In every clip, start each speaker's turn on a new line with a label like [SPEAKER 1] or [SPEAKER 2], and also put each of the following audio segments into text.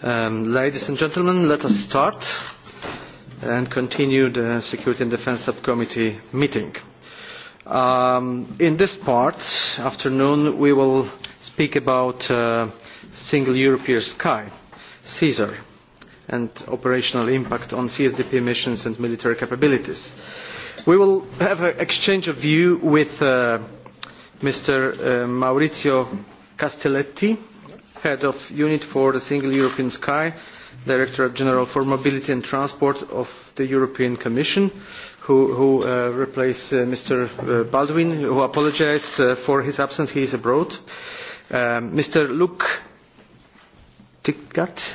[SPEAKER 1] Um, ladies and gentlemen, let us start and continue the Security and Defense Subcommittee meeting. Um, in this part, afternoon, we will speak about uh, Single European Sky, CSER, and operational impact on CSDP missions and military capabilities. We will have an exchange of view with uh, Mr. Uh, Maurizio Castelletti, head of unit for the Single European Sky, Directorate General for Mobility and Transport of the European Commission, who, who uh, replaced uh, Mr. Uh, Baldwin, who apologized uh, for his absence. He is abroad. Um, Mr. Luke Tikat,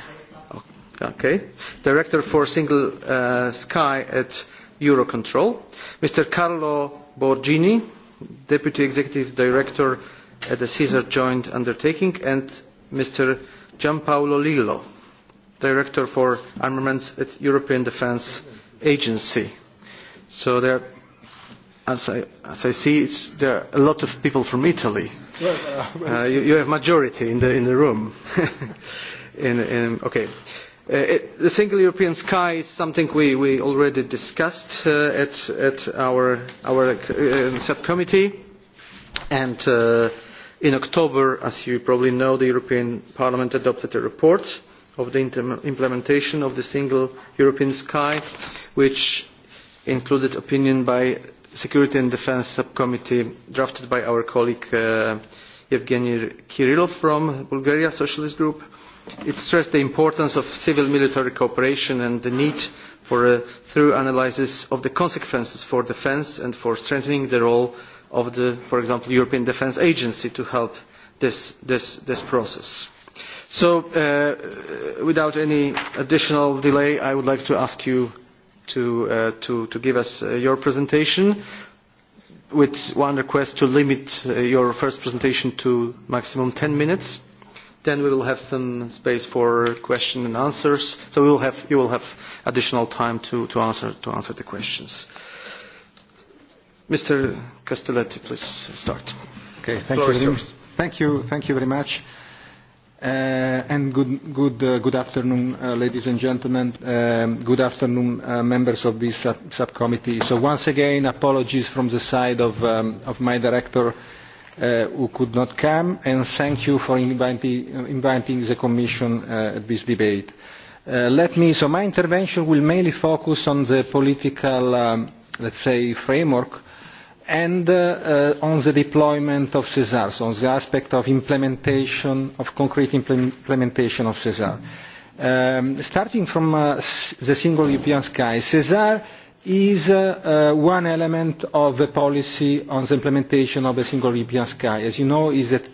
[SPEAKER 1] oh, okay, Director for Single uh, Sky at Eurocontrol. Mr. Carlo Borgini, Deputy Executive Director at the CESAR Joint Undertaking, and Mr. Gianpaolo Lillo, Director for Armaments at European Defence Agency. So there, as I, as I see, it's, there are a lot of people from Italy. Uh, uh, you, you have majority in the, in the room. in, in, okay. Uh, it, the single European sky is something we, we already discussed uh, at, at our, our uh, subcommittee. And uh, in october as you probably know the european parliament adopted a report on the implementation of the single european sky which included an opinion by the security and defence subcommittee drafted by our colleague uh, Evgeny Kirilov from Bulgaria Socialist Group. It stressed the importance of civil-military cooperation and the need for a thorough analysis of the consequences for defence and for strengthening the role of the, for example, European Defence Agency to help this, this, this process. So, uh, without any additional delay, I would like to ask you to, uh, to, to give us uh, your presentation with one request to limit uh, your first presentation to maximum 10 minutes. Then we will have some space for question and answers. So we will have, you will have additional time to, to, answer, to answer the questions. Uh, Mr. Castelletti, please start.
[SPEAKER 2] Okay, thank Floor you. Thank you. Thank you very much. Uh, and good, good, uh, good afternoon, uh, ladies and gentlemen. Um, good afternoon, uh, members of this sub subcommittee. So once again, apologies from the side of, um, of my director uh, who could not come, and thank you for inviting, uh, inviting the Commission uh, at this debate. Uh, let me, so my intervention will mainly focus on the political, um, let's say, framework uh, and uh, uh, on the deployment of CESAR, so on the aspect of implementation, of concrete implement implementation of CESAR. Um, starting from uh, the single European sky, CESAR is uh, uh, one element of the policy on the implementation of the single European sky. As you know, is that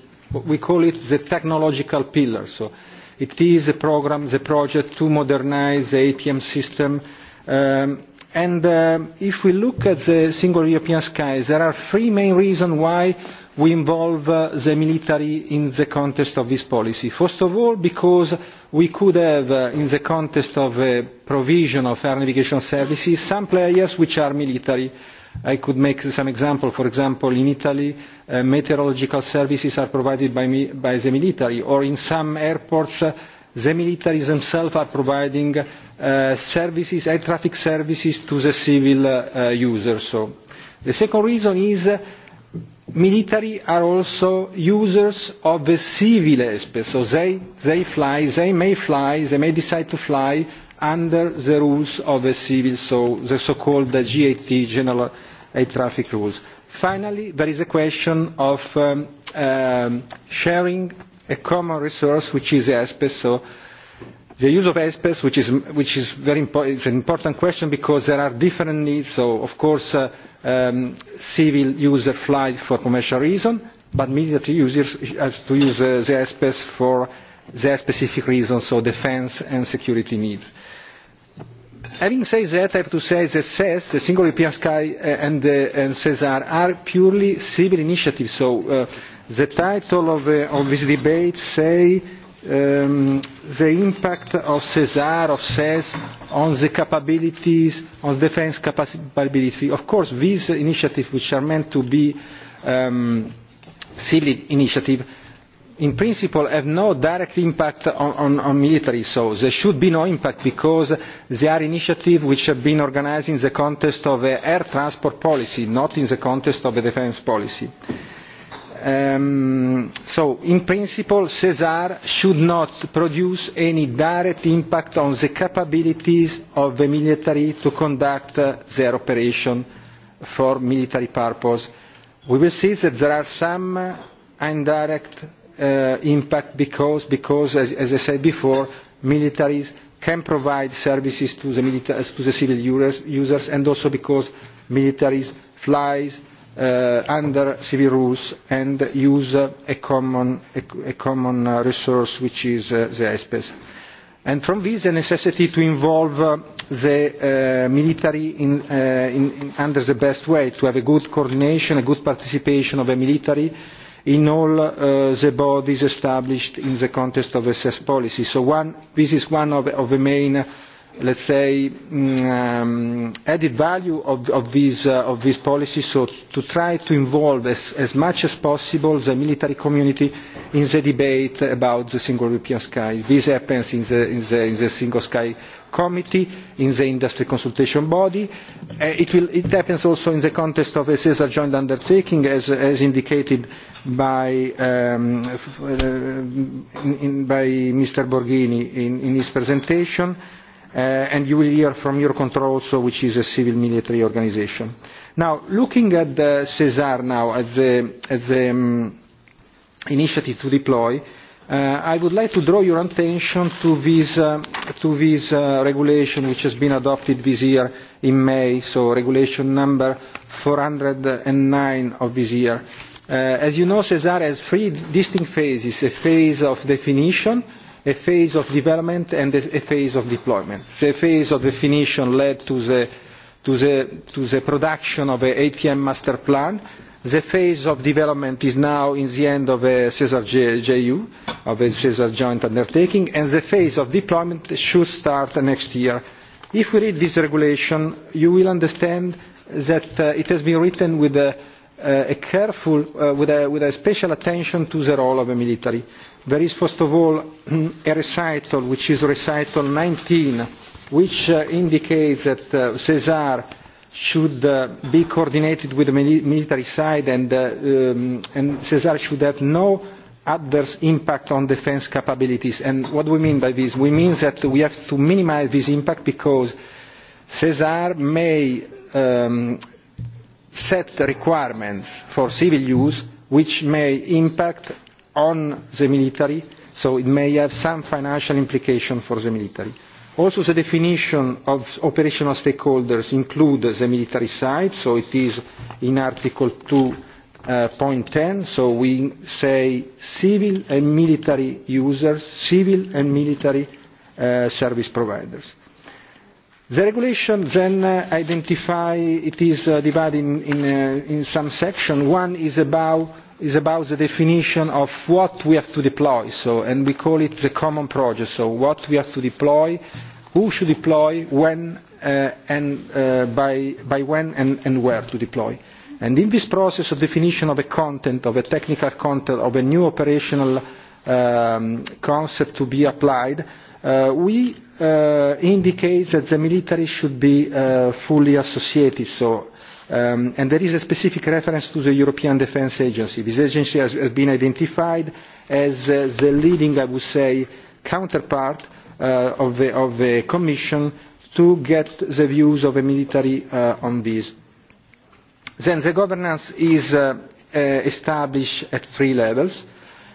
[SPEAKER 2] we call it the technological pillar. So it is a program, the project to modernize the ATM system um, And uh, if we look at the single European skies, there are three main reasons why we involve uh, the military in the context of this policy. First of all, because we could have, uh, in the context of uh, provision of air navigation services, some players which are military. I could make some example. For example, in Italy, uh, meteorological services are provided by, me, by the military, or in some airports, uh, the military themselves are providing uh, services, air traffic services to the civil uh, users. So the second reason is uh, military are also users of the civil aspect. So they, they fly, they may fly, they may decide to fly under the rules of the civil, so the so-called GAT, General Air Traffic Rules. Finally, there is a question of um, um, sharing a common resource which is airspace. So the use of airspace, which is, which is very impo it's an important question because there are different needs. So, of course, uh, um, civil users fly for commercial reasons, but military users have to use uh, the airspace for their specific reasons, so defense and security needs. Having said that, I have to say that CES, e the Single European Sky, uh, and, uh, and CESAR are purely civil initiatives. So uh, the title of, uh, of this debate say um, the impact of CESAR, of CES, on the capabilities, on defense capability. Of course, these initiatives, which are meant to be um, silly initiatives, in principle have no direct impact on, on, on military, so there should be no impact because they are initiatives which have been organised in the context of an air transport policy, not in the context of a defence policy. Uh, Um, so in principle sesar should not produce any direct impact on the capabilities of the military to conduct uh, their operation for military purpose. we will see that there are some uh, indirect uh, impact because, because as, as i said before militaries can provide services to the, to the civil users, users and also because militaries flies uh, under civil rules and use uh, a common, a, a common uh, resource which is uh, the airspace. And from this, the necessity to involve uh, the uh, military in, uh, in, in under the best way, to have a good coordination, a good participation of the military in all uh, the bodies established in the context of SS policy. So one, this is one of, of the main uh, let's say, mm, um, added value of, of, these, uh, of these policies, so to try to involve as, as much as possible the military community in the debate about the single European sky. This happens in the, in the, in the single sky committee, in the industry consultation body. Uh, it, will, it happens also in the context of a CESA joint undertaking, as, as indicated by, um, uh, in, in, by Mr. Borghini in, in his presentation. Uh, uh, and you will hear from Eurocontrol also, which is a civil military organization. Now, looking at the CESAR now, at the, at the um, initiative to deploy, uh, I would like to draw your attention to this, uh, to this uh, regulation which has been adopted this year in May, so regulation number 409 of this year. Uh, as you know, CESAR has three distinct phases, a phase of definition, uh, a phase of development and a phase of deployment. The phase of definition led to the, to the, to the production of an ATM master plan. The phase of development is now in the end of a CESAR JU, of a CESAR joint undertaking, and the phase of deployment should start next year. If we read this regulation, you will understand that uh, it has been written with a, uh, a careful, uh, with, a, with a special attention to the role of the military There is, first of all, a recital, which is recital 19, which uh, indicates that uh, Cesar should uh, be coordinated with the military side and, uh, um, and Cesar should have no adverse impact on defence capabilities. And what do we mean by this? We mean that we have to minimize this impact because Cesar may um, set requirements for civil use which may impact on the military, so it may have some financial implication for the military. Also the definition of operational stakeholders includes the military side, so it is in Article 2 uh, point 10, so we say civil and military users, civil and military uh, service providers. The regulation then uh, identify, it is uh, divided in, in, uh, in some section. One is about is about the definition of what we have to deploy, so, and we call it the common project, so what we have to deploy, who should deploy, when, uh, and uh, by, by when and, and where to deploy. And in this process of definition of a content, of a technical content, of a new operational um, concept to be applied, uh, we uh, indicate that the military should be uh, fully associated, so Um, and there is a specific reference to the European Defence Agency. This agency has, has been identified as uh, the leading, I would say, counterpart uh, of, the, of the Commission to get the views of the military uh, on this. Then the governance is uh, uh, established at three levels.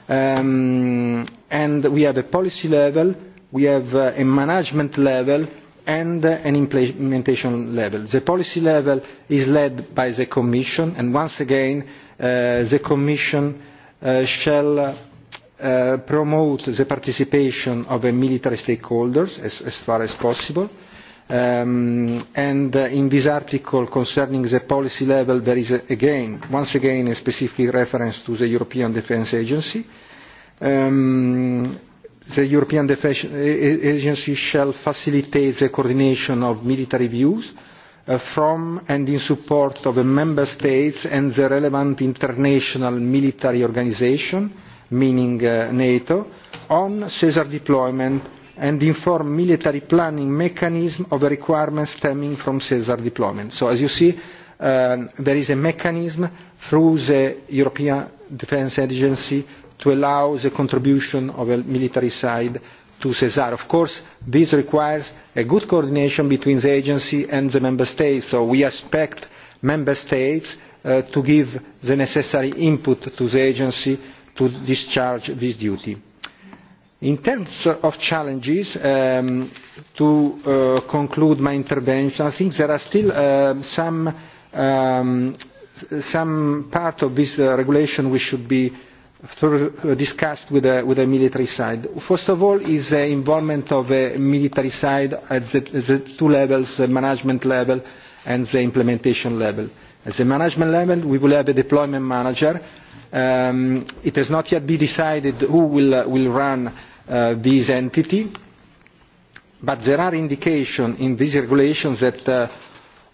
[SPEAKER 2] Um, and we have a policy level, we have uh, a management level, and an implementation level. The policy level is led by the Commission, and once again, uh, the Commission uh, shall uh, promote the participation of the military stakeholders as, as far as possible. Um, and uh, in this article concerning the policy level, there is a, uh, again, once again, a specific reference to the European Defence Agency. Um, the European Defense Agency shall facilitate the coordination of military views uh, from and in support of the member states and the relevant international military organization, meaning uh, NATO, on CESAR deployment and inform military planning mechanism of the requirements stemming from CESAR deployment. So as you see, um, there is a mechanism through the European Defense Agency to allow the contribution of a military side to cesar. of course this requires good coordination between the agency and the member states so we expect member states uh, to give the necessary input to the agency to discharge this duty. in terms of challenges um, to uh, conclude my intervention i think there are still uh, some um, some part of this uh, regulation which should be uh, through, discussed with the, with the military side. First of all is the involvement of the military side at the, the two levels, the management level and the implementation level. At the management level, we will have a deployment manager. Um, it has not yet been decided who will, uh, will run uh, this entity, but there are indications in these regulations that uh,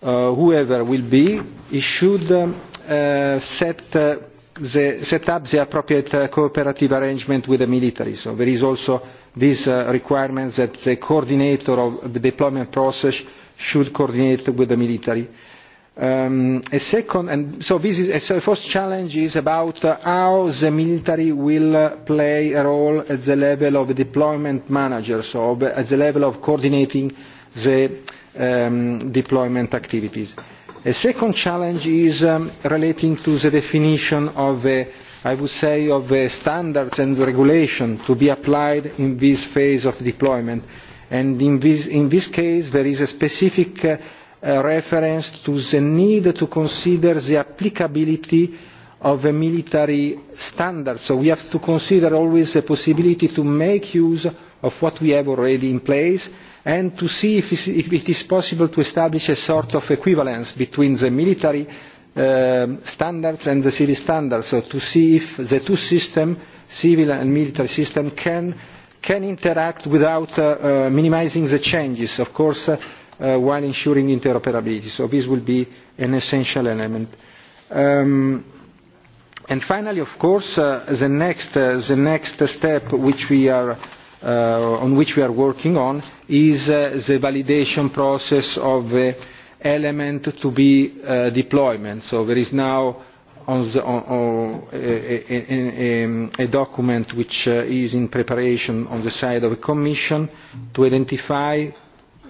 [SPEAKER 2] uh, whoever will be, it should um, uh, set uh, the, set up the appropriate uh, cooperative arrangement with the military. So there is also this uh, requirement that the coordinator of the deployment process should coordinate with the military. Um, a second, and so this is, so the first challenge is about uh, how the military will uh, play a role at the level of deployment managers, so at the level of coordinating the um, deployment activities. Uh, A second challenge is um, relating to the definition of, a, I would say, of a standards and regulation to be applied in this phase of deployment. And in this, in this case, there is a specific uh, uh, reference to the need to consider the applicability of a military standard. So we have to consider always the possibility to make use of what we have already in place and to see if it is possible to establish a sort of equivalence between the military uh, standards and the civil standards, so to see if the two systems, civil and military system, can, can interact without uh, uh, minimizing the changes, of course, uh, uh, while ensuring interoperability. So this will be an essential element. Um, and finally, of course, uh, the, next, uh, the next step which we are uh, uh, on which we are working on is uh, the validation process of the element to be uh, deployment. So there is now on the, on, on, a, a, a, a document which uh, is in preparation on the side of the Commission to identify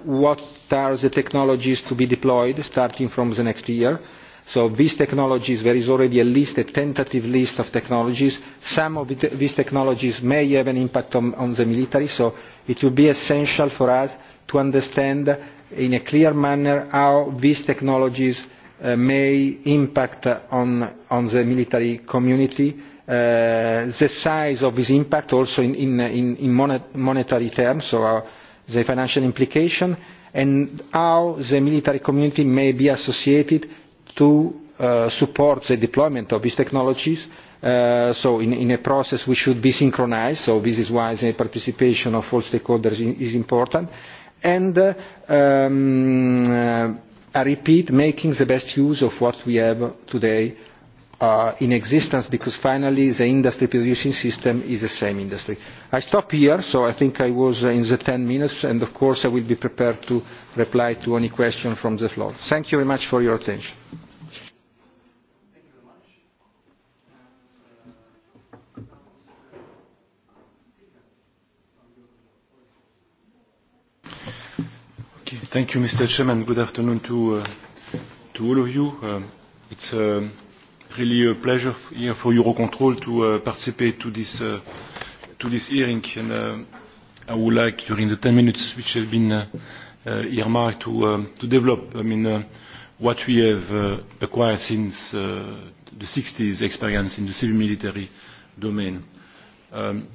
[SPEAKER 2] what are the technologies to be deployed starting from the next year. Uh, So these technologies, there is already at least a tentative list of technologies. Some of it, these technologies may have an impact on, on the military, so it will be essential for us to understand in a clear manner how these technologies uh, may impact on, on the military community, uh, the size of this impact also in, in, in, in monet, monetary terms, so our, the financial implication, and how the military community may be associated to uh, support the deployment of these technologies. Uh, so in, in a process which should be synchronized, so this is why the participation of all stakeholders in, is important. And uh, um, uh, I repeat, making the best use of what we have today uh, uh, in existence because finally the industry producing system is the same industry. I stop here, so I think I was uh, in the 10 minutes, and of course I will be prepared to reply to any question from the floor. Thank you very much for your attention.
[SPEAKER 3] Okay, thank you, Mr. Chairman. Good afternoon to, uh, to all of you. Um, it's... Um, It's really a pleasure here for Eurocontrol to uh, participate to this, uh, to this hearing. And uh, I would like, during the 10 minutes which have been uh, uh, earmarked, to, uh, to develop I mean, uh, what we have uh, acquired since uh, the 60s experience in the civil military domain. Um,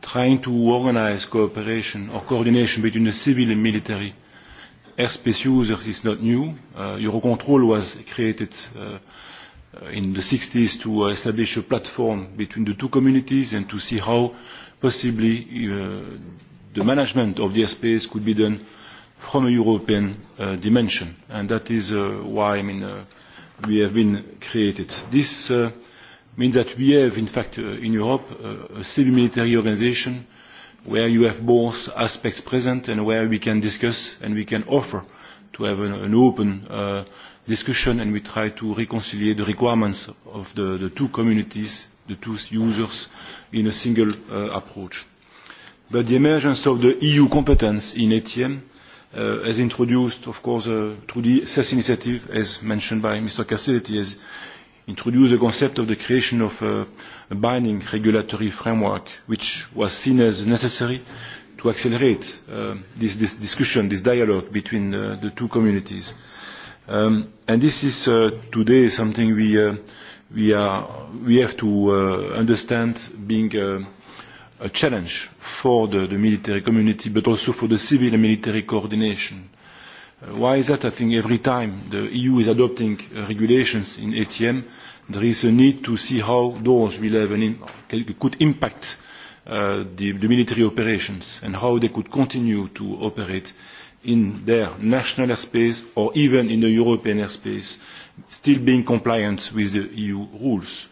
[SPEAKER 3] trying to organize cooperation or coordination between the civil and military airspace users is not new. Uh, Eurocontrol was created uh, Uh, in the 60s to uh, establish a platform between the two communities and to see how possibly uh, the management of the airspace could be done from a European uh, dimension. And that is uh, why I mean, uh, we have been created. This uh, means that we have, in fact, uh, in Europe, uh, a civil military organization where you have both aspects present and where we can discuss and we can offer to have an, an open uh, discussion and we try to reconcile the requirements of the, the two communities, the two users, in a single uh, approach. But the emergence of the EU competence in ATM uh, as introduced, of course, uh, through the CES initiative, as mentioned by Mr. Cassidy, has introduced the concept of the creation of a, a binding regulatory framework, which was seen as necessary to accelerate uh, this, this discussion, this dialogue between uh, the two communities. Uh, Um, and this is uh, today something we, uh, we, are, we have to uh, understand being uh, a challenge for the, the military community, but also for the civil and military coordination. Uh, why is that? I think every time the EU is adopting uh, regulations in ATM, there is a need to see how those will have an in, could impact uh, the, the military operations and how they could continue to operate. Uh, in their national airspace or even in the European airspace, still being compliant with the EU rules.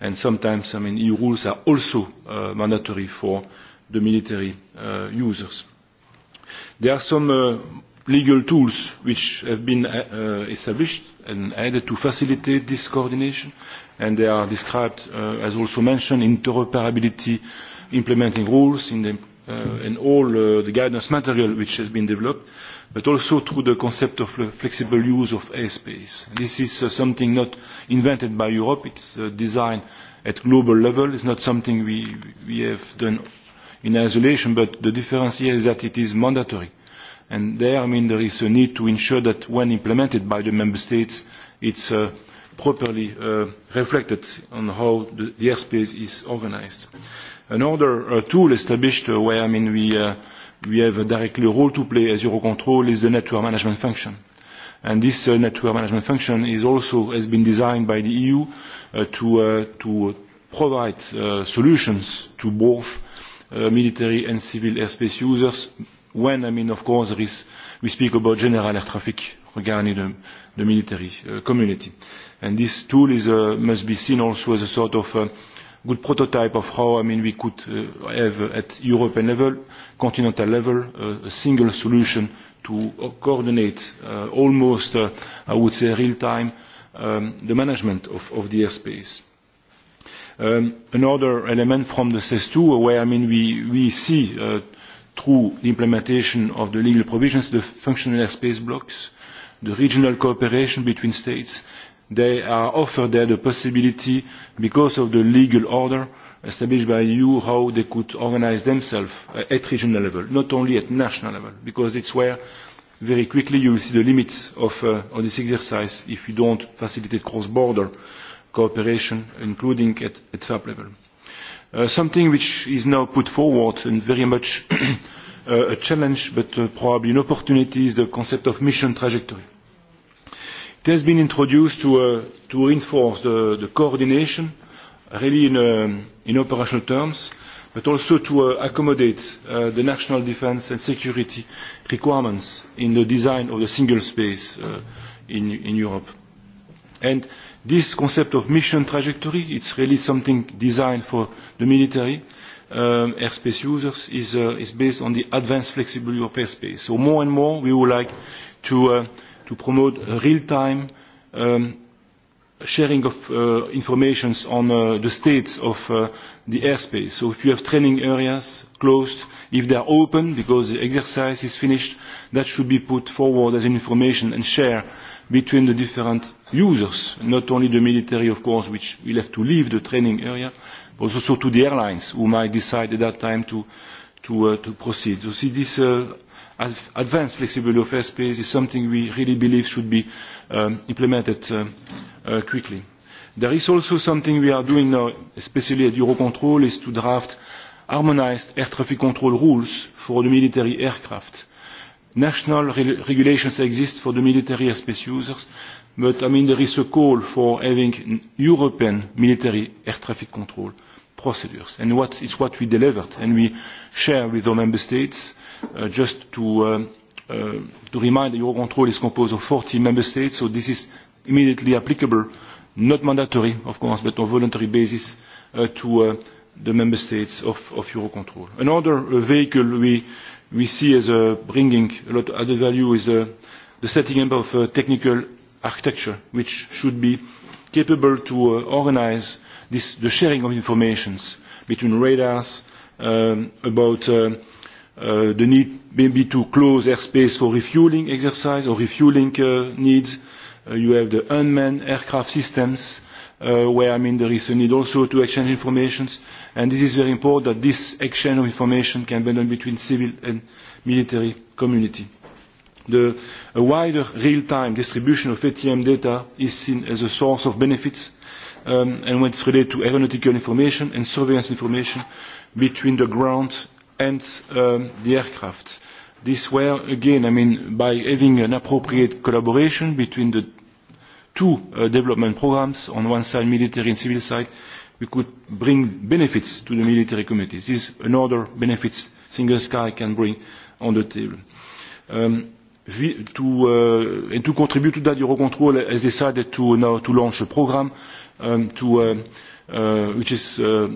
[SPEAKER 3] And sometimes, I mean, EU rules are also uh, mandatory for the military uh, users. There are some uh, legal tools which have been uh, uh, established and added to facilitate this coordination, and they are described, uh, as also mentioned, interoperability implementing rules in the uh, in all uh, the guidance material which has been developed, but also through the concept of flexible use of airspace. This is uh, something not invented by Europe, it's uh, designed at global level, it's not something we, we have done in isolation, but the difference here is that it is mandatory. And there, I mean, there is a need to ensure that when implemented by the member states, it's uh, properly uh, reflected on how the, the airspace is organized. Mm -hmm Another uh, tool established uh, where I mean, we, uh, we have a directly role to play as Eurocontrol is the network management function. And this uh, network management function is also has been designed by the EU uh, to, uh, to provide uh, solutions to both uh, military and civil airspace users when, I mean, of course, there is, we speak about general air traffic regarding the, the military uh, community. And this tool is, uh, must be seen also as a sort of uh, good prototype of how I mean, we could uh, have at European level, continental level, uh, a single solution to uh, coordinate uh, almost, uh, I would say, real time, um, the management of, of the airspace. Um, another element from the CES2, uh, where I mean, we, we see uh, through the implementation of the legal provisions the functional airspace blocks, the regional cooperation between states, They are offered there the possibility, because of the legal order established by you, how they could organize themselves at regional level, not only at national level, because it's where very quickly you will see the limits of, uh, of this exercise if you don't facilitate cross-border cooperation, including at, at FAB level. Uh, something which is now put forward and very much uh, a challenge, but uh, probably an opportunity, is the concept of mission trajectory It has been introduced to, uh, to reinforce the, the coordination, really in, um, in operational terms, but also to uh, accommodate uh, the national defence and security requirements in the design of the single space uh, in, in Europe. And this concept of mission trajectory, it's really something designed for the military um, airspace users, is, uh, is based on the advanced flexibility of airspace. So more and more we would like to uh, to promote uh, real-time um, sharing of uh, information on uh, the states of uh, the airspace. So if you have training areas closed, if they are open because the exercise is finished, that should be put forward as information and shared between the different users, not only the military, of course, which will have to leave the training area, but also to the airlines who might decide at that time to, to, uh, to proceed. So see, this uh, advanced flexible of airspace is something we really believe should be um, implemented uh, uh, quickly. There is also something we are doing now, especially at Eurocontrol, is to draft harmonized air traffic control rules for the military aircraft. National re regulations exist for the military airspace users, but I mean there is a call for having European military air traffic control. Uh, procedures. And what, it's what we delivered and we share with our member states. Uh, just to, uh, uh, to remind, Eurocontrol is composed of 40 member states, so this is immediately applicable, not mandatory, of course, but on voluntary basis uh, to uh, the member states of, of Eurocontrol. Another uh, vehicle we, we see as uh, bringing a lot of added value is uh, the setting up of uh, technical architecture, which should be capable to uh, organize this, the sharing of information between radars um, about uh, uh, the need maybe to close airspace for refueling exercise or refueling uh, needs. Uh, you have the unmanned aircraft systems uh, where I mean, there is a need also to exchange information. And this is very important that this exchange of information can be done between civil and military community. The a wider real-time distribution of ATM data is seen as a source of benefits uh, um, and when it's related to aeronautical information and surveillance information between the ground and um, the aircraft. This where, again, I mean, by having an appropriate collaboration between the two uh, development programs, on one side military and civil side, we could bring benefits to the military committees. This is another benefits single sky can bring on the table. Um, to, uh, and to contribute to that, Eurocontrol has decided to, now, to launch a program um, to, uh, uh, which is uh,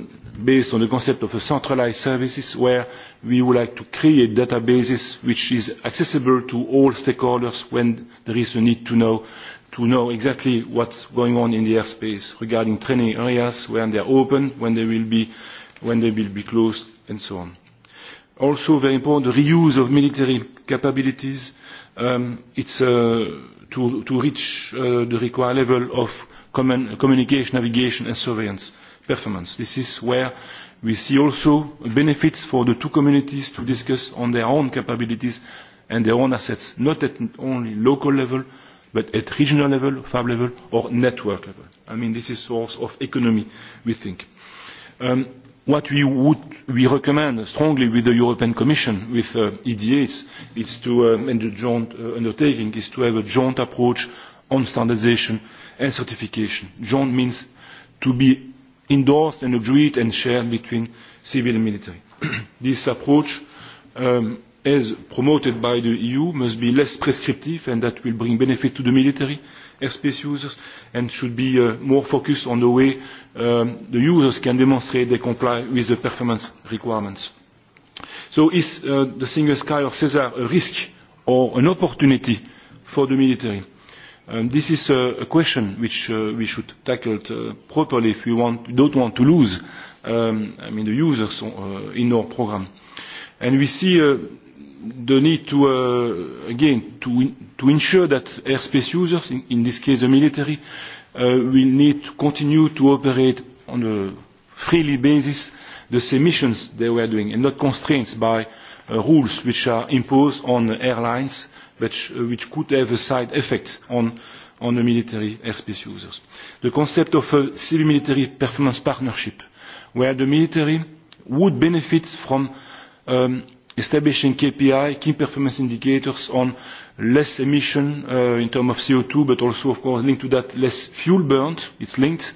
[SPEAKER 3] based on the concept of a centralized services where we would like to create databases which is accessible to all stakeholders when there is a need to know to know exactly what's going on in the airspace regarding training areas, when they are open, when they will be, when they will be closed, and so on. Also, very important, the reuse of military capabilities. Um, it's uh, to, to reach uh, the required level of common communication, navigation and surveillance performance. This is where we see also benefits for the two communities to discuss on their own capabilities and their own assets, not at only local level, but at regional level, fab level or network level. I mean, this is source of economy, we think. Um, what we would we recommend strongly with the European Commission, with uh, EDAs, is to, um, and the joint uh, undertaking, is to have a joint approach on standardization and certification. joint means to be endorsed and agreed and shared between civil and military. this approach um, as promoted by the eu must be less prescriptive and that will bring benefit to the military airspace users and should be uh, more focused on the way um, the users can demonstrate they comply with the performance requirements. so is uh, the single sky or cesar a risk or an opportunity for the military? Um, this is uh, a question which uh, we should tackle uh, properly if we want, don't want to lose um, I mean the users uh, in our program. And we see uh, the need to, uh, again, to, in, to ensure that airspace users, in, in this case the military, uh, will need to continue to operate on a freely basis the same missions they were doing and not constraints by uh, rules which are imposed on airlines which, uh, which could have a side effect on, on the military airspace users. The concept of a civil-military performance partnership, where the military would benefit from um, establishing KPI, key performance indicators on less emission uh, in terms of CO2, but also, of course, linked to that, less fuel burnt. It's linked.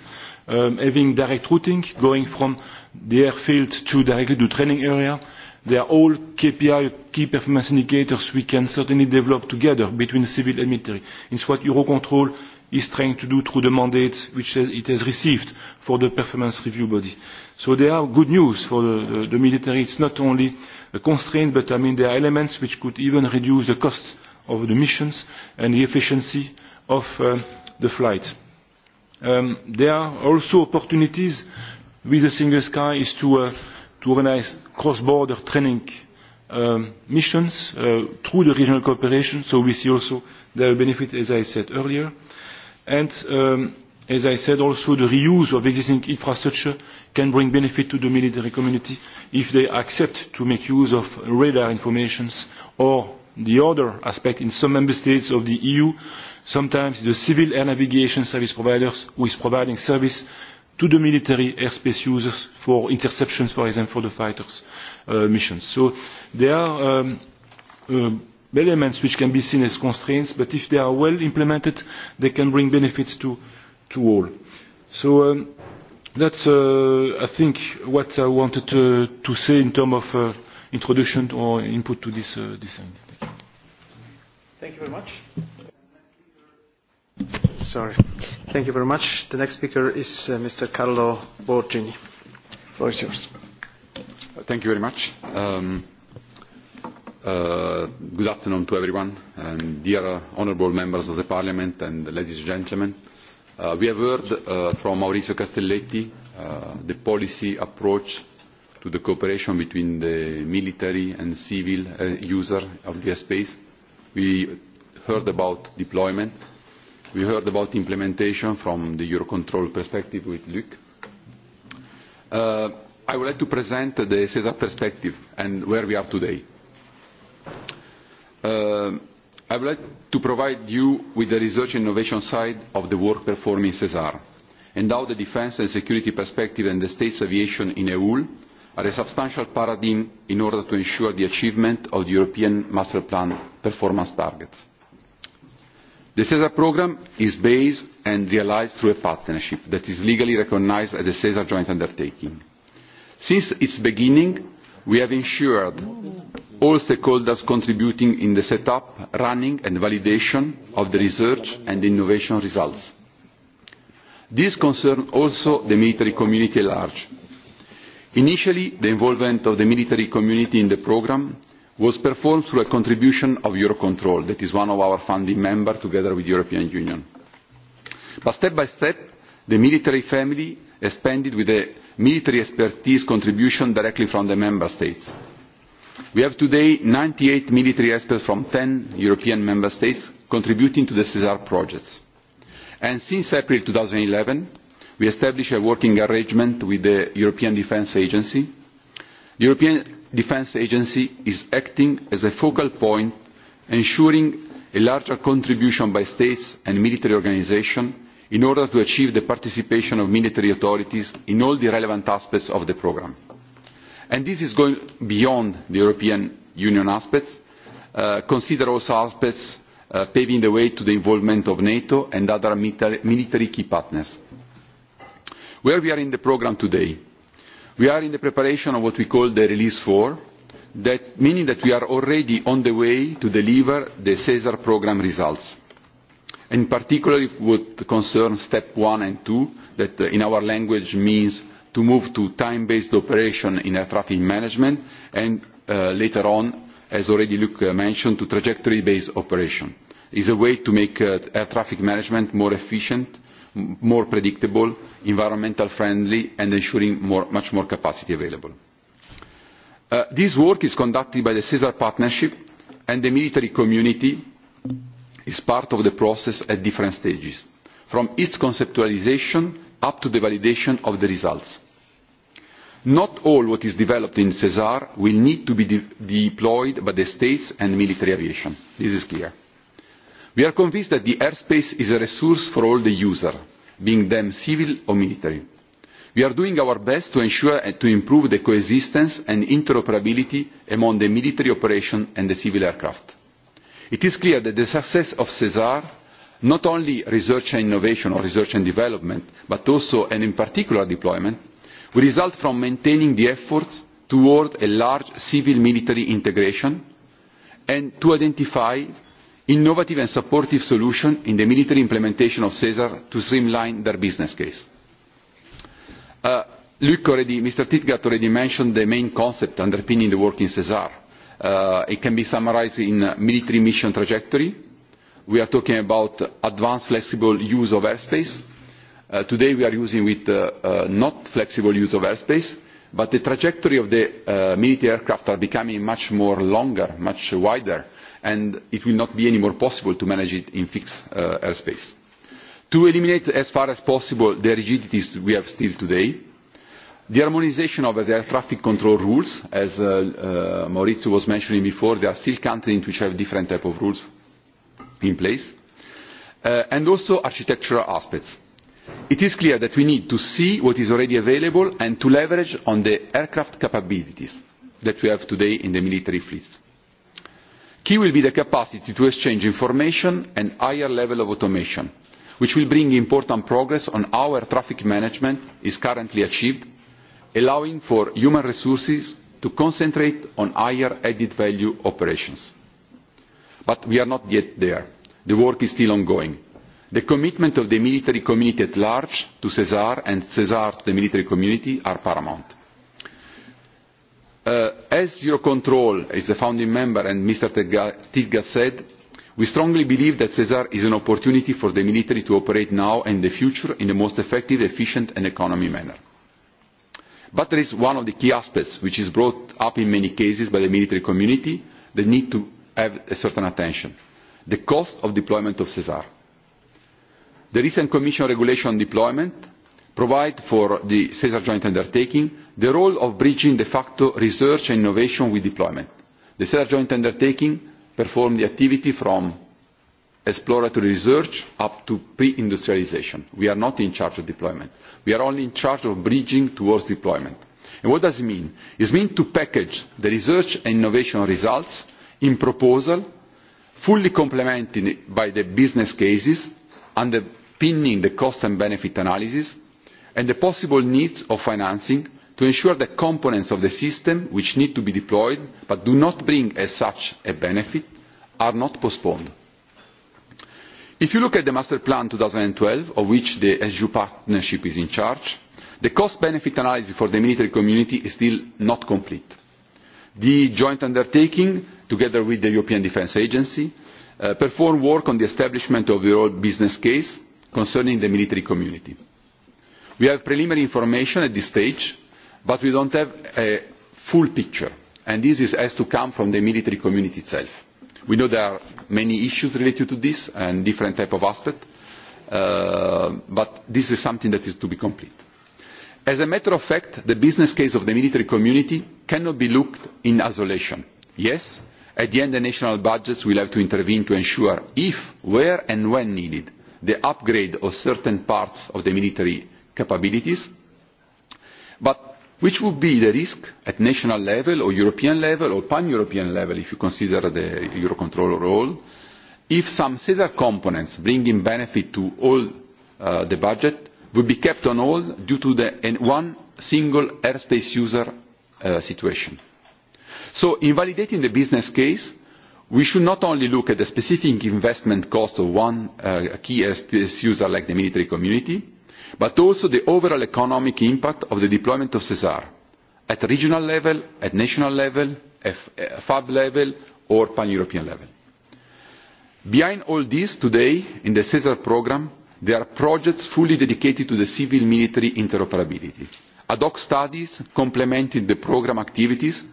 [SPEAKER 3] Um, having direct routing, going from the airfield to directly to training area, they are all KPI, key performance indicators we can certainly develop together between civil and military. It's what Eurocontrol is trying to do through the mandate which it has received for the performance review body. So there are good news for the, the, the military. It's not only a constraint, but I mean there are elements which could even reduce the costs of the missions and the efficiency of uh, the flight. Um, there are also opportunities with the single sky is to uh, to organize cross-border training um, missions uh, through the regional cooperation, so we see also their benefit, as I said earlier. And um, as I said, also the reuse of existing infrastructure can bring benefit to the military community if they accept to make use of radar informations or the other aspect in some member states of the EU, sometimes the civil air navigation service providers who is providing service to the military airspace users for interceptions, for example, for the fighters' uh, missions. So there are um, uh, elements which can be seen as constraints, but if they are well implemented, they can bring benefits to, to all. So um, that's, uh, I think, what I wanted to, to say in terms of uh, introduction or input to this, uh, this end. Thank you.
[SPEAKER 1] Thank you very much. Sorry. Thank you very much. The next speaker is uh, Mr. Carlo Borgini. The
[SPEAKER 4] floor is yours. Thank you very much. Um, uh, good afternoon to everyone, and dear uh, honourable members of the Parliament and ladies and gentlemen. Uh, we have heard uh, from Maurizio Castelletti uh, the policy approach to the cooperation between the military and civil uh, user of the space. We heard about deployment, uh, We heard about implementation from the Eurocontrol perspective with Luc. Uh, I would like to present the SESA perspective and where we are today. Uh, I would like to provide you with the research and innovation side of the work performed in CESAR and how the defence and security perspective and the state's aviation in EUL are a substantial paradigm in order to ensure the achievement of the European Master Plan performance targets the cesar programme is based and realised through a partnership that is legally recognised as the cesar joint undertaking. since its beginning we have ensured all stakeholders contributing in the set up running and validation of the research and innovation results. this concerns also the military community at large. initially the involvement of the military community in the programme was performed through a contribution of eurocontrol that is one of our founding members together with the european union. but step by step the military family expanded with a military expertise contribution directly from the member states. we have today ninety eight military experts from ten european member states contributing to the sesar projects and since april two thousand and eleven we established a working arrangement with the european defence agency. the european defence agency is acting as a focal point ensuring a larger contribution by states and military organisations in order to achieve the participation of military authorities in all the relevant aspects of the programme. And this is going beyond the European Union aspects. Uh, consider also aspects uh, paving the way to the involvement of NATO and other military key partners. Where we are in the programme today, we are in the preparation of what we call the release four that, meaning that we are already on the way to deliver the cesar programme results in particular what concerns step one and two that uh, in our language means to move to time based operation in air traffic management and uh, later on as already luc uh, mentioned to trajectory based operation is a way to make uh, air traffic management more efficient more predictable, environmental friendly and ensuring more, much more capacity available. Uh, this work is conducted by the CESAR partnership and the military community is part of the process at different stages, from its conceptualization up to the validation of the results. Not all what is developed in CESAR will need to be de deployed by the states and military aviation. This is clear we are convinced that the airspace is a resource for all the users be they civil or military. we are doing our best to ensure and uh, to improve the coexistence and interoperability among the military operations and the civil aircraft. it is clear that the success of cesar not only research and innovation or research and development but also and in particular deployment will result from maintaining the efforts towards a large civil military integration and to identify innovative and supportive solution in the military implementation of cesar to streamline their business case. Uh, Luc already, Mr. Titgat already mentioned the main concept underpinning the work in cesar. Uh, it can be summarized in military mission trajectory. We are talking about advanced flexible use of airspace. Uh, today we are using with uh, uh, not flexible use of airspace, but the trajectory of the uh, military aircraft are becoming much more longer, much wider, and it will not be any more possible to manage it in fixed uh, airspace. To eliminate as far as possible the rigidities we have still today, the harmonisation of the air traffic control rules, as uh, uh, Maurizio was mentioning before, there are still countries which have different type of rules in place, uh, and also architectural aspects it is clear that we need to see what is already available and to leverage on the aircraft capabilities that we have today in the military fleets key will be the capacity to exchange information and a higher level of automation which will bring important progress on how air traffic management is currently achieved allowing for human resources to concentrate on higher added value operations. but we are not yet there. the work is still ongoing. the commitment of the military community at large to sesar and sesar to the military community are paramount. Uh, as eurocontrol is a founding member and mr tiedgas said we strongly believe that sesar is an opportunity for the military to operate now and in the future in the most effective efficient and economic manner. but there is one of the key aspects which is brought up in many cases by the military community that needs to have a certain attention the cost of deployment of sesar. the recent commission regulation on deployment provide for the sesar joint undertaking the role of bridging de facto research and innovation with deployment. the sesar joint undertaking performs the activity from exploratory research up to pre industrialisation. we are not in charge of deployment. we are only in charge of bridging towards deployment. And what does it mean? it means to package the research and innovation results in proposal fully complemented by the business cases underpinning the cost and benefit analysis and the possible needs of financing to ensure that components of the system which need to be deployed but do not bring as such a benefit are not postponed. if you look at the master plan two thousand and twelve of which the sgu partnership is in charge the cost benefit analysis for the military community is still not complete. the joint undertaking together with the european defence agency uh, performed work on the establishment of the overall business case concerning the military community we have preliminary information at this stage but we do not have a full picture and this has to come from the military community itself. we know there are many issues related to this and different types of aspects uh, but this is something that is to be complete. as a matter of fact the business case of the military community cannot be looked at in isolation. yes at the end the national budgets will have to intervene to ensure if where and when needed the upgrade of certain parts of the military capabilities, but which would be the risk at national level or European level or pan-European level if you consider the Eurocontrol role, if some CESAR components bringing benefit to all uh, the budget will be kept on hold due to the one single airspace user uh, situation. So in validating the business case, we should not only look at the specific investment cost of one uh, key airspace user like the military community, but also the overall economic impact of the deployment of sesar at regional level at national level at eh, fab level or pan european level. behind all this today in the sesar programme there are projects fully dedicated to the civil military interoperability ad hoc studies complementing the programme activities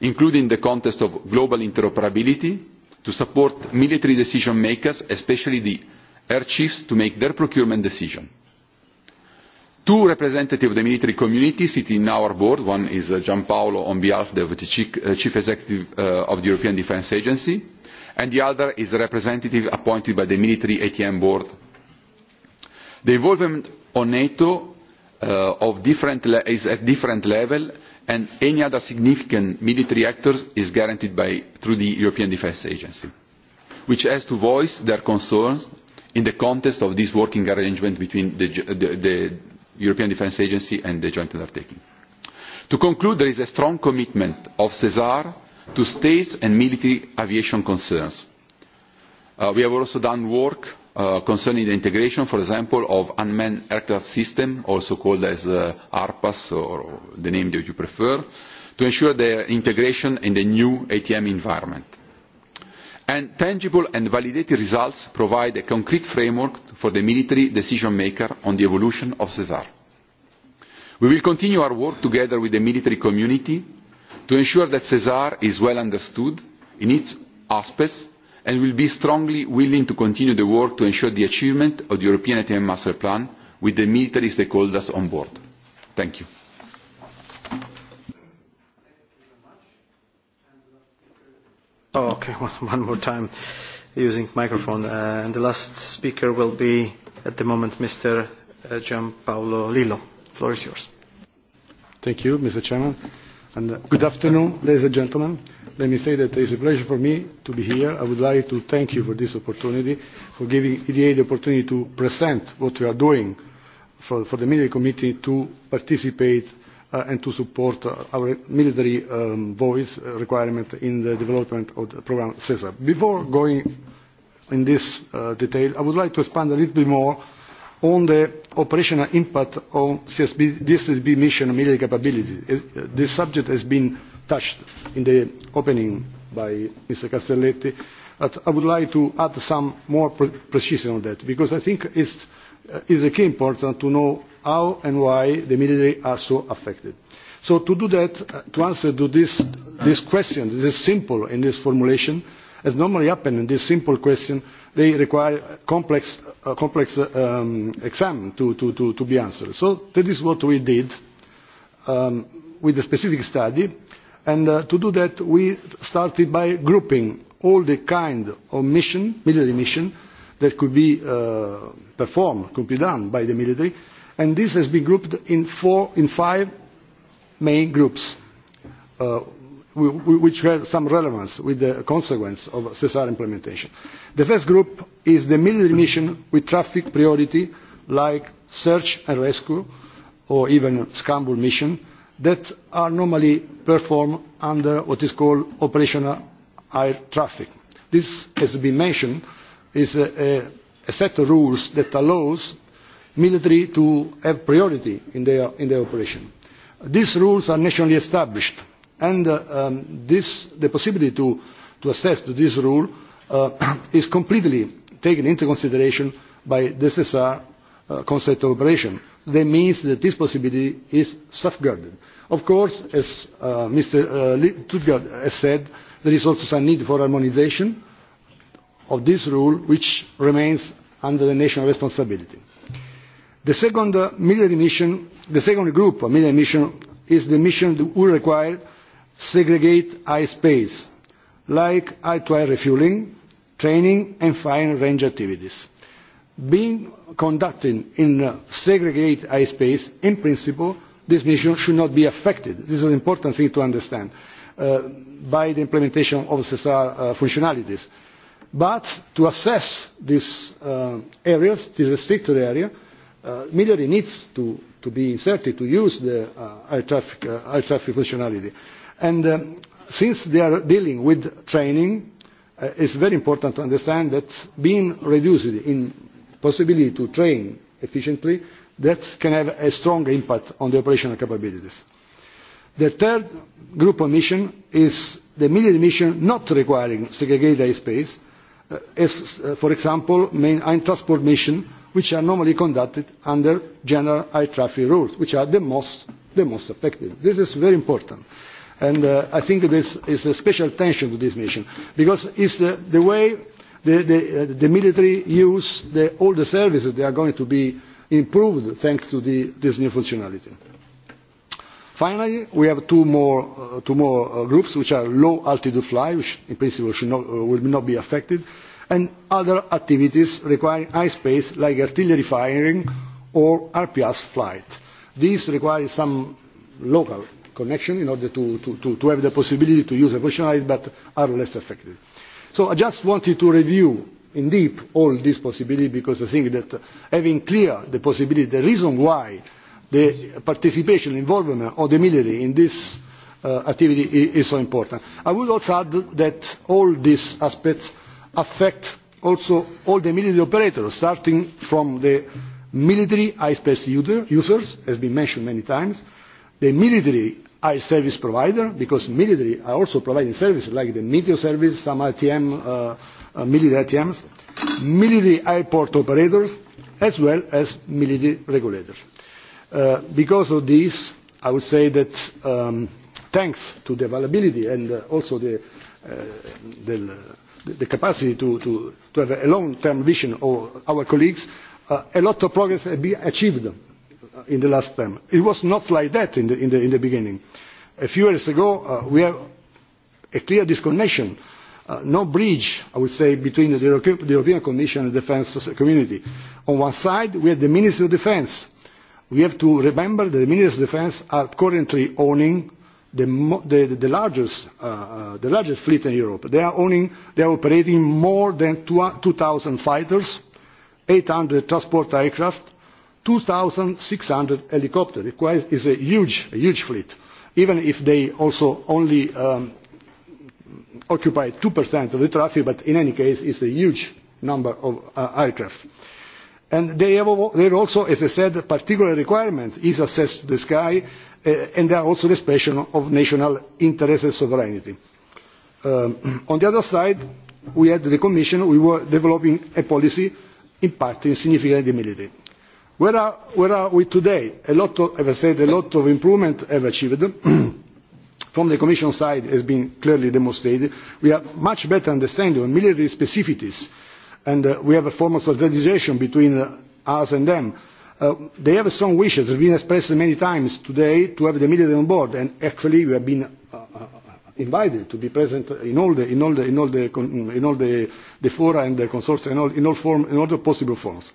[SPEAKER 4] including in the context of global interoperability to support military decision makers especially the air chiefs to make their procurement decisions two representatives of the military community sit in our board one is uh, gian paolo on behalf of the chief, uh, chief executive uh, of the european defence agency and the other is a representative appointed by the military atm board. the involvement on nato uh, of different le- is at different level and any other significant military actors is guaranteed by, through the european defence agency which has to voice their concerns in the context of this working arrangement between the, the, the European Defence Agency and the joint undertaking. To conclude, there is a strong commitment of CESAR to states and military aviation concerns. Uh, we have also done work uh, concerning the integration, for example, of unmanned aircraft system, also called as uh, ARPAS or the name that you prefer, to ensure their integration in the new ATM environment. And tangible and validated results provide a concrete framework for the military decision maker on the evolution of CESAR. We will continue our work together with the military community to ensure that CESAR is well understood in its aspects and will be strongly willing to continue the work to ensure the achievement of the European ATM Master Plan with the military stakeholders on board. Thank you.
[SPEAKER 1] Oh, okay, one, one more time using microphone. Uh, and the last speaker will be, at the moment, Mr. Uh, Gianpaolo Lillo. The floor is yours. Thank you, Mr. Chairman. And uh, good afternoon, ladies and gentlemen. Let me say that it's a pleasure
[SPEAKER 5] for me to be here. I would like to thank you for this opportunity, for giving EDA the opportunity to present what we are doing for, for the Media Committee to participate uh, and to support uh, our military um, voice requirement in the development of the program CESAR. Before going in this uh, detail, I would like to expand a little bit more on the operational impact on CSB, DSB mission military capability. It, uh, this subject has been touched in the opening by Mr. Castelletti, but I would like to add some more pre precision on that, because I think it's, uh, it's a key important to know how and why the military are so affected. So to do that, uh, to answer to this, this question, this simple in this formulation, as normally happens in this simple question, they require complex, uh, complex um, exam to, to, to, to be answered. So that is what we did um, with a specific study. And uh, to do that, we started by grouping all the kind of mission, military mission, that could be uh, performed, could be done by the military, and this has been grouped in, four, in five main groups, uh, which have some relevance with the consequence of CSR implementation. The first group is the military mission with traffic priority, like search and rescue, or even scramble mission, that are normally performed under what is called operational air traffic. This, as has been mentioned, is a, a, a set of rules that allows military to have priority in their, in their operation. These rules are nationally established and uh, um, this, the possibility to, to assess to this rule uh, is completely taken into consideration by the SSR uh, concept of operation. That means that this possibility is safeguarded. Of course, as uh, Mr. Uh, Tutgard has said, there is also some need for harmonization of this rule, which remains under the national responsibility The second uh, military mission, the second group of military mission is the mission that will require segregate high space, like eye-to-eye -eye refueling, training and fire range activities. Being conducted in uh, segregate high space, in principle, this mission should not be affected. This is an important thing to understand uh, by the implementation of CSR uh, functionalities. But to assess these uh, areas, the restricted area, uh, Military needs to, to be inserted to use the uh, air, traffic, uh, air traffic functionality. And um, since they are dealing with training, uh, it's very important to understand that being reduced in possibility to train efficiently, that can have a strong impact on the operational capabilities. The third group of mission is the military mission not requiring segregated airspace, uh, as, uh, for example, main transport mission which are normally conducted under general air traffic rules, which are the most, the most effective. This is very important. And uh, I think this is a special attention to this mission, because it's the, the way the, the, uh, the military use the, all the services that are going to be improved thanks to the, this new functionality. Finally, we have two more, uh, two more uh, groups, which are low altitude fly, which in principle should not, uh, will not be affected. Uh, and other activities requiring high space like artillery firing or RPS flight. This requires some local connection in order to, to, to, to have the possibility to use evolutionaries but are less effective. So I just wanted to review in deep all these possibilities because I think that having clear the possibility, the reason why the participation, involvement of the military in this uh, activity is, is so important. I would also add that all these aspects affect also all the military operators, starting from the military iSpace user, users, has been mentioned many times, the military i service provider because military are also providing services like the meteor service some itm uh, uh, military itms military airport operators as well as military regulators uh, because of this i would say that um, thanks to the availability and uh, also the, uh, the the capacity to, to, to have a long-term vision of our colleagues, uh, a lot of progress has been achieved in the last term. It was not like that in the, in the, in the beginning. A few years ago, uh, we have a clear disconnection, uh, no bridge, I would say, between the, Euro the European Commission and the defence community. On one side, we have the Minister of Defence. We have to remember that the Minister of Defence are currently owning the, the, the, largest, uh, uh, the largest fleet in Europe. They are, owning, they are operating more than 2,000 fighters, 800 transport aircraft, 2,600 helicopters. It quite, is a huge, a huge fleet, even if they also only um, occupy 2% of the traffic, but in any case, it's a huge number of uh, aircraft. And they have, they have also, as I said, a particular requirement is access to the sky uh, and they are also the expression of national interest and sovereignty. Um, on the other side, we had the Commission, we were developing a policy impacting significantly the military. Where are, where are we today? A lot of, as I said, a lot of improvement have achieved. From the Commission side has been clearly demonstrated. We have much better understanding of military specificities and uh, we have a form of standardization between uh, us and them Uh, they have strong wishes that have been expressed many times today to have the media on board and actually we have been uh, uh, uh, invited to be present in all the in all the in all the mm, in all the, the fora and the consortia in all in all form in all the possible forms.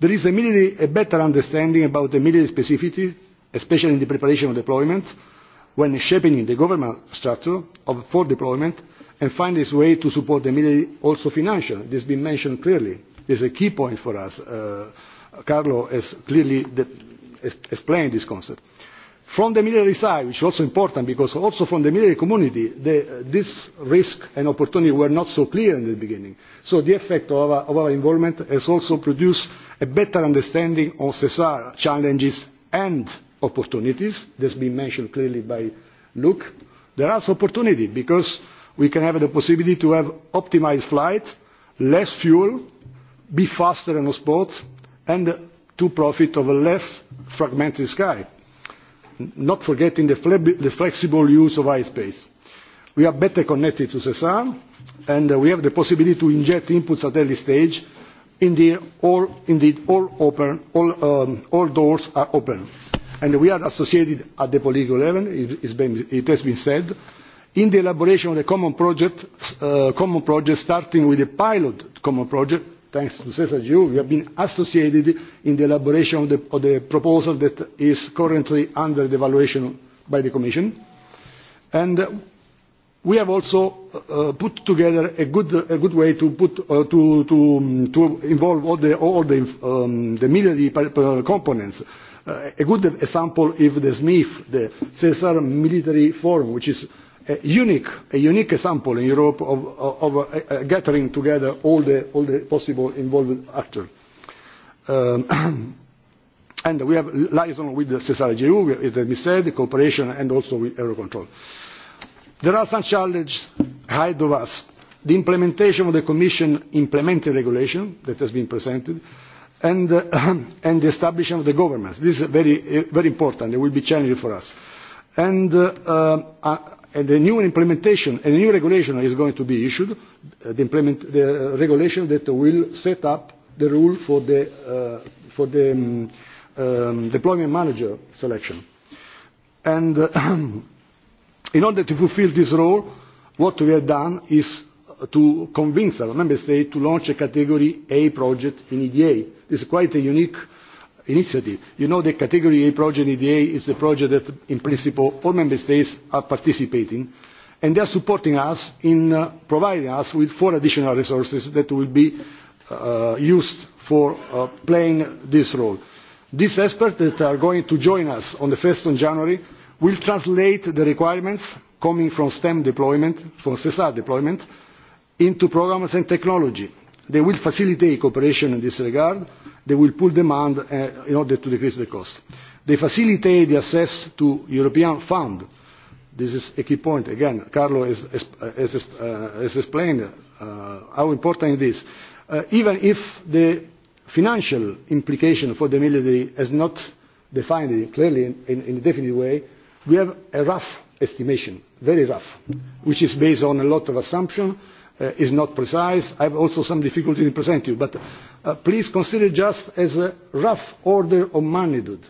[SPEAKER 5] There is immediately a better understanding about the media specificity, especially in the preparation of deployment, when shaping the government structure of, for deployment, and find its way to support the media also financially. This has been mentioned clearly. This is a key point for us. Uh, Carlo has clearly explained this concept. From the military side, which is also important because also from the military community, the, this risk and opportunity were not so clear in the beginning. So the effect of our, of our involvement has also produced a better understanding of CSR challenges and opportunities. That's been mentioned clearly by Luke. There are opportunities because we can have the possibility to have optimized flight, less fuel, be faster on the spot, and to profit of a less fragmented sky, not forgetting the, fleb- the flexible use of iSpace. We are better connected to CESAR, and we have the possibility to inject inputs at early stage. Indeed, all, indeed, all, open, all, um, all doors are open. And we are associated at the political level, it, been, it has been said, in the elaboration of the common project, uh, common project starting with the pilot common project thanks to CESAR-EU, we have been associated in the elaboration of the, of the proposal that is currently under the evaluation by the Commission. And uh, we have also uh, uh put together a good, a good way to, put, uh, to, to, um, to involve all the, all the, um, the military uh, components. Uh, a good example is the SMIF, the CESAR Military Forum, which is uh, a unique, a unique example in Europe of, of, of uh, uh, gathering together all the, all the possible involved actors. Um, and we have liaison with Cesare Giroux, it has been said, cooperation and also with Eurocontrol. There are some challenges ahead of us. The implementation of the Commission implementing regulation that has been presented and, uh, and the establishment of the governments. This is very, very important. It will be challenging for us. And uh, uh, and the new implementation and the new regulation is going to be issued, uh, the, implement, the uh, regulation that will set up the rule for the, uh, for the um, um, deployment manager selection. And uh, in order to fulfill this role, what we have done is uh, to convince our member state to launch a category A project in EDA. This is quite a unique uh, initiative. you know the category a project eda is a project that in principle all member states are participating in and they are supporting us in uh, providing us with four additional resources that will be uh, used for uh, playing this role. these experts that are going to join us on one january will translate the requirements coming from stem deployment from sesar deployment into programmes and technology. they will facilitate cooperation in this regard they will pull demand uh, in order to decrease the cost. They facilitate the access to European funds. This is a key point. Again, Carlo has, has, uh, has explained uh, how important it is. Uh, even if the financial implication for the military is not defined clearly in, in, in a definite way, we have a rough estimation, very rough, which is based on a lot of assumptions uh, is not precise. I have also some difficulty in presenting you, but uh, please consider just as a rough order of magnitude.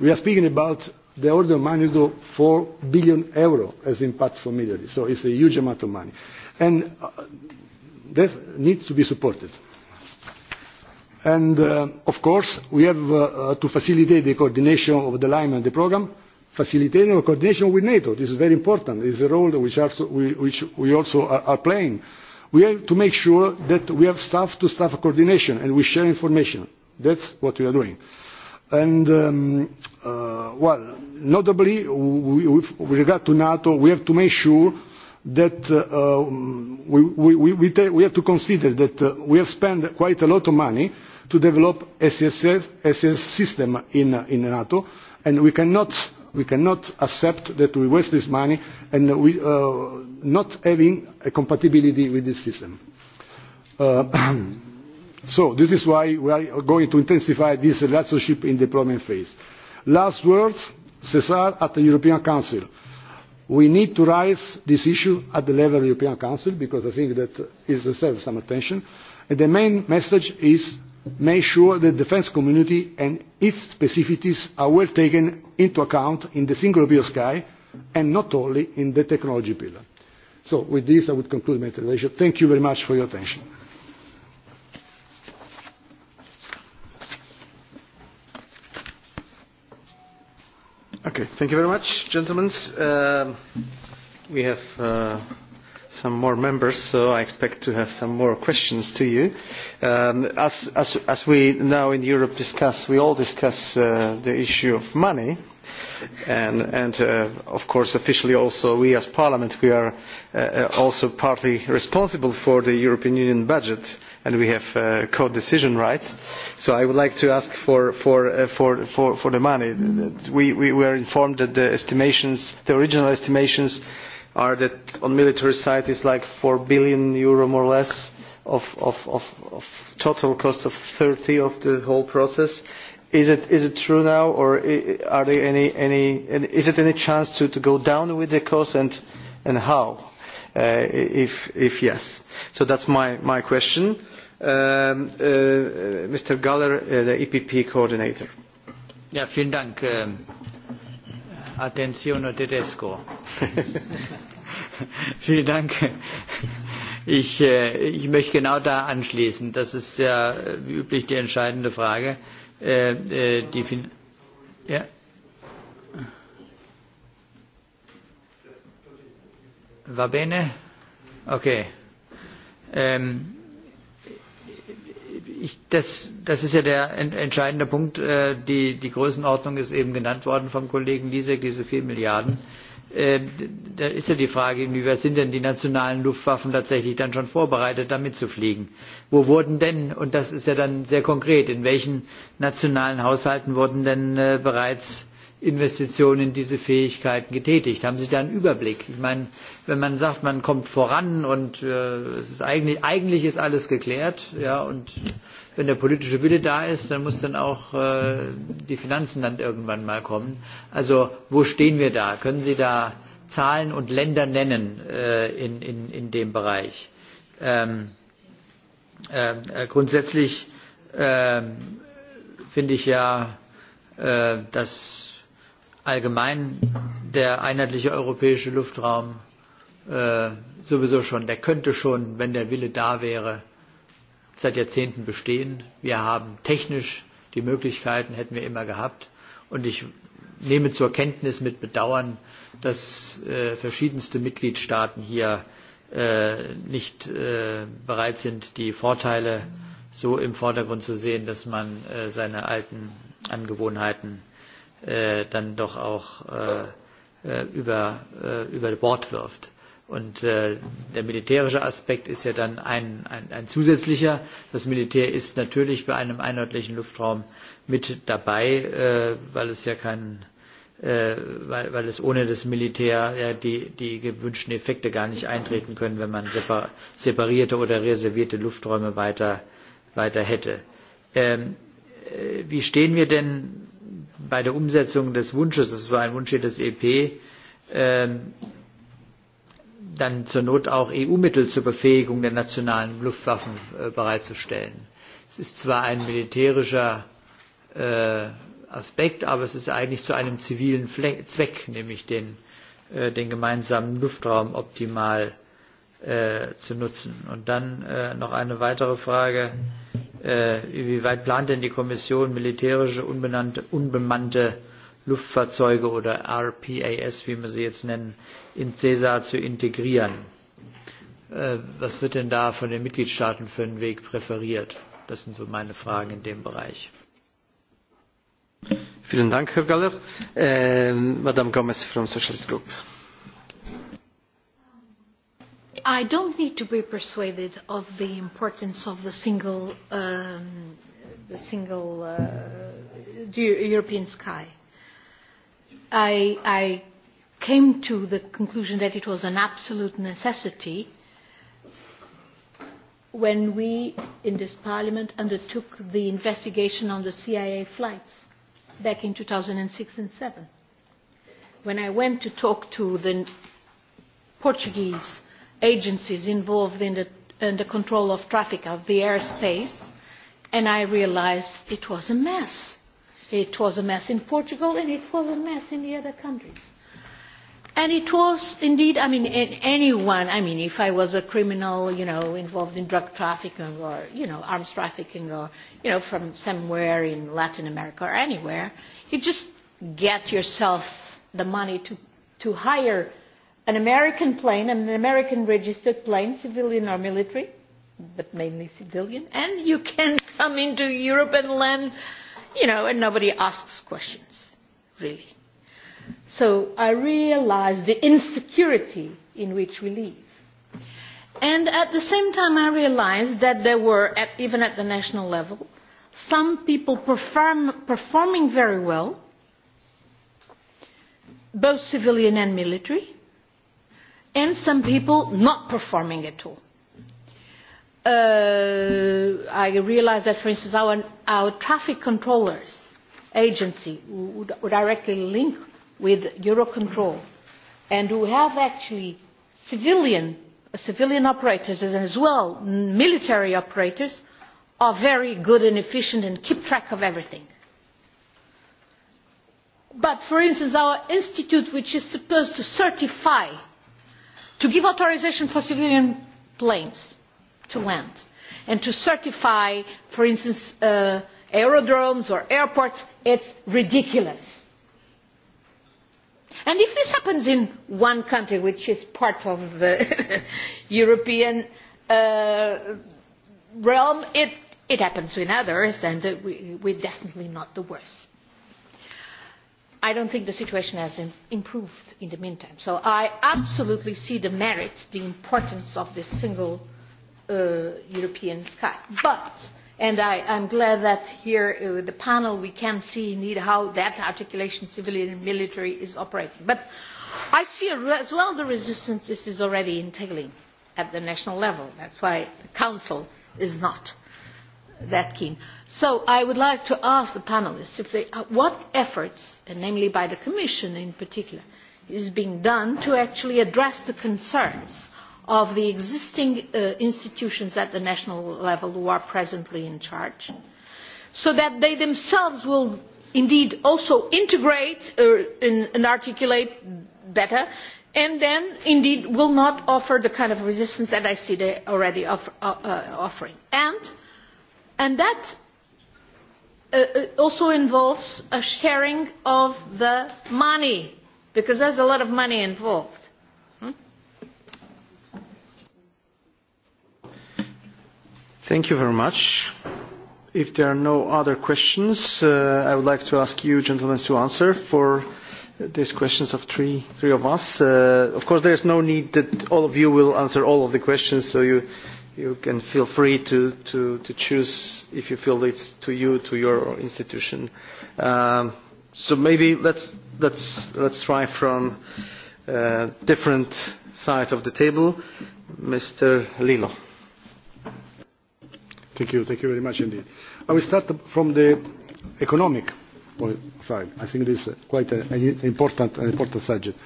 [SPEAKER 5] We are speaking about the order of magnitude of 4 billion euro as impact for Middle East. So it's a huge amount of money. And uh, that needs to be supported. And uh, of course, we have uh, uh, to facilitate the coordination of the Lyme and the programme, facilitating or coordination with NATO. This is very important. It's a role which, also, we, which we also are, are playing. Uh, we have to make sure that we have staff to staff coordination and we share information. that is what we are doing. And, um, uh, well, notably, we, with regard to NATO, we have to make sure that uh, um, we, we, we, ta- we have to consider that uh, we have spent quite a lot of money to develop SSF, SS system in, in NATO, and we cannot We cannot accept that we waste this money and we, uh, not having a compatibility with this system. Uh, so this is why we are going to intensify this relationship in deployment phase. Last words, Cesar at the European Council. We need to raise this issue at the level of the European Council because I think that it deserves some attention. And the main message is make sure the defence community and its specificities are well taken into account in the single european sky and not only in the technology pillar. so with this i would conclude my intervention. thank you very much for your attention.
[SPEAKER 1] okay, thank you very much, gentlemen. Uh, we have uh, some more members, so I expect to have some more questions to you. Um, as, as, as we now in Europe discuss, we all discuss uh, the issue of money. And, and uh, of course, officially also, we as Parliament, we are uh, uh also partly responsible for the European Union budget, and we have uh, co-decision rights. So I would like to ask for, for, uh, for, for, for the money. We, we were informed that the estimations, the original estimations, uh, are that on military side is like 4 billion euro more or less of, of, of, of total cost of 30 of the whole process. Is it, is it true now or are there any, any, any is it any chance to, to go down with the cost and, and how? Uh, if, if yes. So that's my, my question. Um, uh, Mr. Galler, uh, the EPP coordinator.
[SPEAKER 6] Ja, vielen Dank. Ähm Attenzione tedesco. Vielen Dank. Ich, äh, ich möchte genau da anschließen. Das ist ja wie üblich die entscheidende Frage. Äh, äh die fin ja. Va bene? Okay. Ähm, ich, das, das ist ja der en, entscheidende Punkt. Äh, die, die Größenordnung ist eben genannt worden vom Kollegen Lisek, diese 4 Milliarden. Äh, da ist ja die Frage, inwieweit sind denn die nationalen Luftwaffen tatsächlich dann schon vorbereitet, damit zu fliegen? Wo wurden denn, und das ist ja dann sehr konkret, in welchen nationalen Haushalten wurden denn äh, bereits Investitionen in diese Fähigkeiten getätigt? Haben Sie da einen Überblick? Ich meine, wenn man sagt, man kommt voran und äh, es ist eigentlich, eigentlich ist alles geklärt, ja, und wenn der politische Wille da ist, dann muss dann auch äh, die Finanzen dann irgendwann mal kommen. Also wo stehen wir da? Können Sie da Zahlen und Länder nennen äh, in, in, in dem Bereich? Ähm, ähm äh, grundsätzlich äh, finde ich ja, äh, dass allgemein der einheitliche europäische Luftraum äh, sowieso schon, der könnte schon, wenn der Wille da wäre, seit Jahrzehnten bestehen. Wir haben technisch die Möglichkeiten, hätten wir immer gehabt. Und ich nehme zur Kenntnis mit Bedauern, dass äh, verschiedenste Mitgliedstaaten hier äh, nicht äh, bereit sind, die Vorteile so im Vordergrund zu sehen, dass man äh, seine alten Angewohnheiten äh, äh, dann doch auch äh, äh über, äh, über Bord wirft. Und äh, der militärische Aspekt ist ja dann ein, ein, ein zusätzlicher. Das Militär ist natürlich bei einem einheitlichen Luftraum mit dabei, äh, weil es ja keinen äh, weil, weil es ohne das Militär ja, die, die gewünschten Effekte gar nicht eintreten können, wenn man separ separierte oder reservierte Lufträume weiter, weiter hätte. Ähm, äh, wie stehen wir denn bei der Umsetzung des Wunsches, das war ein Wunsch des EP, äh, dann zur Not auch EU-Mittel zur Befähigung der nationalen Luftwaffen äh, bereitzustellen. Es ist zwar ein militärischer äh, Aspekt, aber es ist eigentlich zu einem zivilen Fle Zweck, nämlich den, äh, den gemeinsamen Luftraum optimal äh, zu nutzen. Und dann äh, noch eine weitere Frage. Mhm äh, inwieweit plant denn die Kommission militärische unbenannte, unbemannte Luftfahrzeuge oder RPAS, wie wir sie jetzt nennen, in CESAR zu integrieren? Äh, was wird denn da von den Mitgliedstaaten für einen Weg präferiert? Das sind so meine Fragen in dem Bereich.
[SPEAKER 1] Vielen Dank, Herr Galler. Ähm, Madame Gomez from Socialist Group.
[SPEAKER 7] I don't need to be persuaded of the importance of the single, um, the single uh, European sky. I, I came to the conclusion that it was an absolute necessity when we in this parliament undertook the investigation on the CIA flights back in 2006 and 7. When I went to talk to the Portuguese agencies involved in the, in the control of traffic of the airspace, and I realized it was a mess. It was a mess in Portugal, and it was a mess in the other countries. And it was indeed, I mean, anyone, I mean, if I was a criminal, you know, involved in drug trafficking or, you know, arms trafficking or, you know, from somewhere in Latin America or anywhere, you just get yourself the money to, to hire an American plane, an American registered plane, civilian or military, but mainly civilian, and you can come into Europe and land, you know, and nobody asks questions, really. So I realize the insecurity in which we live. And at the same time, I realized that there were, at, even at the national level, some people perform, performing very well, both civilian and military, and some people not performing at all. Uh, I realize that, for instance, our, our traffic controllers agency, who, who directly link with Eurocontrol, and who have actually civilian, civilian operators and as well military operators, are very good and efficient and keep track of everything but for instance our institute which is supposed to certify to give authorization for civilian planes to land and to certify, for instance, uh, aerodromes or airports, it's ridiculous. And if this happens in one country, which is part of the European uh, realm, it, it happens in others, and uh, we, we're definitely not the worst. I don't think the situation has improved in the meantime. So I absolutely see the merit, the importance of this single uh, European sky. But, and I, I'm glad that here uh, with the panel we can see indeed how that articulation, civilian and military, is operating. But I see as well the resistance this is already entailing at the national level. That's why the Council is not. Uh, that keen. So I would like to ask the panelists if they, uh, what efforts, and namely by the Commission in particular, is being done to actually address the concerns of the existing uh, institutions at the national level who are presently in charge, so that they themselves will indeed also integrate uh, in, and articulate better and then indeed will not offer the kind of resistance that I see they already offer, uh, uh, offering. And uh, and that uh, uh, also involves a sharing of the money because there's a lot of money involved. Hmm?
[SPEAKER 1] Thank you very much. If there are no other questions, uh, I would like to ask you, gentlemen, to answer for these questions of three, three of us. Uh, of course, there is no need that all of you will answer all of the questions, so you you can feel free to, to, to choose if you feel it's to you, to your institution. Um, so maybe let's, let's, let's try from uh, different side of the table. Mr. Lilo. Thank you. Thank you very much indeed. I will start from the
[SPEAKER 5] economic side. I think it is quite an important, an important subject.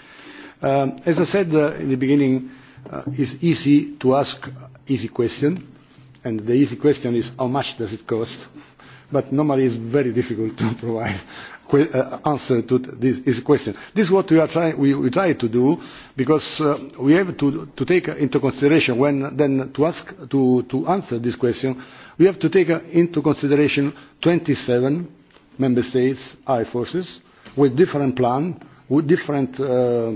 [SPEAKER 5] Um, as I said uh, in the beginning, uh, it's easy to ask easy question, and the easy question is how much does it cost? But normally it's very difficult to provide que uh, answer to this, this question. This is what we, are try we, we try to do because uh, we have to, to take into consideration when then to ask to, to answer this question, we have to take uh, into consideration 27 member states air forces with different plan, with different uh,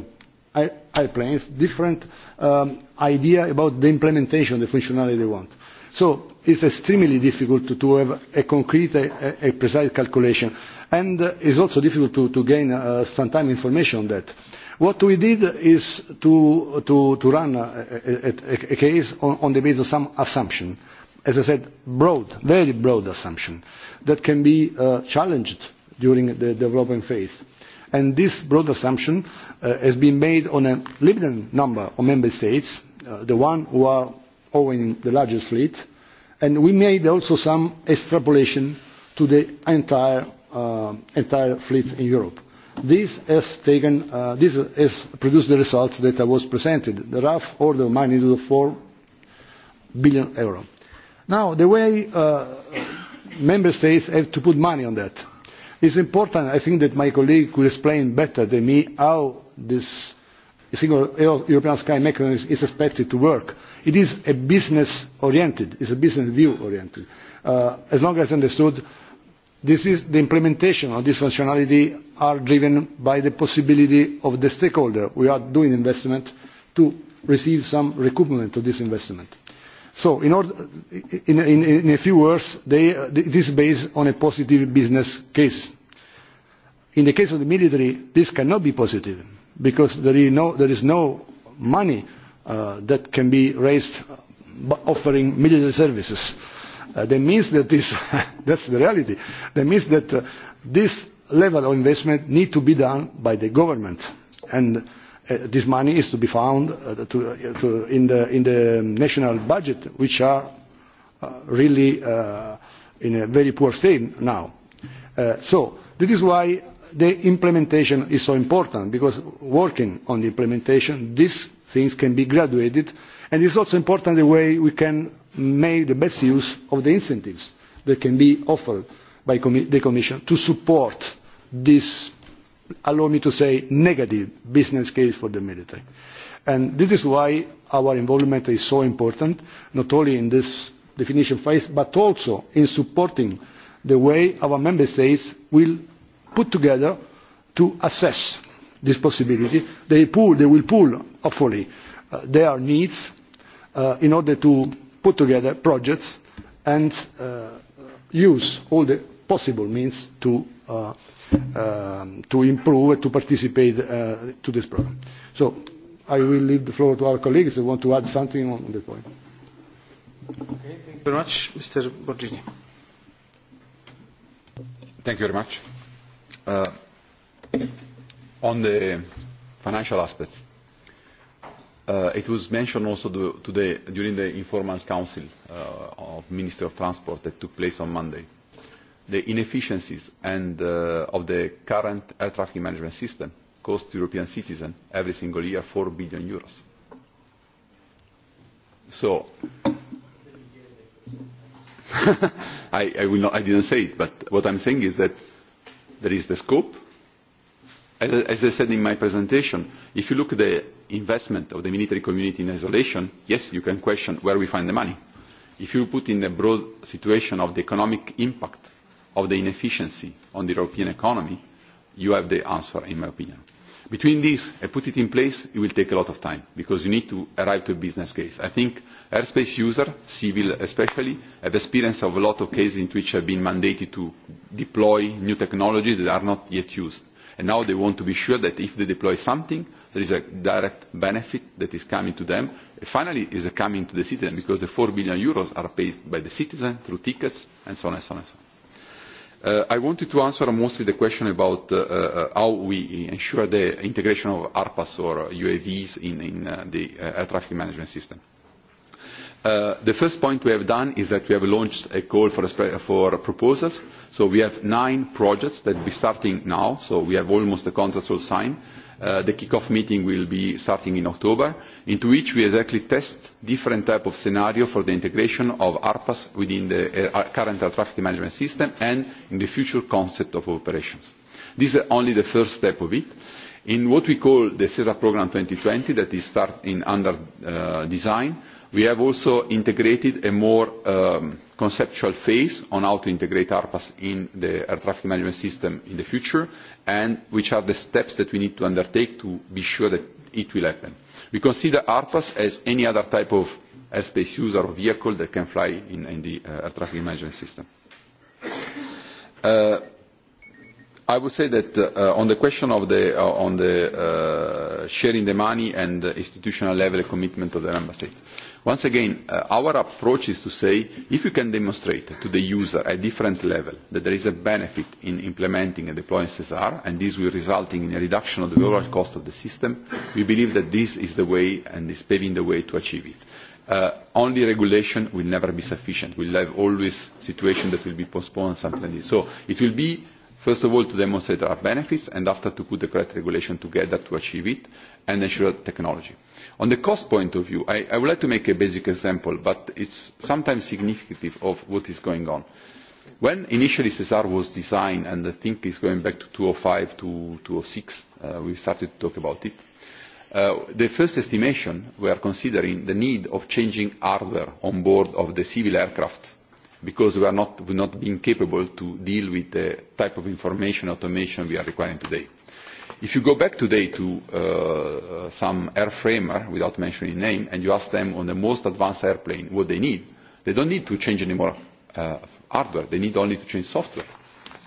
[SPEAKER 5] airplanes different um, idea about the implementation, the functionality they want. So it's extremely difficult to, to have a concrete, a, a precise calculation. And uh, it's also difficult to, to gain uh, some time information on that. What we did is to, to, to run a, a, a case on, on the basis of some assumption. As I said, broad, very broad assumption that can be uh, challenged during the development phase and this broad assumption uh, has been made on a limited number of member states, uh, the ones who are owning the largest fleet, and we made also some extrapolation to the entire, uh, entire fleet in Europe. This has, taken, uh, this has produced the results that I was presented, the rough order of magnitude of 4 billion euro. Now, the way uh, member states have to put money on that, it is important i think that my colleague could explain better than me how this single european sky mechanism is expected to work. it is business oriented it is business view oriented. Uh, as long as i understood this is the implementation of this functionality are driven by the possibility of the stakeholder we are doing investment to receive some recoupment of this investment. So in, order, in, in, in a few words, they, uh, this is based on a positive business case in the case of the military this cannot be positive because there is no, there is no money uh, that can be raised uh, offering military services. Uh, that means that this, that's the reality. That means that uh, this level of investment needs to be done by the government. And uh, this money is to be found uh, to, uh, to in, the, in the national budget, which are uh, really uh, in a very poor state now. Uh, so, this is why the implementation is so important because working on the implementation these things can be graduated and it is also important the way we can make the best use of the incentives that can be offered by the commission to support this allow me to say negative business case for the military. And this is why our involvement is so important not only in this definition phase but also in supporting the way our member states will put together to assess this possibility. They, pool, they will pool, hopefully, uh, their needs uh, in order to put together projects and uh, use all the possible means to, uh, um, to improve and to participate uh, to this program. So I will leave the floor to our colleagues who want to add something on the point.
[SPEAKER 1] Okay, thank
[SPEAKER 4] you very much, Mr. Borgini. Thank you very much. Uh, on the financial aspects, uh, it was mentioned also the, today during the informal council uh, of Minister of Transport that took place on Monday. The inefficiencies and, uh, of the current air traffic management system cost European citizens every single year 4 billion euros. So, I, I, will not, I didn't say it, but what I'm saying is that there is the scope. As, as I said in my presentation, if you look at the investment of the military community in isolation, yes, you can question where we find the money. If you put in the broad situation of the economic impact of the inefficiency on the European economy, you have the answer, in my opinion between these and putting it in place it will take a lot of time because you need to arrive to a business case. i think airspace users civil especially have experience of a lot of cases in which have been mandated to deploy new technologies that are not yet used and now they want to be sure that if they deploy something there is a direct benefit that is coming to them and finally is coming to the citizen because the 4 billion euros are paid by the citizen through tickets and so on and so on. Uh, I wanted to answer mostly the question about uh, uh, how we ensure the integration of ARPAs or UAVs in, in uh, the uh, air traffic management system. Uh, the first point we have done is that we have launched a call for, a, for proposals. So we have nine projects that will be starting now. So we have almost the contracts all signed Uh, the kick-off meeting will be starting in October, into which we exactly test different type of scenario for the integration of ARPAs within the uh, uh current air traffic management system and in the future concept of operations. This is only the first step of it. In what we call the CESA program 2020 that is start in under uh, design, we have also integrated a more um, conceptual phase on how to integrate ARPAs in the air traffic management system in the future and which are the steps that we need to undertake to be sure that it will happen. We consider ARPAs as any other type of airspace user or vehicle that can fly in, in the uh, air traffic management system. Uh, I would say that uh, on the question of the, uh, on the uh, sharing the money and the institutional level commitment of the member states, uh, Once again, uh, our approach is to say if you can demonstrate to the user at different level that there is a benefit in implementing and deploying CESAR, and this will result in a reduction of the overall cost of the system, we believe that this is the way and is paving the way to achieve it. Uh, only regulation will never be sufficient. We'll have always situations that will be postponed, something like this. So it will be first of all to demonstrate our benefits and after to put the correct regulation together to achieve it and ensure technology on the cost point of view I, i would like to make a basic example but it is sometimes significant of what is going on. when initially sesar was designed and i think it is going back to two thousand oh and five to two thousand oh and six uh, we started to talk about it uh, the first estimation were considering the need of changing hardware on board of the civil aircraft because we are not, not being capable to deal with the type of information automation we are requiring today If you go back today to uh, uh, some airframer, without mentioning name, and you ask them on the most advanced airplane what they need, they don't need to change any more uh, hardware. They need only to change software.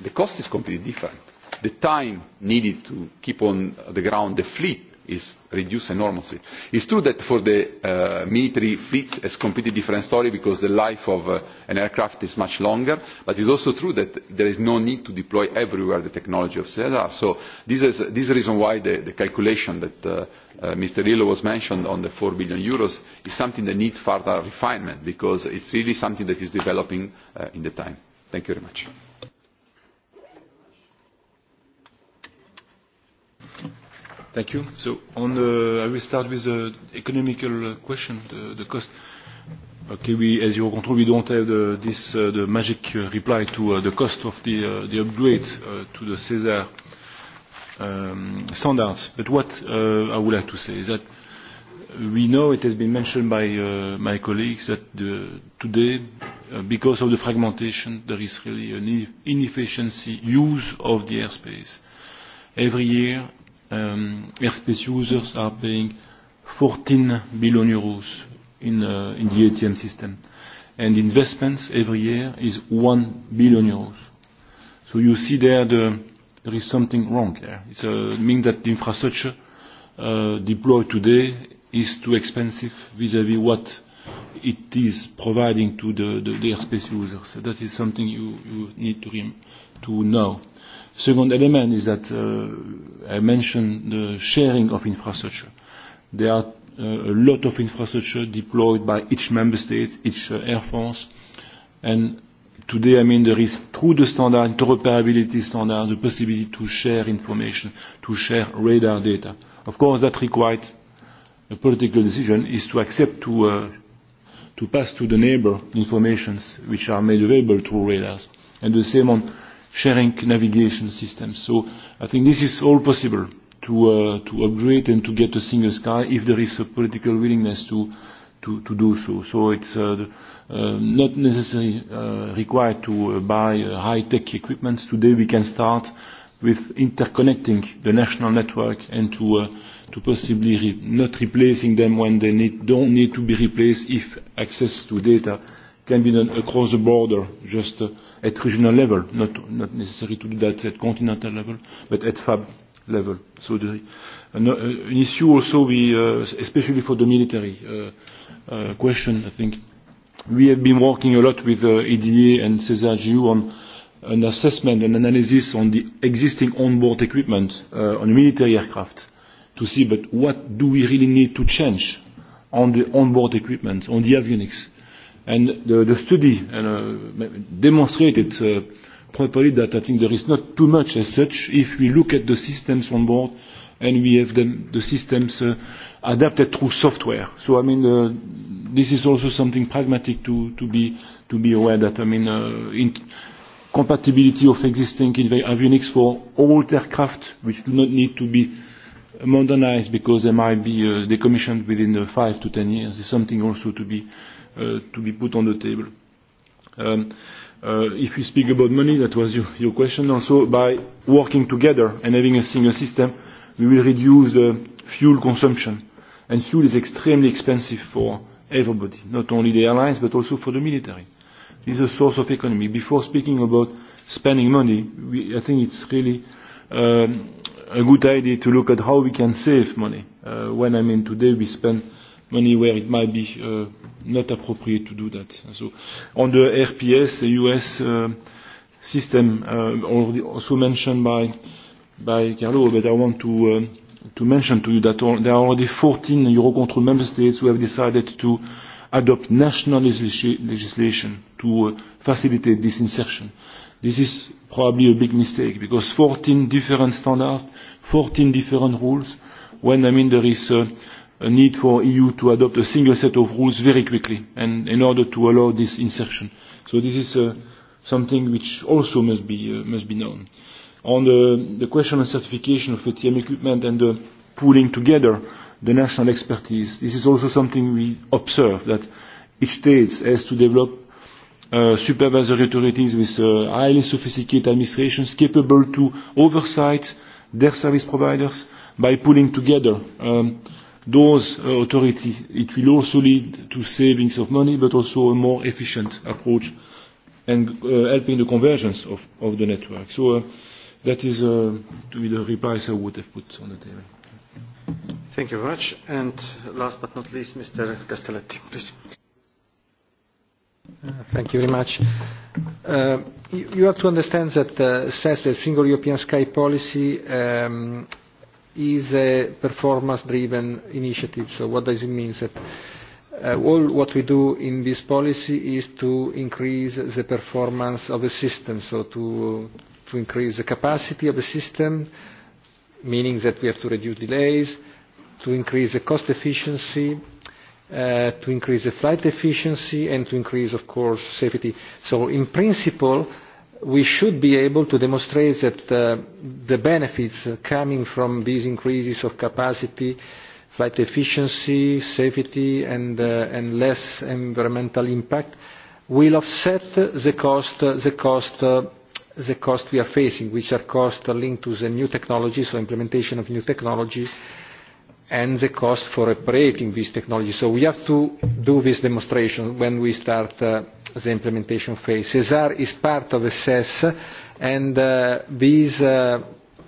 [SPEAKER 4] The cost is completely different. The time needed to keep on the ground the fleet is reduced enormously. it is true that for the uh, military fleets it is a completely different story because the life of uh, an aircraft is much longer but it is also true that there is no need to deploy everywhere the technology of cesar so this is this is the reason why the, the calculation that uh, uh, mr Rillo was mentioned on the 4 billion euros is something that needs further refinement because it's really something that is developing uh, in the time. Thank you very much. Thank you. So on,
[SPEAKER 3] uh, I will start with the economical question, the, the cost. Okay, we, as you control, we don't have the, this, uh, the magic uh, reply to uh, the cost of the, uh, the upgrades uh, to the CESAR um, standards. But what uh, I would like to say is that we know it has been mentioned by uh, my colleagues that the, today, uh, because of the fragmentation, there is really an inefficiency use of the airspace. Every year, um, airspace users are paying 14 billion euros in, uh, in the ATM system. And investments every year is 1 billion euros. So you see there the, there is something wrong there. It uh, means that the infrastructure uh, deployed today is too expensive vis-à-vis -vis what it is providing to the, the, the airspace users. So that is something you, you need to, rem to know. Uh, Second element is that uh, I mentioned the sharing of infrastructure. There are uh, a lot of infrastructure deployed by each member state, each uh, air force, and today, I mean, there is through the standard, interoperability standard, the possibility to share information, to share radar data. Of course, that requires a political decision is to accept to, uh, to pass to the neighbor informations which are made available through radars. And the same on sharing navigation systems. So I think this is all possible to, uh, to upgrade and to get a single sky if there is a political willingness to, to, to do so. So it's uh, uh, not necessarily uh, required to uh, buy uh, high-tech equipment. Today we can start with interconnecting the national network and to, uh, to possibly re not replacing them when they need, don't need to be replaced if access to data uh, can be done across the border, just uh, at regional level, not, not necessary to do that at continental level, but at FAB level. So the, an, uh, uh, an issue also, we, uh, especially for the military uh, uh, question, I think, we have been working a lot with uh, EDA and CESAR-GU on an assessment, an analysis on the existing onboard equipment uh, on military aircraft to see but what do we really need to change on the onboard equipment, on the avionics and the, the study and uh, demonstrated uh, properly that I think there is not too much as such if we look at the systems on board and we have them, the systems uh, adapted through software. So I mean, uh, this is also something pragmatic to, to, be, to be aware that I mean, uh, in compatibility of existing avionics for old aircraft which do not need to be modernized because they might be uh, decommissioned within uh, five to ten years is something also to be uh, uh, to be put on the table. Um, uh, if we speak about money, that was your, your question also, by working together and having a single system, we will reduce the fuel consumption. And fuel is extremely expensive for everybody, not only the airlines, but also for the military. This is a source of economy. Before speaking about spending money, we, I think it's really um, a good idea to look at how we can save money. Uh, when I mean today we spend money where it might be uh, not appropriate to do that. So on the RPS, the US uh, system, uh, already also mentioned by, by Carlo, but I want to, um, to mention to you that all, there are already 14 Eurocontrol member states who have decided to adopt national legis legislation to uh, facilitate this insertion. This is probably a big mistake because 14 different standards, 14 different rules, when I mean there is uh, a need for EU to adopt a single set of rules very quickly and in order to allow this insertion. So this is uh, something which also must be, uh, must be known. On the, the question of certification of ATM equipment and the pooling together the national expertise, this is also something we observe that each state has to develop uh, supervisory authorities with uh, highly sophisticated administrations capable to oversight their service providers by pooling together um, uh, those uh, authorities. It will also lead to savings of money, but also a more efficient approach and uh, helping the convergence of, of the network. So uh, that is uh, to be the replies I would have put on the table. Thank
[SPEAKER 1] you
[SPEAKER 2] very much. And last but not least,
[SPEAKER 3] Mr. Castelletti, please.
[SPEAKER 2] Uh, thank you very much. Uh, you, you have to understand that uh, since the single European sky policy um, is a performance-driven initiative. So what does it mean? That uh, all what we do in this policy is to increase the performance of the system, so to, to increase the capacity of the system, meaning that we have to reduce delays, to increase the cost efficiency, uh, to increase the flight efficiency, and to increase, of course, safety. So in principle, uh, we should be able to demonstrate that uh, the benefits coming from these increases of capacity, flight efficiency, safety and, uh, and less environmental impact will offset the cost, uh, the, cost, uh, the cost we are facing, which are costs linked to the new technologies, so implementation of new technology, and the cost for operating these technologies. So we have to do this demonstration when we start uh, the implementation phase. CESAR is part of SS e and uh, this uh,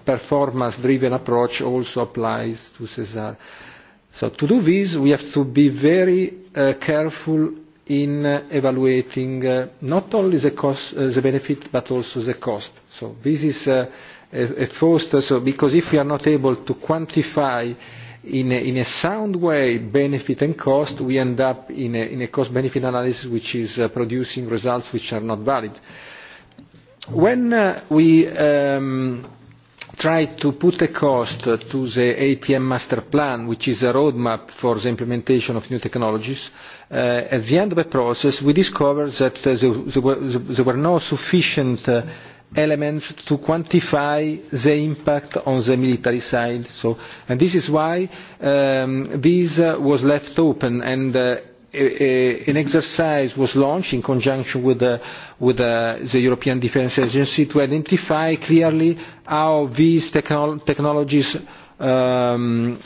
[SPEAKER 2] performance-driven approach also applies to CESAR. So to do this, we have to be very uh, careful in uh, evaluating uh, not only the, cost, uh, the benefit but also the cost. So this is uh, a, a first, uh, so because if we are not able to quantify uh, in a, in a sound way, benefit and cost, we end up in a, in a cost-benefit analysis which is uh, producing results which are not valid. When uh, we um, try to put a cost to the ATM master plan, which is a roadmap for the implementation of new technologies, uh, at the end of the process, we discovered that uh, there, there, were, there were no sufficient uh, elements to quantify the impact on the military side. So, and this is why um, this uh, was left open and uh, a, a, an exercise was launched in conjunction with, the, with uh, the European Defence Agency to identify clearly how these technol technologies um,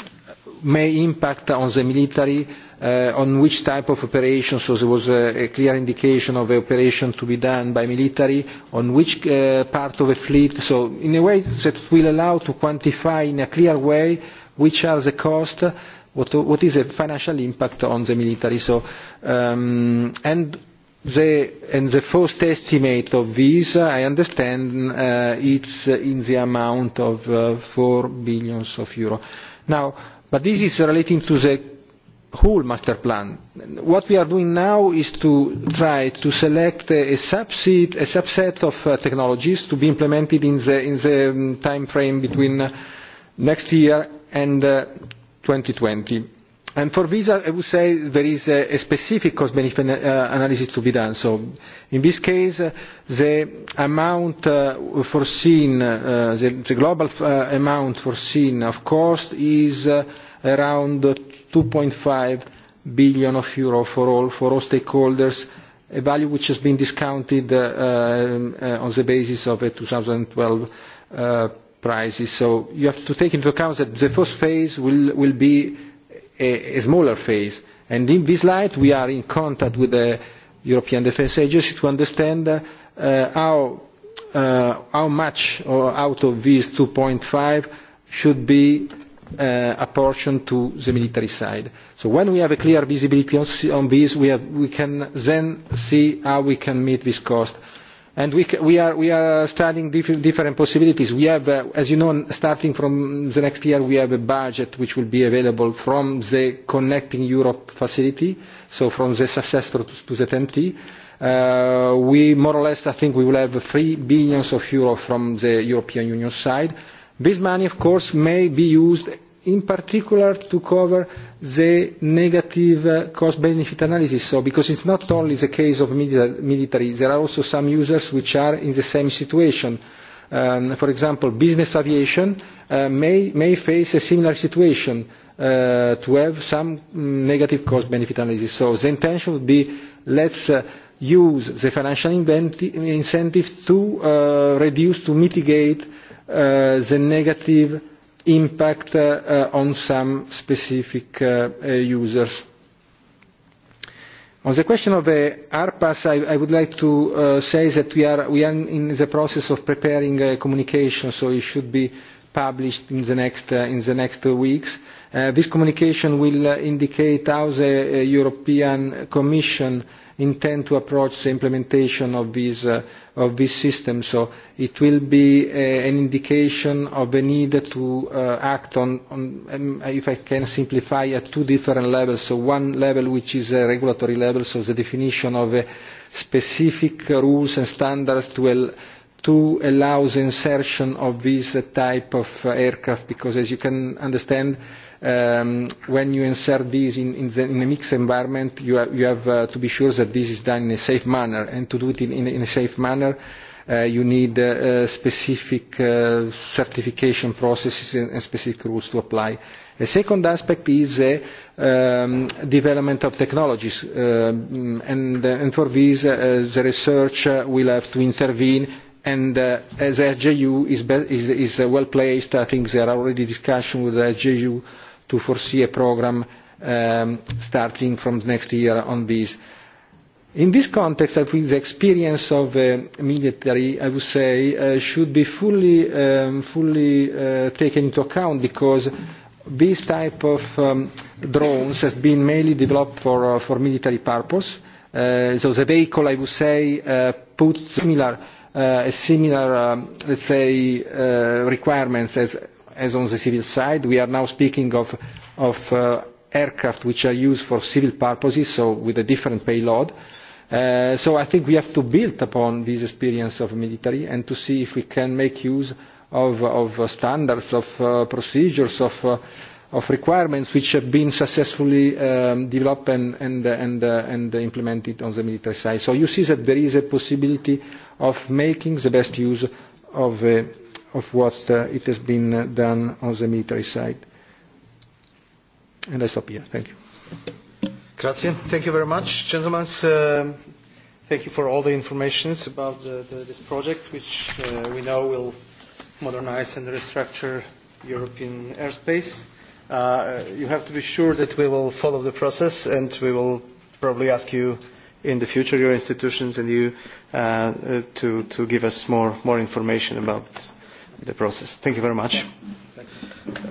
[SPEAKER 2] may impact on the military uh, uh, on which type of operation, so there was a, a clear indication of the operation to be done by military, on which uh, part of the fleet, so in a way that will allow to quantify in a clear way which are the costs, what, what is the financial impact on the military. So, um, and the, and the first estimate of this, I understand, uh, it's in the amount of uh, 4 billion of euro. Now, but this is relating to the whole master plan. What we are doing now is to try to select a subset, a subset of uh, technologies to be implemented in the, in the um, time frame between uh, next year and uh, 2020. And for visa, I would say there is a, a specific cost-benefit uh, analysis to be done. So in this case, uh, the amount uh, foreseen, uh, the, the global uh, amount foreseen of cost is uh, around 2.5 billion of euro for all, for all stakeholders, a value which has been discounted uh, uh, on the basis of a 2012 uh, prices. So you have to take into account that the first phase will, will be a, a smaller phase. And in this light, we are in contact with the European Defence Agency to understand uh, how, uh, how much or out of these 2.5 should be uh, apportioned to the military side. So when we have a clear visibility on, on this, we, have, we can then see how we can meet this cost. And we, we, are, we are studying diff different possibilities. We have, uh, as you know, starting from the next year, we have a budget which will be available from the Connecting Europe facility, so from the successor to, to the TNT. Uh, we more or less, I think, we will have 3 billion of euro from the European Union side. This money, of course, may be used in particular to cover the negative uh, cost-benefit analysis. So, because it's not only the case of military, there are also some users which are in the same situation. Um, for example, business aviation uh, may, may face a similar situation uh, to have some mm, negative cost-benefit analysis. So the intention would be let's uh, use the financial incentives to uh, reduce, to mitigate uh, the negative uh, impact uh, uh, on some specific uh, uh, users. On the question of the uh, ARPAS, I, I would like to uh, say that we are, we are in the process of preparing a uh, communication, so it should be published in the next, uh, in the next weeks. Uh, this communication will uh, indicate how the uh, European Commission intend to approach the implementation of these, uh, of this system. So it will be uh, an indication of the need to uh, act on, on um, if I can simplify, at two different levels. So one level which is a regulatory level, so the definition of uh, specific rules and standards to, to allow the insertion of this uh, type of uh, aircraft because as you can understand um, when you insert these in, in, the, in a mixed environment you have, you have uh, to be sure that this is done in a safe manner and to do it in, in, in a safe manner uh, you need uh, uh, specific uh, certification processes and, and specific rules to apply. A second aspect is the uh, um, development of technologies um, uh, and, and for this uh, the research uh, will have to intervene and uh, as SJU is, be is, is uh, well placed, I think there are already discussions with SJU to foresee a program um, starting from next year on this. In this context, I think the experience of uh, military, I would say, uh, should be fully, um, fully uh, taken into account because this type of um, drones has been mainly developed for, uh, for military purpose. Uh, so the vehicle, I would say, uh, puts similar uh, uh, similar, um, let's say, uh, requirements as, as on the civil side. We are now speaking of, of uh, aircraft which are used for civil purposes, so with a different payload. Uh, so I think we have to build upon this experience of military and to see if we can make use of, of uh, standards, of uh, procedures, of, uh, of requirements which have been successfully um, developed and, and, uh, and, uh, and implemented on the military side. So you see that there is a possibility uh, of making the best use of, uh, of what uh, it has been uh, done on the military side. And I stop here. Thank you.
[SPEAKER 1] Grazie. Thank you very much, gentlemen. Uh, thank you for all the information about the, the, this project, which uh, we know will modernize and restructure European airspace. Uh, you have to be sure that we will follow the process and we will probably ask you uh, in the future your institutions and you uh, uh, to, to give us more, more information about the process. Thank you very much.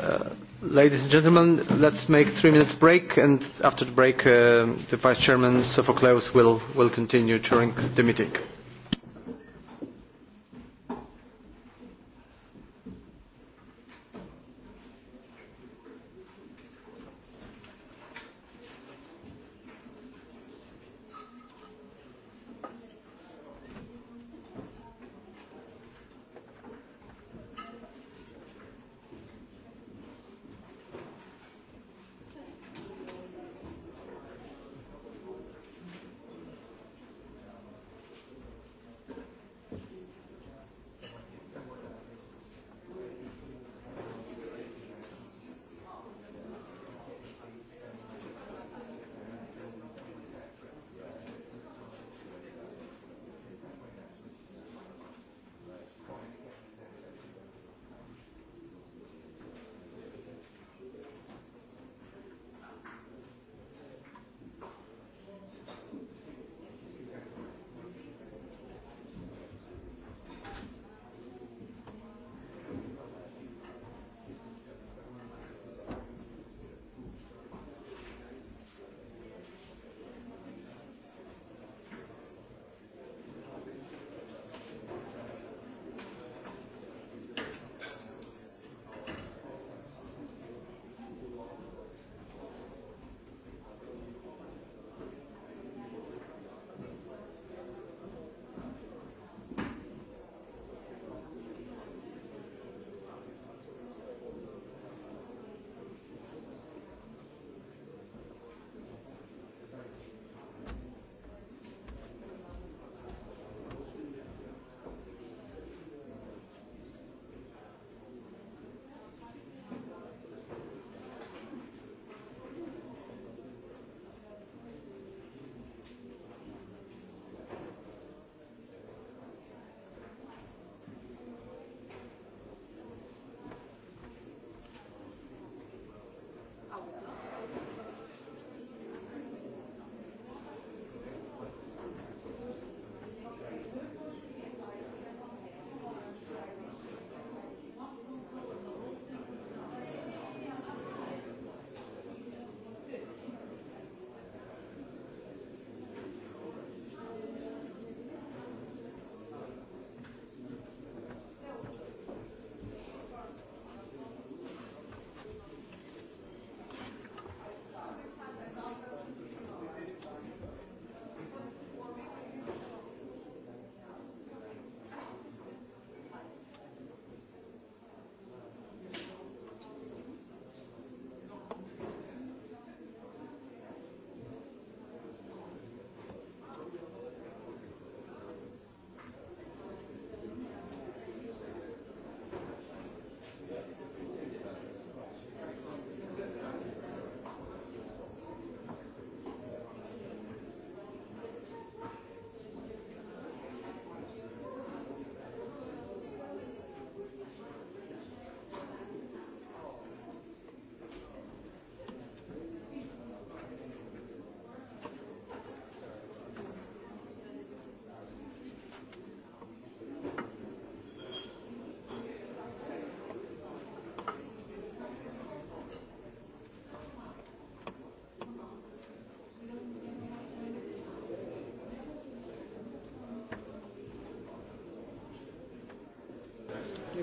[SPEAKER 1] Uh, ladies and gentlemen, let's make three minutes break and after the break uh, the Vice Chairman Sophocles will, will continue during the meeting.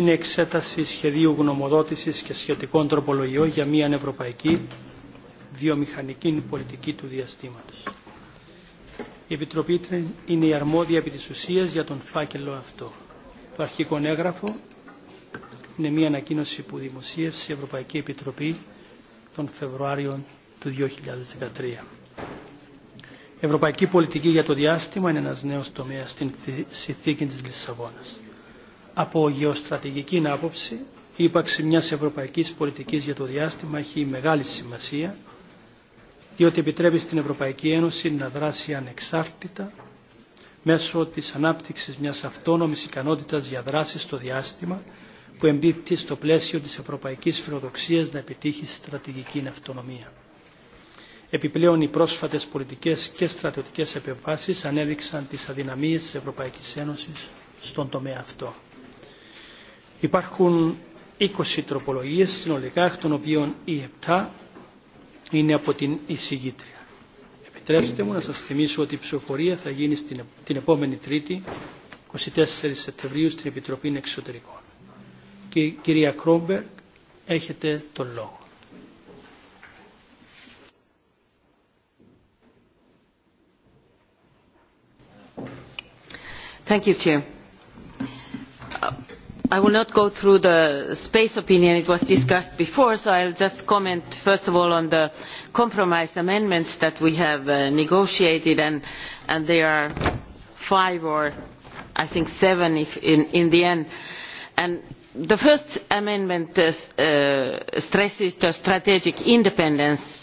[SPEAKER 8] είναι εξέταση σχεδίου γνωμοδότησης και σχετικών τροπολογιών για μια ευρωπαϊκή βιομηχανική πολιτική του διαστήματος. Η Επιτροπή είναι η αρμόδια επί της ουσίας για τον φάκελο αυτό. Το αρχικό έγγραφο είναι μια ανακοίνωση που δημοσίευσε η Ευρωπαϊκή Επιτροπή τον Φεβρουάριο του 2013. Η ευρωπαϊκή πολιτική για το διάστημα είναι ένας νέος τομέας στην συνθήκη της Λισαβόνας από γεωστρατηγική άποψη η ύπαρξη μιας ευρωπαϊκής πολιτικής για το διάστημα έχει μεγάλη σημασία διότι επιτρέπει στην Ευρωπαϊκή Ένωση να δράσει ανεξάρτητα μέσω της ανάπτυξης μιας αυτόνομης ικανότητας για δράση στο διάστημα που εμπίπτει στο πλαίσιο της ευρωπαϊκής φιλοδοξίας να επιτύχει στρατηγική αυτονομία. Επιπλέον, οι πρόσφατες πολιτικές και στρατιωτικές επεμβάσεις ανέδειξαν τις αδυναμίες της Ευρωπαϊκής Ένωσης στον τομέα αυτό. Υπάρχουν 20 τροπολογίες συνολικά, εκ των οποίων οι 7 είναι από την εισηγήτρια. Επιτρέψτε μου να σας θυμίσω ότι η ψηφοφορία θα γίνει στην, την επόμενη Τρίτη, 24 Σεπτεμβρίου, στην Επιτροπή Εξωτερικών. Και, κυρία Κρόμπερ, έχετε τον λόγο.
[SPEAKER 9] Thank you, Chair i will not go through the space opinion it was discussed before so i will just comment first of all on the compromise amendments that we have uh, negotiated and, and there are five or i think seven in, in the end. And the first amendment uh, uh stresses the strategic independence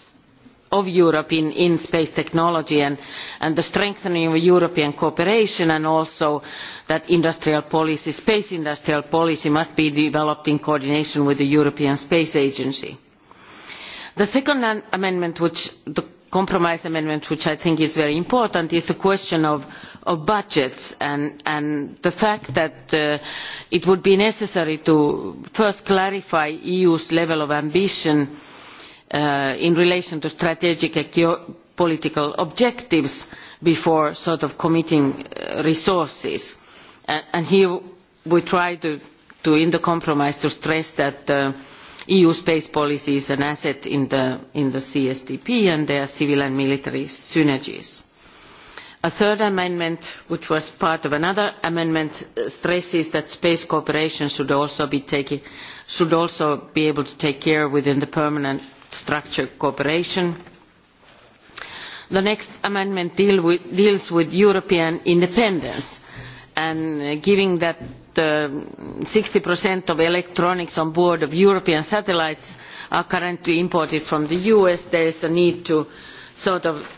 [SPEAKER 9] of europe in, in space technology and, and the strengthening of european cooperation and also that industrial policy space industrial policy must be developed in coordination with the european space agency. the second amendment which, the compromise amendment which i think is very important is the question of, of budgets and, and the fact that uh, it would be necessary to first clarify the eu's level of ambition uh, in relation to strategic and geopolitical objectives before sort of committing uh, resources. And, and here we try to, to, in the compromise, to stress that the uh, EU space policy is an asset in the, in the CSDP and their civil and military synergies. A third amendment, which was part of another amendment, uh, stresses that space cooperation should also be, taking, should also be able to take care within the permanent structured cooperation. the next amendment deal with, deals with european independence and uh, given that uh, sixty uh, of electronics on board of european satellites are currently imported from the us there is a need to sort of uh,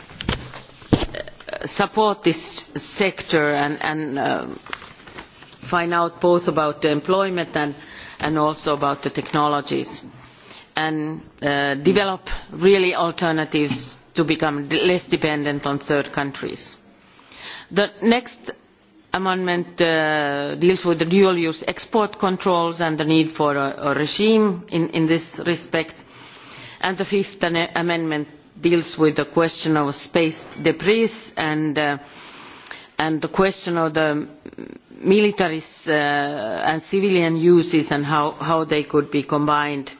[SPEAKER 9] support this sector and, and uh, find out both about employment and, and also about the technologies and uh, develop really alternatives to become less dependent on third countries. The next amendment uh, deals with the dual use export controls and the need for a, a regime in, in this respect. And the fifth amendment deals with the question of space debris and, uh, and the question of the military uh, and civilian uses and how, how they could be combined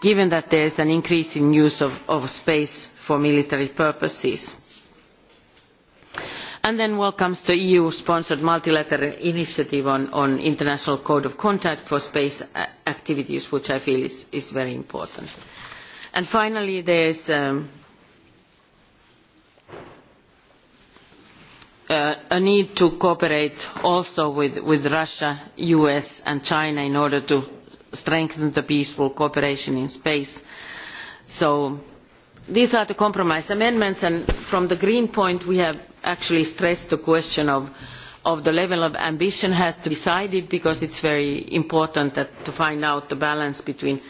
[SPEAKER 9] given that there is an increase in use of, of space for military purposes. And then welcomes the eu sponsored multilateral initiative on, on international code of conduct for space activities which i feel is, is very important. And finally there is um, Uh, a need to cooperate also with, with russia the us and china in order to strengthen the peaceful cooperation in space. So these are the compromise amendments and from the green point we have actually stressed the question of, of the level of ambition has to be decided because it's very important that, to find out the balance between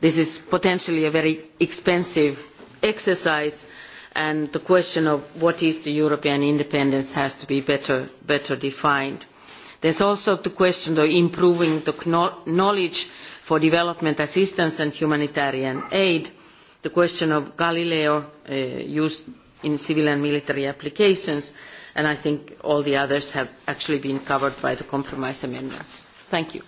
[SPEAKER 9] this is potentially a very expensive exercise and the question of what is the European independence has to be better, better defined. There's also the question of improving the knowledge for development assistance and humanitarian aid the question of galileo uh, used in civil and military applications and i think all the others have actually been covered by the compromise amendments. thank you.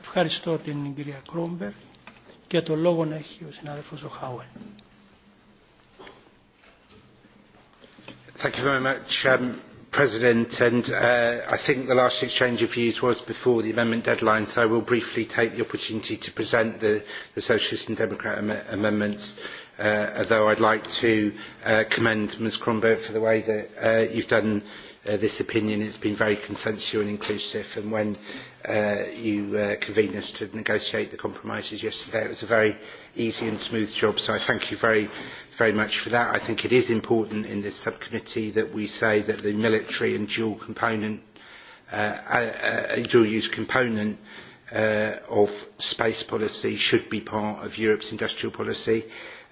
[SPEAKER 8] Ευχαριστώ την κυρία Κρόμπερ και το λόγο να έχει ο συνάδελφος ο Χάουελ.
[SPEAKER 10] Thank you very much, um, President, and uh, I think the last exchange of views was before the amendment deadline, so I will briefly take the opportunity to present the, the Socialist and Democrat am amendments, uh, although I'd like to uh, commend Ms Kronberg for the way that uh, you've done uh, this opinion. It's been very consensual and inclusive, and when uh, you uh, convened us to negotiate the compromises yesterday, it was a very easy and smooth job. So I thank you very, very much for that. I think it is important in this subcommittee that we say that the military and dual component, uh, uh, uh, dual use component uh, of space policy should be part of Europe's industrial policy.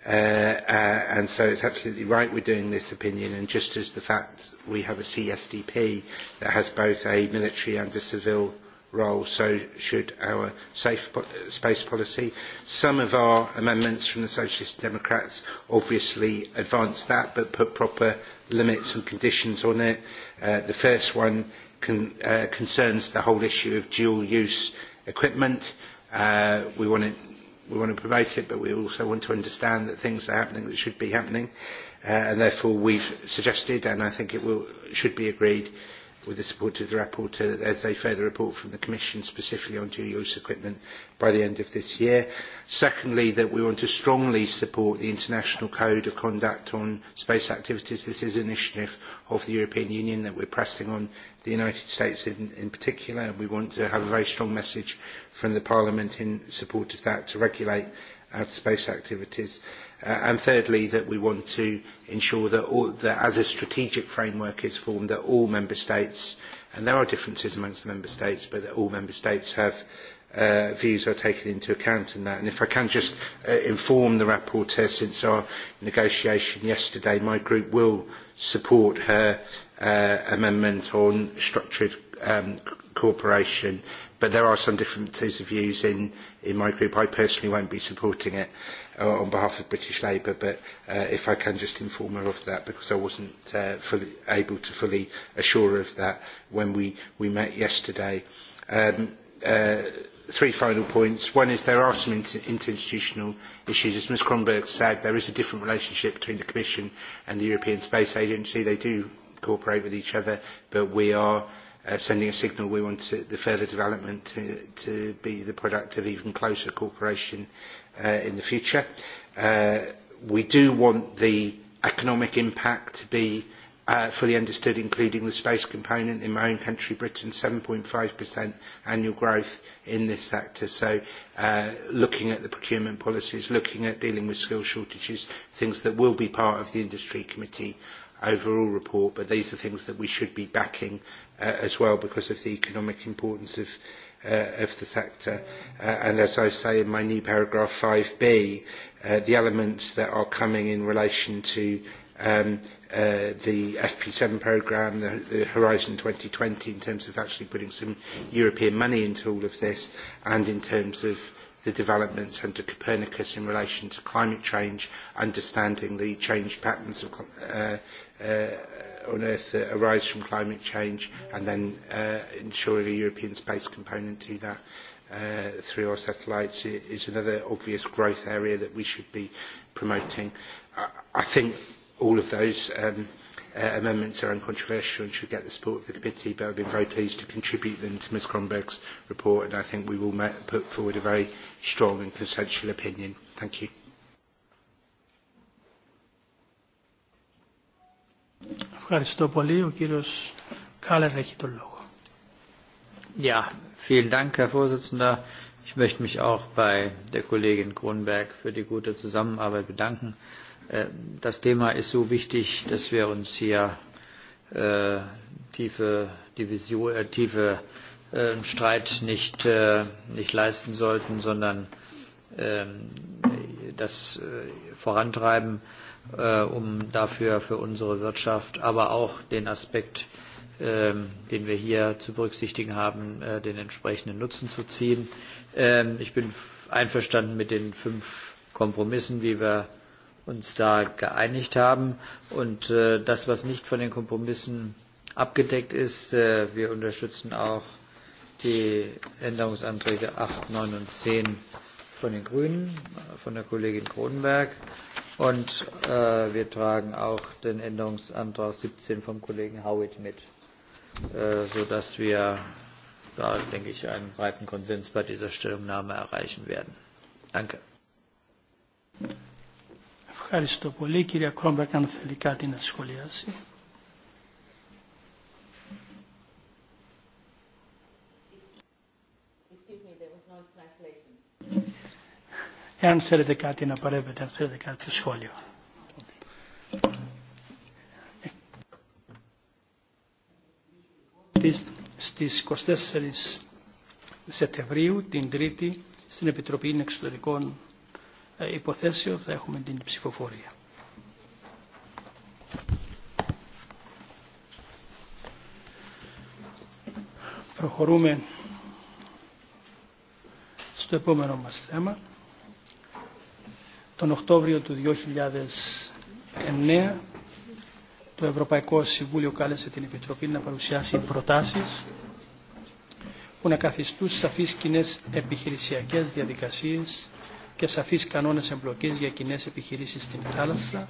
[SPEAKER 10] Uh, uh, and so it's absolutely right we're doing this opinion and just as the fact we have a CSDP that has both a military and a civil uh, role, so should our safe po space policy. Some of our amendments from the Socialist Democrats obviously advance that, but put proper limits and conditions on it. Uh, the first one con uh, concerns the whole issue of dual-use equipment. Uh, we want to we want to promote it, but we also want to understand that things are happening that should be happening, uh, and therefore we've suggested, and I think it will, should be agreed, uh, with the support of the rapporteur as a further report from the Commission specifically on dual use equipment by the end of this year. Secondly, that we want to strongly support the International Code of Conduct on Space Activities. This is an initiative of the European Union that we're pressing on the United States in, in particular, and we want to have a very strong message from the Parliament in support of that to regulate our space activities. Uh, and thirdly, that we want to ensure that, all, that as a strategic framework is formed, that all member states, and there are differences amongst the member states, but that all member states have uh, views are taken into account in that. And if I can just uh, inform the rapporteur, since our negotiation yesterday, my group will support her uh, amendment on structured um, cooperation, but there are some differences of views in, in my group. I personally won't be supporting it uh, on behalf of British Labour, but uh, if I can just inform her of that because I wasn't uh, fully able to fully assure her of that when we, we met yesterday. Um, uh, three final points. One is there are some inter- interinstitutional issues. As Ms Kronberg said, there is a different relationship between the Commission and the European Space Agency. They do cooperate with each other, but we are uh, sending a signal we want to, the further development to, to be the product of even closer cooperation uh, in the future. Uh, we do want the economic impact to be uh, fully understood, including the space component in my own country, Britain, 7.5% annual growth in this sector. So uh, looking at the procurement policies, looking at dealing with skill shortages, things that will be part of the industry committee overall report, but these are things that we should be backing uh, as well because of the economic importance of uh, of the sector. Uh, and as I say in my new paragraph 5b, uh, the elements that are coming in relation to um, uh, the FP7 programme, the, the Horizon 2020, in terms of actually putting some European money into all of this, and in terms of the developments under Copernicus in relation to climate change, understanding the changed patterns of, uh, uh, unearth that arise from climate change and then uh, ensuring a European space component to that uh, through our satellites is another obvious growth area that we should be promoting. I, I think all of those um, uh, amendments are uncontroversial and should get the support of the committee, but I've been very pleased to contribute them to Ms Kronberg's report, and I think we will ma- put forward a very strong and consensual opinion. Thank you.
[SPEAKER 8] Ευχαριστώ πολύ. Ο κύριος Κάλερ έχει τον λόγο.
[SPEAKER 6] Ja, vielen Dank, Herr Vorsitzender. Ich möchte mich auch bei der Kollegin Kronberg für die gute Zusammenarbeit bedanken. Äh, das Thema ist so wichtig, dass wir uns hier äh, tiefe, Division, äh, tiefe äh, Streit nicht, äh, nicht leisten sollten, sondern äh, das äh, vorantreiben. Äh, äh, um dafür für unsere Wirtschaft, aber auch den Aspekt, ähm, den wir hier zu berücksichtigen haben, äh, den entsprechenden Nutzen zu ziehen. Ähm, ich bin einverstanden mit den fünf Kompromissen, wie wir uns da geeinigt haben. Und äh, das, was nicht von den Kompromissen abgedeckt ist, äh, wir unterstützen auch die Änderungsanträge 8, 9 und 10 von den Grünen, von der Kollegin Kronenberg. Und äh, wir tragen auch den Änderungsantrag 17 vom Kollegen Howitt mit, äh, sodass wir da, denke ich, einen breiten Konsens bei dieser Stellungnahme erreichen werden. Danke.
[SPEAKER 8] Ευχαριστώ πολύ. Κυρία Κρόμπερ, αν θέλει κάτι να σχολιάσει. Εάν θέλετε κάτι να παρέμβετε, αν θέλετε κάτι σχόλιο. Στις 24 Σεπτεμβρίου, την Τρίτη, στην Επιτροπή Εξωτερικών Υποθέσεων θα έχουμε την ψηφοφορία. Προχωρούμε στο επόμενο μας θέμα τον Οκτώβριο του 2009 το Ευρωπαϊκό Συμβούλιο κάλεσε την Επιτροπή να παρουσιάσει προτάσεις που να καθιστούν σαφείς κοινέ επιχειρησιακές διαδικασίες και σαφείς κανόνες εμπλοκής για κοινέ επιχειρήσεις στην θάλασσα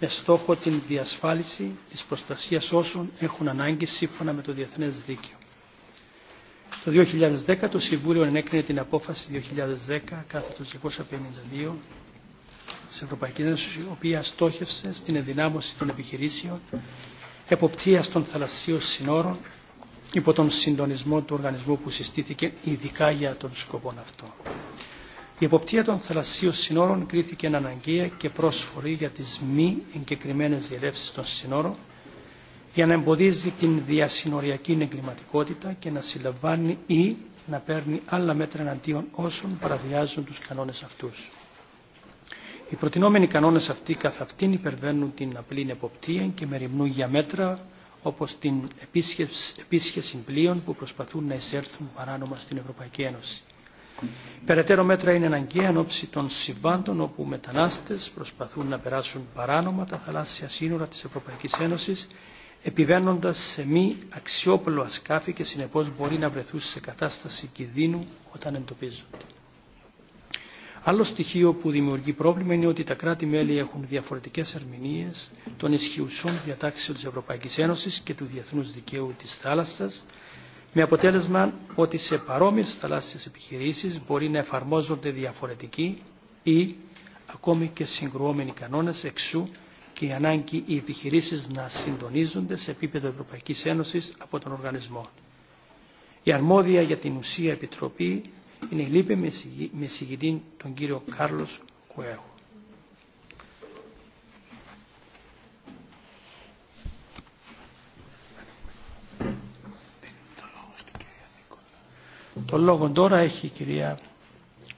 [SPEAKER 8] με στόχο την διασφάλιση της προστασίας όσων έχουν ανάγκη σύμφωνα με το Διεθνές Δίκαιο. Το 2010 το Συμβούλιο ενέκρινε την απόφαση 2010 κάθετος 252 της Ευρωπαϊκής Ένωσης, η οποία στόχευσε στην ενδυνάμωση των επιχειρήσεων εποπτείας των θαλασσίων συνόρων υπό τον συντονισμό του οργανισμού που συστήθηκε ειδικά για τον σκοπό αυτό. Η εποπτεία των θαλασσίων συνόρων κρίθηκε αναγκαία και πρόσφορη για τις μη εγκεκριμένε διελεύσεις των συνόρων για να εμποδίζει την διασυνοριακή εγκληματικότητα και να συλλαμβάνει ή να παίρνει άλλα μέτρα εναντίον όσων παραβιάζουν τους κανόνες αυτούς. Οι προτινόμενοι κανόνες αυτοί καθ' αυτήν υπερβαίνουν την απλή εποπτεία και μεριμνούν για μέτρα όπως την επίσχεση πλοίων που προσπαθούν να εισέλθουν παράνομα στην Ευρωπαϊκή Ένωση. Περαιτέρω μέτρα είναι αναγκαία εν ώψη των συμβάντων όπου μετανάστες προσπαθούν να περάσουν παράνομα τα θαλάσσια σύνορα της Ευρωπαϊκής Ένωσης επιβαίνοντας σε μη αξιόπλοα σκάφη και συνεπώς μπορεί να βρεθούν σε κατάσταση κινδύνου όταν εντοπίζονται. Άλλο στοιχείο που δημιουργεί πρόβλημα είναι ότι τα κράτη-μέλη έχουν διαφορετικές ερμηνείες των ισχυουσών διατάξεων της Ευρωπαϊκής Ένωσης και του διεθνούς δικαίου της θάλασσας, με αποτέλεσμα ότι σε παρόμοιες θαλάσσιες επιχειρήσεις μπορεί να εφαρμόζονται διαφορετικοί ή ακόμη και συγκρουόμενοι κανόνες εξού και η ανάγκη οι επιχειρήσεις να συντονίζονται σε επίπεδο Ευρωπαϊκής Ένωσης από τον οργανισμό. Η αρμόδια για την ουσία Επιτροπή είναι η Λίπη με συγητή τον κύριο Κάρλος Κουέγο. Το λόγο τώρα έχει η κυρία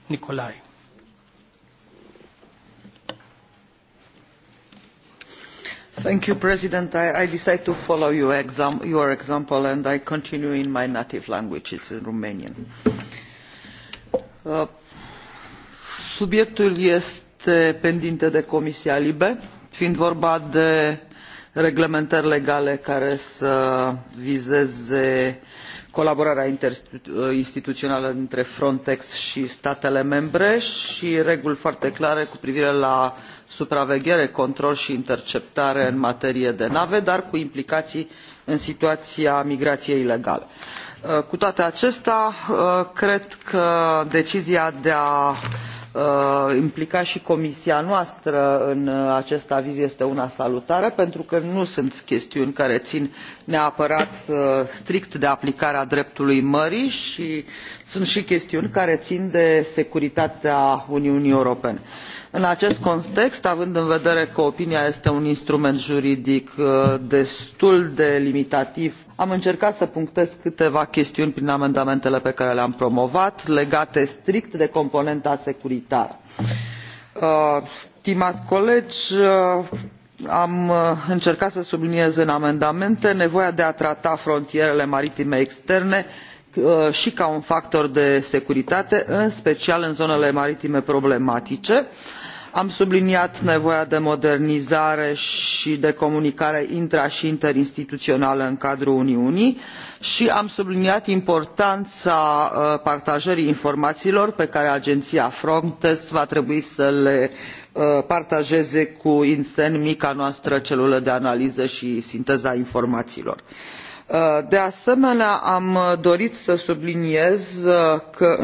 [SPEAKER 11] Νικολάη. Thank you, President. I, I decide to follow your, exam, your example and I continue in my native language, it's in Romanian. Uh, subiectul este pendinte de comisia libe fiind vorba de reglementări legale care să vizeze colaborarea interinstituională dintre frontex i statele membre i reguli foarte clare cu privire la supraveghere control i interceptare în materie de nave dar cu implicaii în situaia migraiei ilegale. Uh, cu toate acestea uh, cred că decizia de a uh, implica și comisia noastră în acest aviz este una salutară pentru că nu sunt chestiuni care țin neapărat strict de aplicarea dreptului mării și sunt și chestiuni care țin de securitatea uniunii europene în acest context având în vedere că opinia este un instrument juridic uh, destul de limitativ am încercat să punctez câteva chestiuni prin amendamentele pe care le am promovat legate strict de componenta securitară. Uh, stimați colegi uh, am încercat să subliniez în amendamente nevoia de a trata frontierele maritime externe și ca un factor de securitate în special în zonele maritime problematice și am subliniat nevoia de modernizare și de comunicare intra și interinstituțională în cadrul uniunii și am subliniat importanța uh, partajării informațiilor pe care agenția frontex va trebui să le uh, partajeze cu insen mica noastră celulă de analiză și sinteză a informațiilor uh, de asemenea am dorit să subliniez că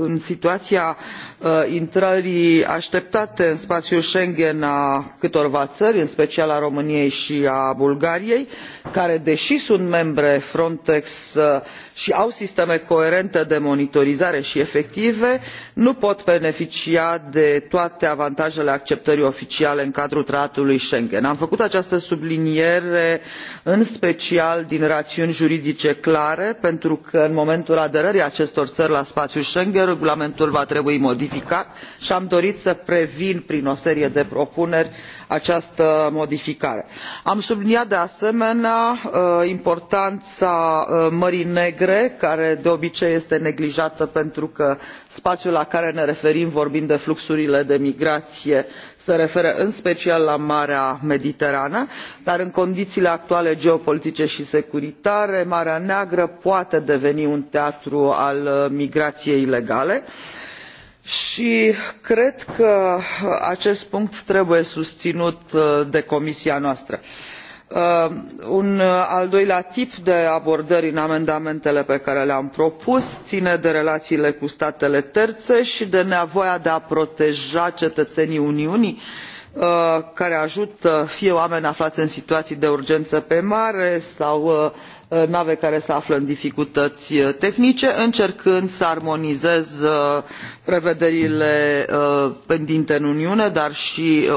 [SPEAKER 11] în situația Uh, intrării așteptate în spațiul schengen a câtorva țări în special a româniei și a bulgariei care deși sunt membre frontex uh, și au sisteme coerente de monitorizare și efective nu pot beneficia de toate avantajele acceptării oficiale în cadrul tratatului schengen. am făcut această subliniere în special din rațiuni juridice clare pentru că în momentul aderării acestor țări la spațiul schengen regulamentul va trebui modificat simplificat și am dorit să previn prin o serie de propuneri această modificare. am subliniat de asemenea uh, importanța uh, mării negre care de obicei este neglijată pentru că spațiul la care ne referim vorbind de fluxurile de migrație se referă în special la marea mediterană dar în condițiile actuale geopolitice și securitare marea neagră poate deveni un teatru al uh, migrației ilegale și și cred că acest punct trebuie susținut uh, de comisia noastră. Uh, un al doilea tip de abordări în amendamentele pe care le am propus ține de relațiile cu statele terțe și de nevoia de a proteja cetățenii uniunii uh, care ajută fie oameni aflați în situații de urgență pe mare sau Uh, nave care se află în dificultăți uh, tehnice încercând să armonizez uh, prevederile pendinte în uniune dar și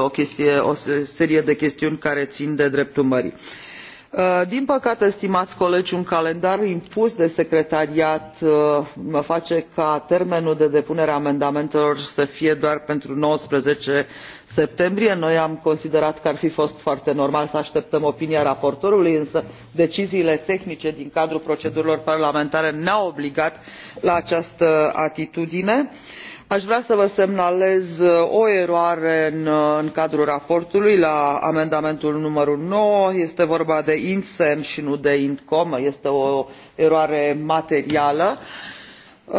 [SPEAKER 11] o serie de chestiuni care țin de dreptul mării. Uh, din păcate stimați colegi un calendar impus de secretariat uh, face ca termenul de depunere a amendamentelor să fie doar pentru nouăsprezece septembrie. noi am considerat că ar fi fost foarte normal să așteptăm opinia raportorului însă deciziile tehnice din cadrul procedurilor parlamentare ne au obligat la această atitudine și aș vrea să vă semnalez uh, o eroare în, uh, în cadrul raportului la amendamentul numărul nouă este vorba de intsem și nu de intcom este o eroare materială uh,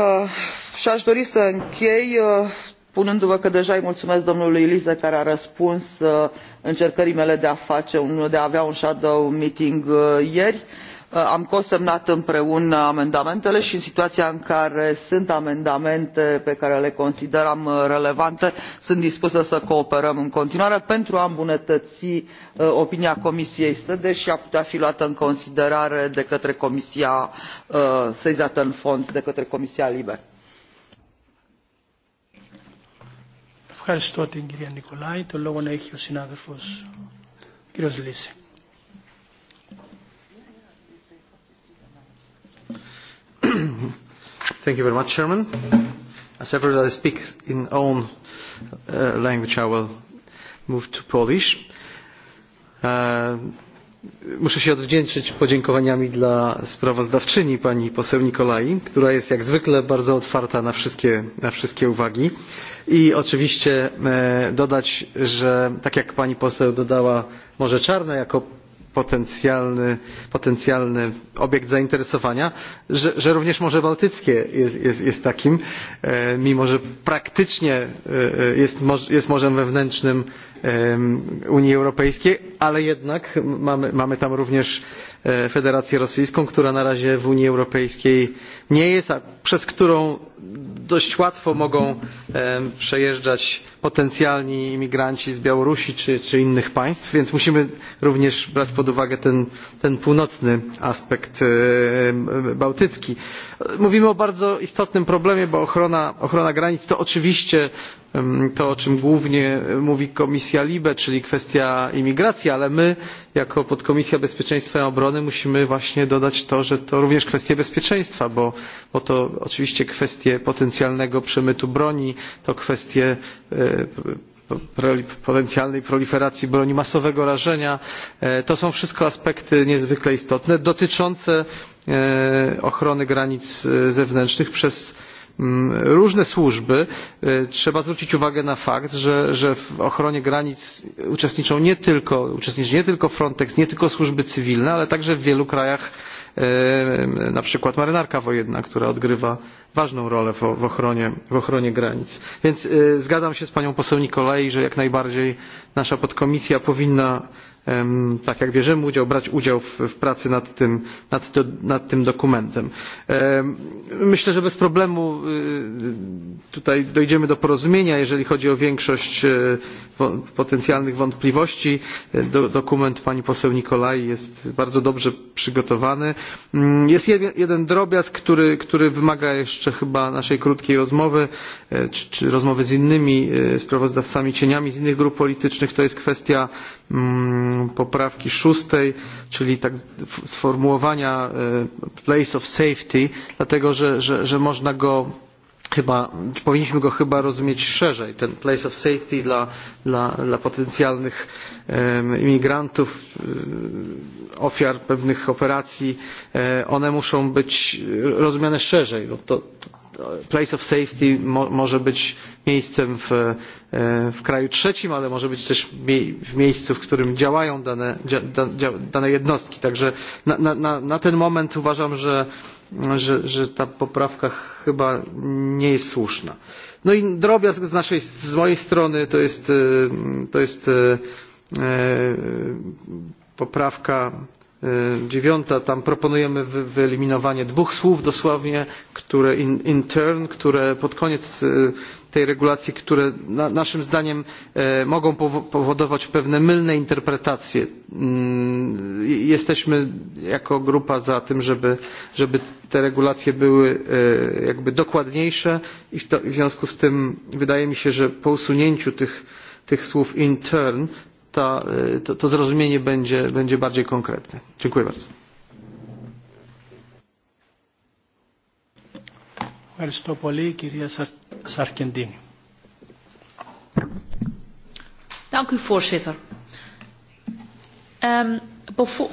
[SPEAKER 11] și aș dori să închei spunându vă că deja îi mulțumesc domnului liese care a răspuns încercării mele de a, face, de a avea un shadow meeting ieri și Uh, am cosemnat împreună amendamentele și în situația în care sunt amendamente pe care le considerăm uh, relevante sunt dispusă să cooperăm în continuare pentru a îmbunătăți uh, opinia comisiei sede și a putea fi luată în considerare de către comisia sesizată în fond de către comisia libe.
[SPEAKER 8] Ευχαριστώ την κυρία Νικολάη. Το λόγο να έχει ο συνάδελφος κύριος Λύση.
[SPEAKER 1] Thank you very much, Chairman. As ever that I speak in own uh, language, I will move to Polish. Uh, muszę się odwdzięczyć podziękowaniami dla sprawozdawczyni pani poseł nicolai która jest jak zwykle bardzo otwarta na wszystkie, na wszystkie uwagi i oczywiście e, dodać że tak jak pani poseł dodała morze czarne jako potencjalny, potencjalny obiekt zainteresowania, że, że również Morze Bałtyckie jest, jest, jest takim, e, mimo że praktycznie e, e, jest, jest morzem wewnętrznym Unii Europejskiej, ale jednak mamy, mamy tam również E, federację rosyjską która na razie w unii europejskiej nie jest a przez którą dość łatwo mogą e, przejeżdżać potencjalni imigranci z białorusi czy, czy innych państw więc musimy również brać pod uwagę ten, ten północny aspekt e, bałtycki. mówimy o bardzo istotnym problemie bo ochrona, ochrona granic to oczywiście to o czym głównie mówi komisja libe czyli kwestia imigracji ale my jako podkomisja bezpieczeństwa i obrony musimy właśnie dodać to że to również kwestie bezpieczeństwa bo, bo to oczywiście kwestie potencjalnego przemytu broni to kwestie yy, e, potencjalnej proliferacji broni masowego rażenia e, to są wszystko aspekty niezwykle istotne dotyczące e, ochrony granic zewnętrznych przez Mm, różne służby e, trzeba zwrócić uwagę na fakt że, że w ochronie granic uczestniczą nie tylko, uczestniczy nie tylko frontex nie tylko służby cywilne ale także w wielu krajach e, na przykład marynarka wojenna która odgrywa ważną rolę w, w, ochronie, w ochronie granic. więc e, zgadzam się z panią poseł nicolai że jak najbardziej nasza podkomisja powinna tak jak bierzemy udział brać udział w, w pracy nad tym, nad, to, nad tym dokumentem. Myślę, że bez problemu tutaj dojdziemy do porozumienia, jeżeli chodzi o większość potencjalnych wątpliwości. Do, dokument pani poseł Nikolaj jest bardzo dobrze przygotowany. Mm, jest jeden, jeden drobiazg, który, który wymaga jeszcze chyba naszej krótkiej rozmowy, czy, czy rozmowy z innymi sprawozdawcami cieniami z innych grup politycznych. To jest kwestia Mm, poprawki szóstej, czyli tak sformułowania e, place of safety, dlatego że, że, że można go chyba, powinniśmy go chyba rozumieć szerzej, ten place of safety dla, dla, dla potencjalnych imigrantów, e, ofiar pewnych operacji, e, one muszą być rozumiane szerzej. No to, place of safety mo, może być miejscem w, e, w kraju trzecim, ale może być też w miejscu, w którym działają dane, dane jednostki. Także na, na, na ten moment uważam, że, że, że ta poprawka chyba nie jest słuszna. No i drobiazg z, naszej, z mojej strony to jest, e, to jest e, poprawka dziewiąta tam proponujemy wyeliminowanie dwóch słów dosłownie które in, in turn które pod koniec tej regulacji które na, naszym zdaniem e, mogą powodować pewne mylne interpretacje. Mm, jesteśmy jako grupa za tym żeby, żeby te regulacje były e, jakby dokładniejsze i w, to, w związku z tym wydaje mi się że po usunięciu tych, tych słów in turn ta, e, to, to zrozumienie będzie, będzie bardziej konkretne. dziękuję bardzo.
[SPEAKER 8] Ευχαριστώ πολύ, κυρία Σαρκεντίνη.
[SPEAKER 12] Dank u, voorzitter. Um,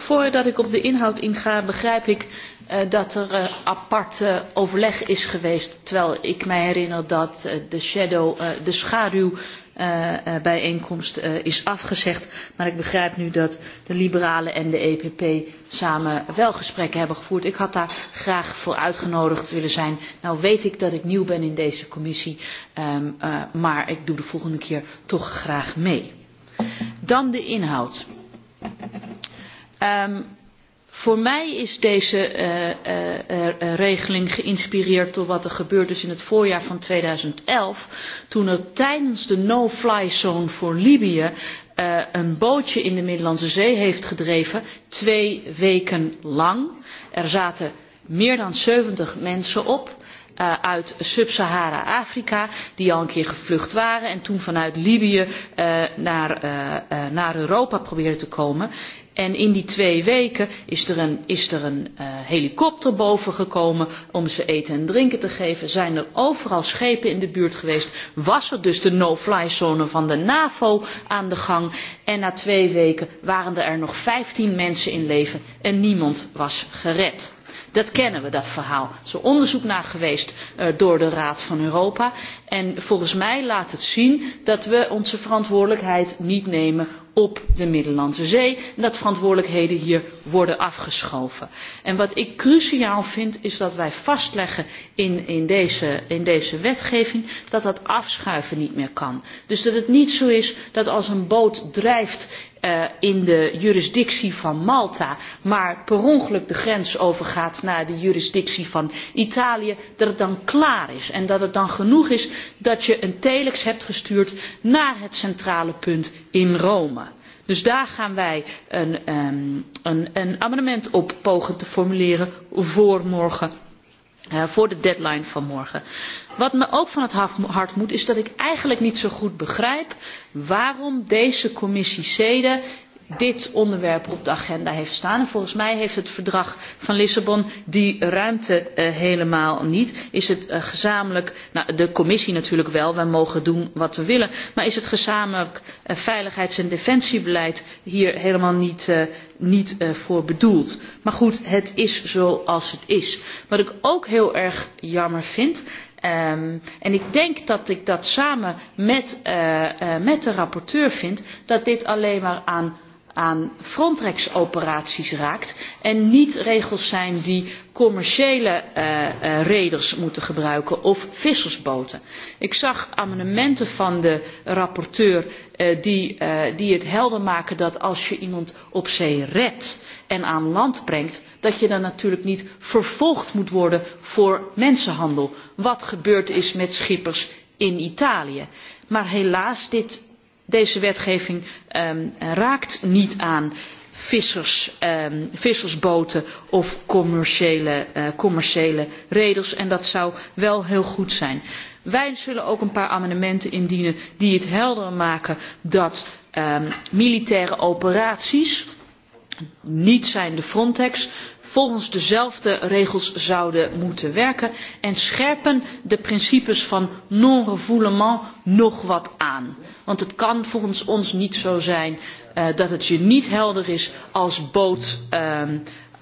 [SPEAKER 12] voordat ik op de inhoud inga, begrijp ik uh, dat er uh, apart uh, overleg is geweest. Terwijl ik mij herinner dat uh, de, shadow, uh, de schaduw Eh, eh, bijeenkomst eh, is afgezegd maar ik begrijp nu dat de liberalen en de epp samen wel gesprekken hebben gevoerd. ik had daar graag voor uitgenodigd willen zijn. nou weet ik dat ik nieuw ben in deze commissie ehm, maar ik doe de volgende keer toch graag mee. dan de inhoud. Um, Voor mij is deze uh, uh, uh, regeling geïnspireerd door wat er gebeurd is in het voorjaar van 2011, toen er tijdens de no-fly zone voor Libië uh, een bootje in de Middellandse Zee heeft gedreven, twee weken lang. Er zaten meer dan 70 mensen op, uh, uit Sub-Sahara Afrika, die al een keer gevlucht waren en toen vanuit Libië uh, naar, uh, uh, naar Europa probeerden te komen. En in die twee weken is er een, is er een uh, helikopter boven gekomen om ze eten en drinken te geven. Zijn er overal schepen in de buurt geweest. Was er dus de no-fly zone van de NAVO aan de gang. En na twee weken waren er nog 15 mensen in leven en niemand was gered. Dat kennen we, dat verhaal. Er is onderzoek naar geweest uh, door de Raad van Europa. En volgens mij laat het zien dat we onze verantwoordelijkheid niet nemen op de Middellandse Zee en dat verantwoordelijkheden hier worden afgeschoven. En wat ik cruciaal vind is dat wij vastleggen in, in, deze, in deze wetgeving dat dat afschuiven niet meer kan. Dus dat het niet zo is dat als een boot drijft uh, in de jurisdictie van Malta, maar per ongeluk de grens overgaat naar de jurisdictie van Italië, dat het dan klaar is en dat het dan genoeg is dat je een telex hebt gestuurd naar het centrale punt in Rome. Dus daar gaan wij een, um, een, een amendement op pogen te formuleren voor morgen uh, voor de deadline van morgen. Wat me ook van het hart moet is dat ik eigenlijk niet zo goed begrijp waarom deze commissie CEDE dit onderwerp op de agenda heeft staan. En volgens mij heeft het verdrag van Lissabon die ruimte uh, helemaal niet. Is het uh, gezamenlijk, nou, de commissie natuurlijk wel, wij mogen doen wat we willen, maar is het gezamenlijk uh, veiligheids- en defensiebeleid hier helemaal niet, uh, niet uh, voor bedoeld. Maar goed, het is zoals het is. Wat ik ook heel erg jammer vind, Um, en ik denk dat ik dat samen met, uh, uh, met de rapporteur vind dat dit alleen maar aan aan Frontex operaties raakt en niet regels zijn die commerciële uh, uh, reders moeten gebruiken of vissersboten. Ik zag amendementen van de rapporteur uh, die, uh, die het helder maken dat als je iemand op zee redt en aan land brengt, dat je dan natuurlijk niet vervolgd moet worden voor mensenhandel. Wat gebeurd is met schippers in Italië. Maar helaas, dit deze wetgeving um, raakt niet aan vissers, um, vissersboten of commerciële, uh, commerciële redels en dat zou wel heel goed zijn. Wij zullen ook een paar amendementen indienen die het helder maken dat um, militaire operaties niet zijn de Frontex, volgens dezelfde regels zouden moeten werken en scherpen de principes van non refoulement nog wat aan. Want het kan volgens ons niet zo zijn uh, dat het je niet helder is als boot. Uh,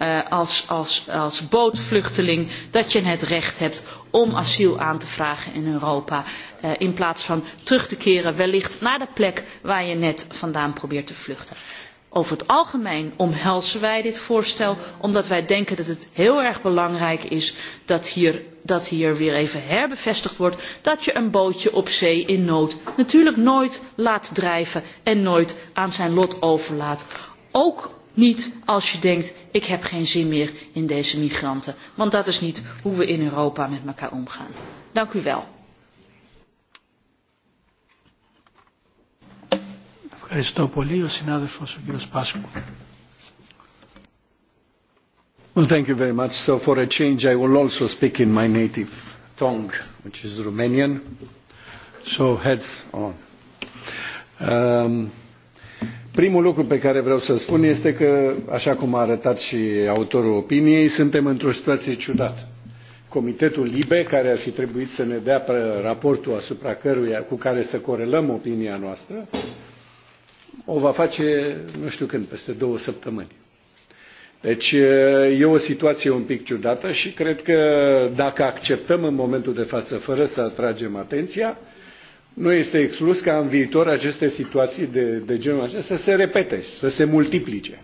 [SPEAKER 12] uh, als, als, als bootvluchteling dat je het recht hebt om asiel aan te vragen in Europa. Uh, in plaats van terug te keren wellicht naar de plek waar je net vandaan probeert te vluchten over het algemeen omhelzen wij dit voorstel omdat wij denken dat het heel erg belangrijk is dat hier, dat hier weer even herbevestigd wordt dat je een bootje op zee in nood natuurlijk nooit laat drijven en nooit aan zijn lot overlaat. Ook niet als je denkt ik heb geen zin meer in deze migranten want dat is niet hoe we in Europa met elkaar omgaan. Dank u wel.
[SPEAKER 8] Ευχαριστώ πολύ. Ο συνάδελφος ο κύριος Πάσκου.
[SPEAKER 13] Well, thank you very much. So for a change, I will also speak in my native tongue, which is Romanian. So heads on. Um, primul lucru pe care vreau să spun este că, așa cum a arătat și autorul opiniei, suntem într-o situație ciudată. Comitetul LIBE, care ar fi trebuit să ne dea raportul asupra căruia, cu care să corelăm opinia noastră, uh, o va face nu știu când, peste două săptămâni. Deci e, e o situație un pic ciudată și cred că dacă acceptăm în momentul de față fără să atragem atenția, nu este exclus ca în viitor aceste situații de, de genul acesta să se repete, să se multiplice.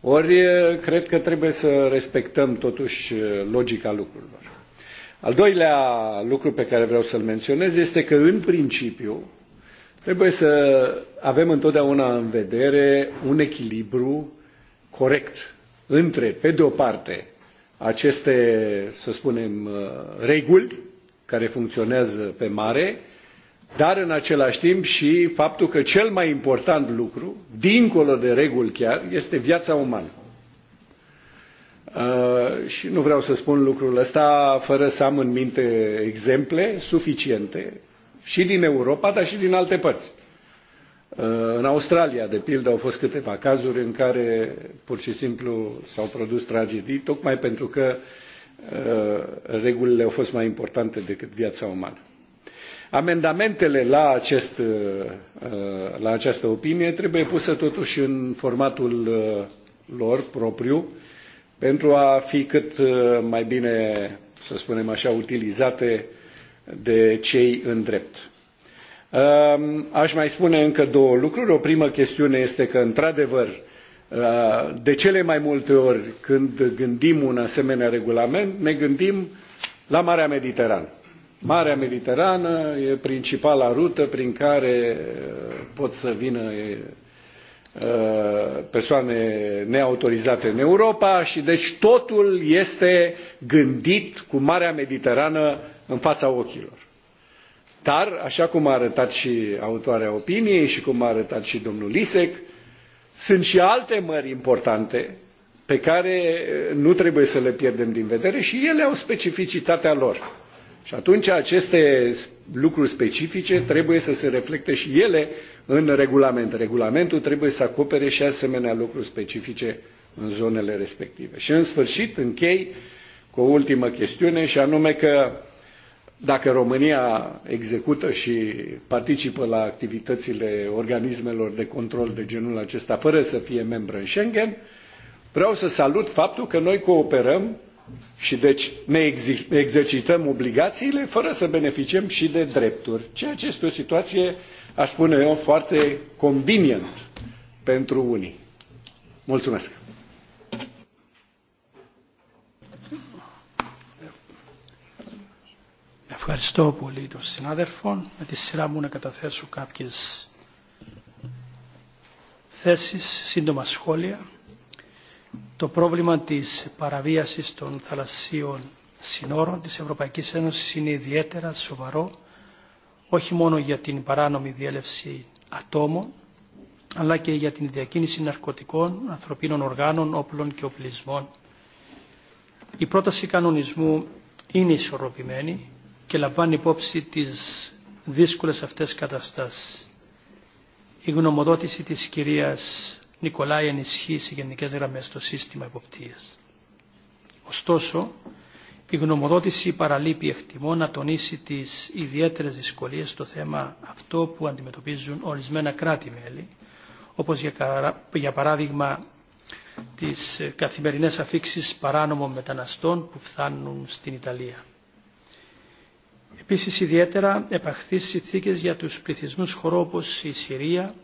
[SPEAKER 13] Ori e, cred că trebuie să respectăm totuși e, logica lucrurilor. Al doilea lucru pe care vreau să-l menționez este că în principiu Trebuie să avem întotdeauna în vedere un echilibru corect între, pe de o parte, aceste, să spunem, uh, reguli care funcționează pe mare, dar în același timp și faptul că cel mai important lucru, dincolo de reguli chiar, este viața umană. Uh, și nu vreau să spun lucrul ăsta fără să am în minte exemple suficiente și din Europa, dar și din alte părți. În Australia, de pildă, au fost câteva cazuri în care pur și simplu s-au produs tragedii, tocmai pentru că uh, regulile au fost mai importante decât viața umană. Amendamentele la, acest, uh, uh, la această opinie trebuie puse totuși în formatul lor propriu pentru a fi cât mai bine, să spunem așa, utilizate de cei în drept. Um, aș mai spune încă două lucruri. O primă chestiune este că, într-adevăr, uh, de cele mai multe ori când gândim un asemenea regulament, ne gândim la Marea Mediterană. Marea Mediterană e principala rută prin care uh, pot să vină uh, persoane neautorizate în Europa și deci totul este gândit cu Marea Mediterană în fața ochilor. Dar, așa cum a arătat și autoarea opiniei și cum a arătat și domnul Lisec, sunt și alte mări importante pe care eh, nu trebuie să le pierdem din vedere și ele au specificitatea lor. Și atunci aceste lucruri specifice trebuie să se reflecte și ele în regulament. Regulamentul trebuie să acopere și asemenea lucruri specifice în zonele respective. Și în sfârșit închei cu o ultimă chestiune și anume că dacă România execută și participă la activitățile organismelor de control de genul acesta fără să fie membră în Schengen, vreau să salut faptul că noi cooperăm și deci ne ex exercităm obligațiile fără să beneficiem și de drepturi, ceea ce este o situație, aș spune eu, foarte convenient pentru unii. Mulțumesc!
[SPEAKER 8] Ευχαριστώ πολύ τον συνάδελφο. Με τη σειρά μου να καταθέσω κάποιες θέσεις, σύντομα σχόλια. Το πρόβλημα της παραβίασης των θαλασσίων συνόρων της Ευρωπαϊκής Ένωσης είναι ιδιαίτερα σοβαρό, όχι μόνο για την παράνομη διέλευση ατόμων, αλλά και για την διακίνηση ναρκωτικών, ανθρωπίνων οργάνων, όπλων και οπλισμών. Η πρόταση κανονισμού είναι ισορροπημένη και λαμβάνει υπόψη τις δύσκολες αυτές καταστάσεις. Η γνωμοδότηση της κυρίας Νικολάη ενισχύει σε γενικές γραμμές το σύστημα υποπτίας. Ωστόσο, η γνωμοδότηση παραλείπει εκτιμώ να τονίσει τις ιδιαίτερες δυσκολίες στο θέμα αυτό που αντιμετωπίζουν ορισμένα κράτη-μέλη, όπως για παράδειγμα τις καθημερινές αφήξεις παράνομων μεταναστών που φθάνουν στην Ιταλία. Επίσης ιδιαίτερα επαχθείς συνθήκες για τους πληθυσμούς χωρών όπως η Συρία,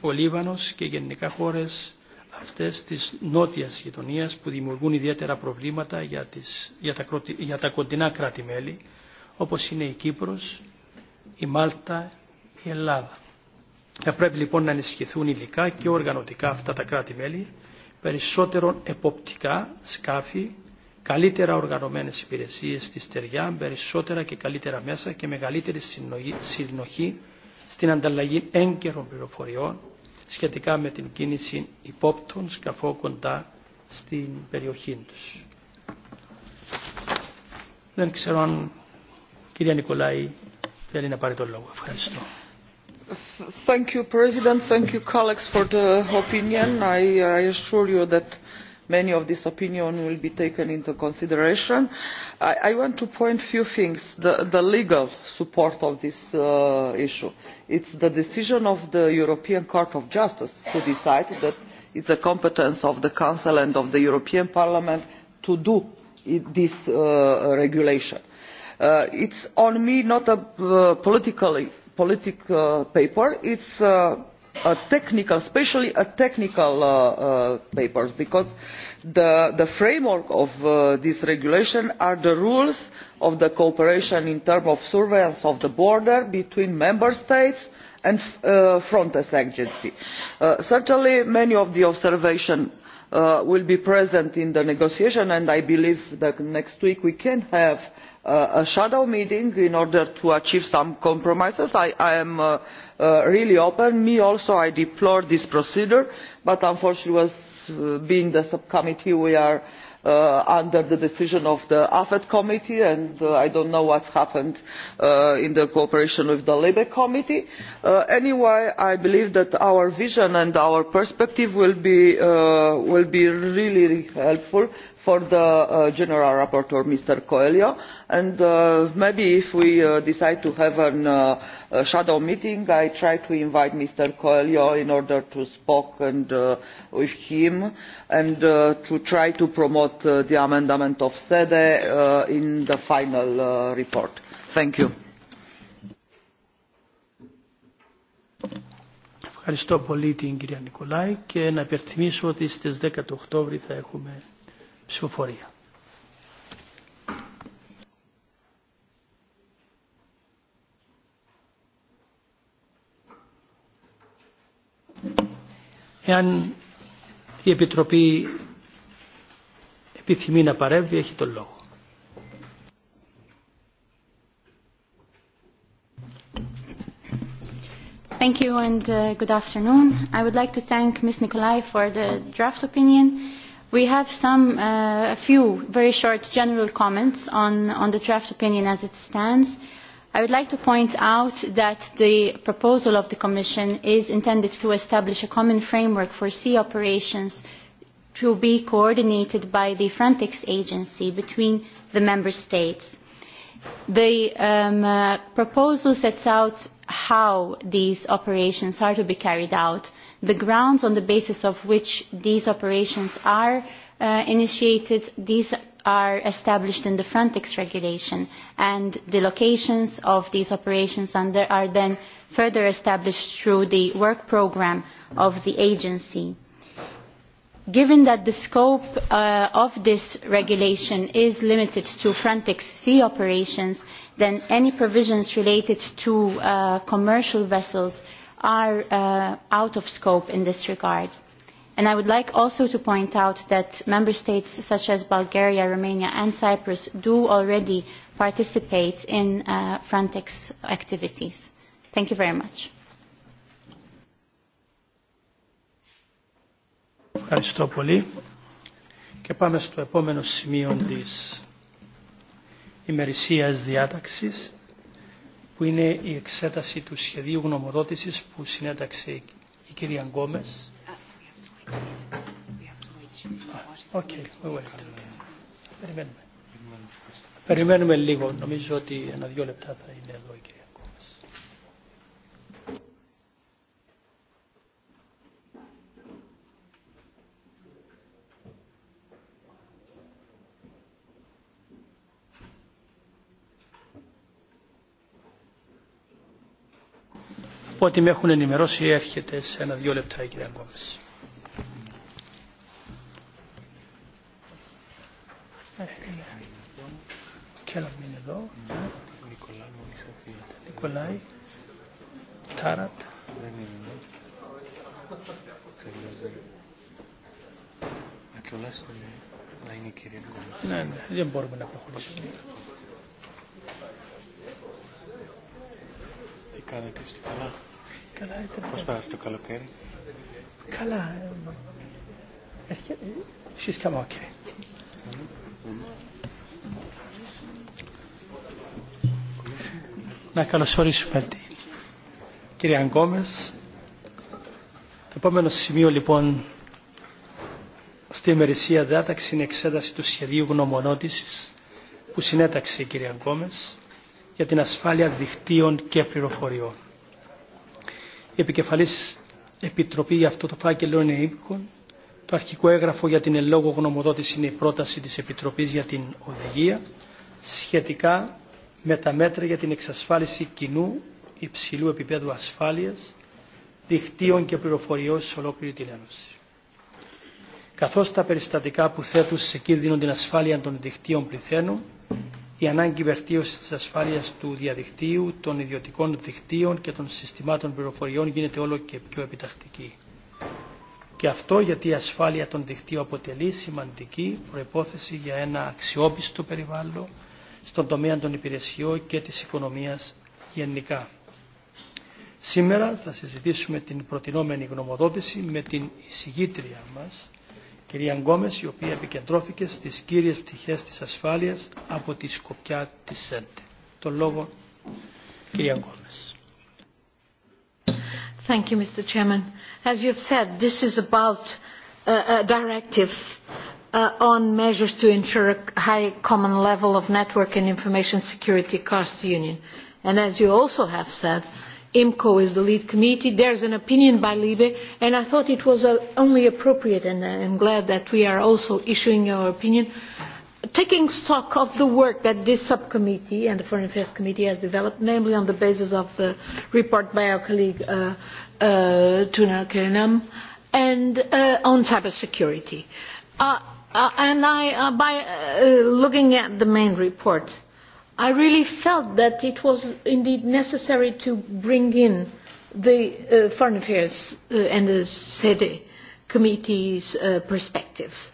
[SPEAKER 8] ο Λίβανος και γενικά χώρες αυτές της νότιας γειτονίας που δημιουργούν ιδιαίτερα προβλήματα για, τις, για, τα, για τα κοντινά κράτη-μέλη όπως είναι η Κύπρος, η Μάλτα, η Ελλάδα. Θα πρέπει λοιπόν να ενισχυθούν υλικά και οργανωτικά αυτά τα κράτη-μέλη, περισσότερον εποπτικά σκάφη καλύτερα οργανωμένες υπηρεσίες στη στεριά, περισσότερα και καλύτερα μέσα και μεγαλύτερη συνοχή στην ανταλλαγή έγκαιρων πληροφοριών σχετικά με την κίνηση υπόπτων σκαφό κοντά στην περιοχή τους. Δεν ξέρω αν κυρία Νικολάη θέλει να πάρει τον λόγο. Ευχαριστώ.
[SPEAKER 11] Thank you, President. Thank you, colleagues, for the opinion. I, I assure you that many of these opinions will be taken into consideration. i, I want to point out a few things the, the legal support of this uh, issue it is the decision of the european court of justice to decide that it is the competence of the council and of the european parliament to do this uh, regulation. Uh, it is on me not a uh, political politic, uh, paper it uh, a technical especially a technical uh, uh, papers because the, the framework of uh, this regulation are the rules of the cooperation in terms of surveillance of the border between member states and uh, frontex agency. Uh, certainly many of the observations Uh, will be present in the negotiation and i believe that next week we can have uh, a shadow meeting in order to achieve some compromises. i, I am uh, uh really open. me also i deplore this procedure but unfortunately as uh, being the subcommittee we are uh, under the decision of the afet committee and uh, i do not know what has happened uh, in the cooperation with the libe committee. Uh, anyway i believe that our vision and our perspective will be, uh, will be really helpful for the uh, general rapporteur mr coelho and uh, maybe if we uh, decide to have an, uh, a shadow meeting i will try to invite mr coelho in order to speak uh, with him and uh, to try to promote the amendment of sede in the final report. thank you.
[SPEAKER 8] Ευχαριστώ πολύ την κυρία Νικολάη και να υπενθυμίσω ότι στις 10 του Οκτώβρη θα έχουμε Ψηφοφορία. Εάν η Επιτροπή επιθυμεί να παρέμβει, έχει τον λόγο.
[SPEAKER 14] Thank you and uh, good afternoon. I would like to thank Ms. Nicolai for the draft opinion We have some, uh, a few very short general comments on, on the draft opinion as it stands. I would like to point out that the proposal of the Commission is intended to establish a common framework for sea operations to be coordinated by the Frontex agency between the member states. The um, uh, proposal sets out how these operations are to be carried out the grounds on the basis of which these operations are uh, initiated, these are established in the Frontex regulation, and the locations of these operations under are then further established through the work program of the agency. Given that the scope uh, of this regulation is limited to Frontex sea operations, then any provisions related to uh, commercial vessels are uh, out of scope in this regard. And I would like also to point out that member states such as Bulgaria, Romania and Cyprus do already participate in uh, Frontex activities. Thank you very much.
[SPEAKER 8] Ευχαριστώ πολύ. Και πάμε στο επόμενο σημείο της ημερησίας διάταξης που είναι η εξέταση του σχεδίου γνωμοδότησης που συνέταξε η κυρία Γκόμες. Okay, we wait. Περιμένουμε. Περιμένουμε λίγο. Νομίζω ότι ένα-δύο λεπτά θα είναι εδώ η κυρία. Ό,τι με έχουν ενημερώσει έρχεται σε ένα-δύο λεπτά η κυρία Γκόμες. Κέλαμ είναι εδώ. Νικολάη. Τάραντ. Δεν είναι.
[SPEAKER 10] Ακολάστον να είναι η κυρία Γκόμες. Ναι, ναι, δεν μπορούμε να προχωρήσουμε.
[SPEAKER 8] Κάνετε στο καλά. Καλά ήταν. Πώς πέρασε το καλοκαίρι. Καλά. Έρχεται. She's come okay. Να καλωσορίσουμε την κυρία Γκόμες. Το επόμενο σημείο λοιπόν στη ημερησία διάταξη είναι εξέταση του σχεδίου γνωμονότησης που συνέταξε η κυρία Γκόμες για την ασφάλεια δικτύων και πληροφοριών. Η επικεφαλής επιτροπή για αυτό το φάκελο είναι ύπηκον. Το αρχικό έγγραφο για την ελόγω γνωμοδότηση είναι η πρόταση της Επιτροπής για την Οδηγία σχετικά με τα μέτρα για την εξασφάλιση κοινού υψηλού επίπεδου ασφάλειας, δικτύων και πληροφοριών σε ολόκληρη την Ένωση. Καθώς τα περιστατικά που θέτουν σε κίνδυνο την ασφάλεια των δικτύων πληθαίνουν, η ανάγκη βελτίωση τη ασφάλεια του διαδικτύου, των ιδιωτικών δικτύων και των συστημάτων πληροφοριών γίνεται όλο και πιο επιτακτική. Και αυτό γιατί η ασφάλεια των δικτύων αποτελεί σημαντική προϋπόθεση για ένα αξιόπιστο περιβάλλον στον τομέα των υπηρεσιών και της οικονομίας γενικά. Σήμερα θα συζητήσουμε την προτινόμενη γνωμοδότηση με την εισηγήτρια μας, κυρία Γκόμες, η οποία επικεντρώθηκε στις κύριες πτυχές της ασφάλειας από τη σκοπιά της ΕΝΤΕ. Το λόγο, κυρία Γκόμες.
[SPEAKER 7] Thank you, Mr. Chairman. As you've said, this is about uh, a directive uh, on measures to ensure a high common level of network and information security across the Union. And as you also have said, uh, imco is the lead committee there is an opinion by libe and i thought it was uh, only appropriate and uh, i am glad that we are also issuing our opinion taking stock of the work that this subcommittee and the foreign affairs committee has developed namely on the basis of the report by our colleague uh, uh, Tuna Kenam and uh, on cybersecurity. Uh, uh, and I, uh, by uh, looking at the main report, uh, I really felt that it was indeed necessary to bring in the uh, foreign affairs uh, and the SEDE committee's uh, perspectives.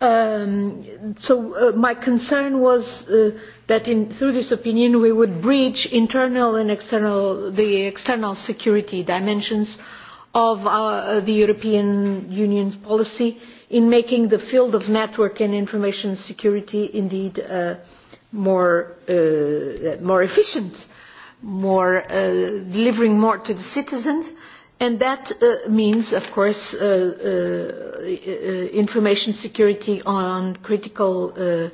[SPEAKER 7] Um, so uh, my concern was uh, that in, through this opinion we would breach internal and external, the external security dimensions of uh, the European Union's policy in making the field of network and information security indeed uh, more, uh, more efficient, more uh, delivering more to the citizens, and that uh, means, of course, uh, uh, information security on critical uh,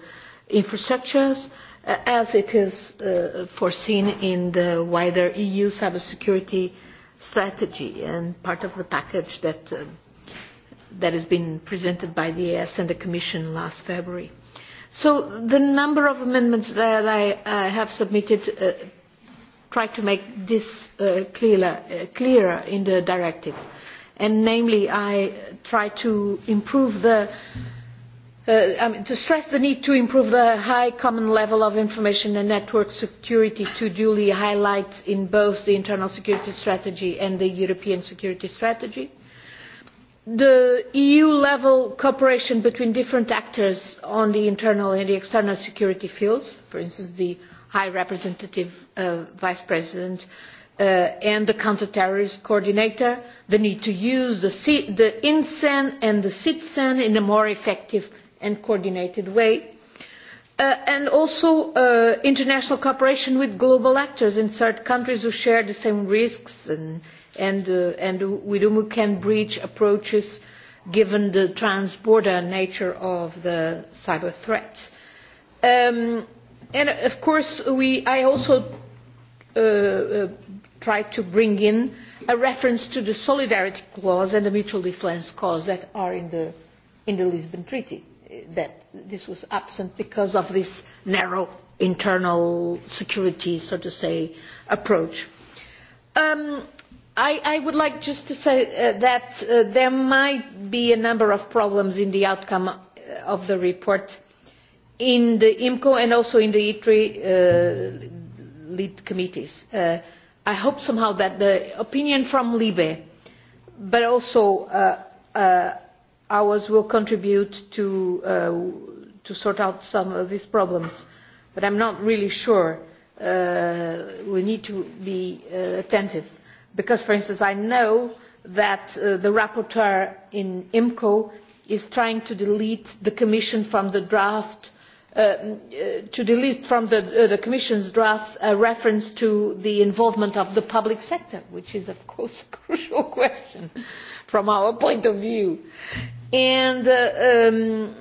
[SPEAKER 7] infrastructures, uh, as it is uh, foreseen in the wider EU cybersecurity strategy and part of the package that, uh, that has been presented by the ES and the Commission last February. So the number of amendments that I uh, have submitted uh, try to make this uh, clearer, uh, clearer in the directive. And namely, I try to improve the uh, I mean, to stress the need to improve the high common level of information and network security to duly highlight in both the internal security strategy and the European security strategy. Uh, the eu level cooperation between different actors on the internal and the external security fields for instance the high representative uh, vice president uh, and the counter terrorist coordinator the need to use the, C the incen and the citizen in a more effective and coordinated way uh, and also uh, international cooperation with global actors in third countries who share the same risks and and, uh, and we do, can breach approaches given the transborder nature of the cyber threats. Um, and uh, of course, we, I also uh, uh, tried to bring in a reference to the solidarity clause and the mutual defence clause that are in the, in the Lisbon Treaty. Uh, that this was absent because of this narrow internal security, so to say, approach. Um, I, i would like just to say uh, that uh, there might be a number of problems in the outcome uh, of the report in the imco and also in the itre uh, lead committees. Uh, i hope somehow that the opinion from libe but also uh, ours will contribute to, to sort out some of these problems but i am not really sure. we need to be attentive because for instance i know that uh, the rapporteur in imco is trying to delete the commission from the draft uh, uh, to delete from the, uh, the Commission's draft a reference to the involvement of the public sector, which is, of course, a crucial question from our point of view. And uh, um,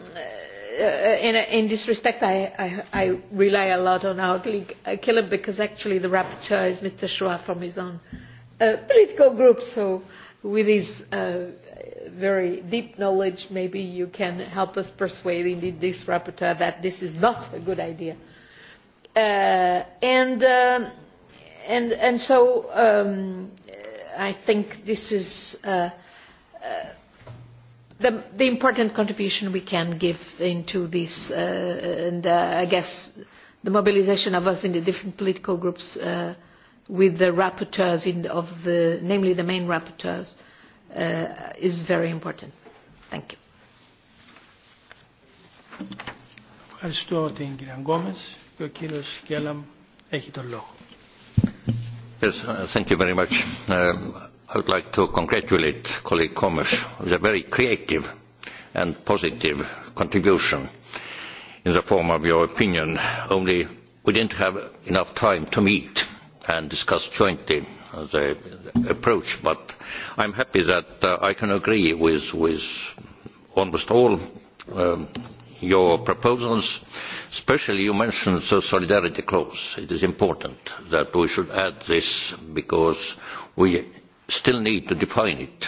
[SPEAKER 7] uh, in, in this respect, I, I, I rely a lot on our colleague Killer uh, because actually the rapporteur is Mr. Schwab from his own uh, uh, political group, so with his uh, very deep knowledge, maybe you can help us persuade indeed this rapporteur that this is not a good idea. Uh, and, uh, and, and so um, I think this is uh, uh, the, the important contribution we can give into this, uh, and uh, I guess the mobilization of us in the different political groups uh, with the rapporteurs, in, of the, namely the main rapporteurs, uh, is very important. Thank you.
[SPEAKER 8] Ευχαριστώ την κυρία Γκόμες και ο κύριος Κέλαμ έχει τον λόγο.
[SPEAKER 15] Yes, uh, thank you very much. Um, I would like to congratulate colleague Gomes with a very creative and positive contribution in the form of your opinion. Only we didn't have enough time to meet and discuss jointly the approach but i am happy that uh, i can agree with, with almost all um, your proposals especially you mentioned the solidarity clause. it is important that we should add this because we still need to define it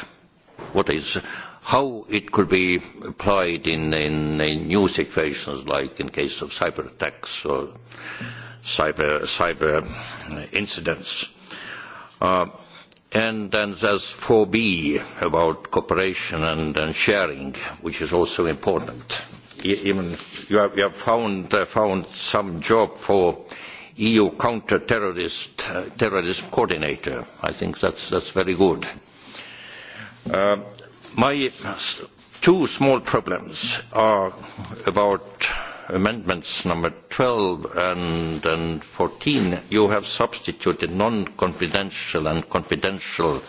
[SPEAKER 15] what is how it could be applied in, in, in new situations like in case of cyber attacks or cyber, cyber incidents. Uh, and then there's 4B about cooperation and, and sharing, which is also important. E, even you have, you have found, uh, found some job for EU counter-terrorist uh, terrorism coordinator. I think that's, that's very good. Uh, my two small problems are about amendments number 12 and, and 14, you have substituted non-confidential and confidential,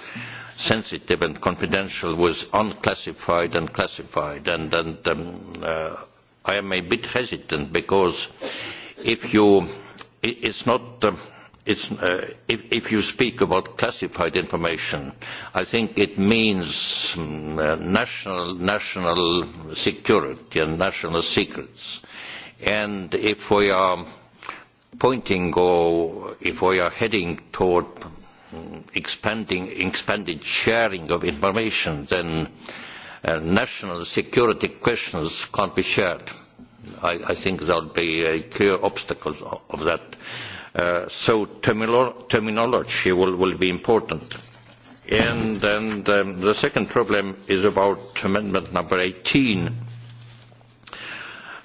[SPEAKER 15] sensitive and confidential with unclassified and classified. And, and um, uh, I am a bit hesitant because if you, it, it's not. Uh, it's, uh, if, if you speak about classified information, I think it means um, uh, national, national security and national secrets. Uh, And if we are pointing or if we are heading toward expanding, expanded sharing of information, then uh, national security questions can't be shared. I, I think there will be a clear obstacles of, of that. Uh, so termilo- terminology will, will be important. And then um, the second problem is about amendment number 18.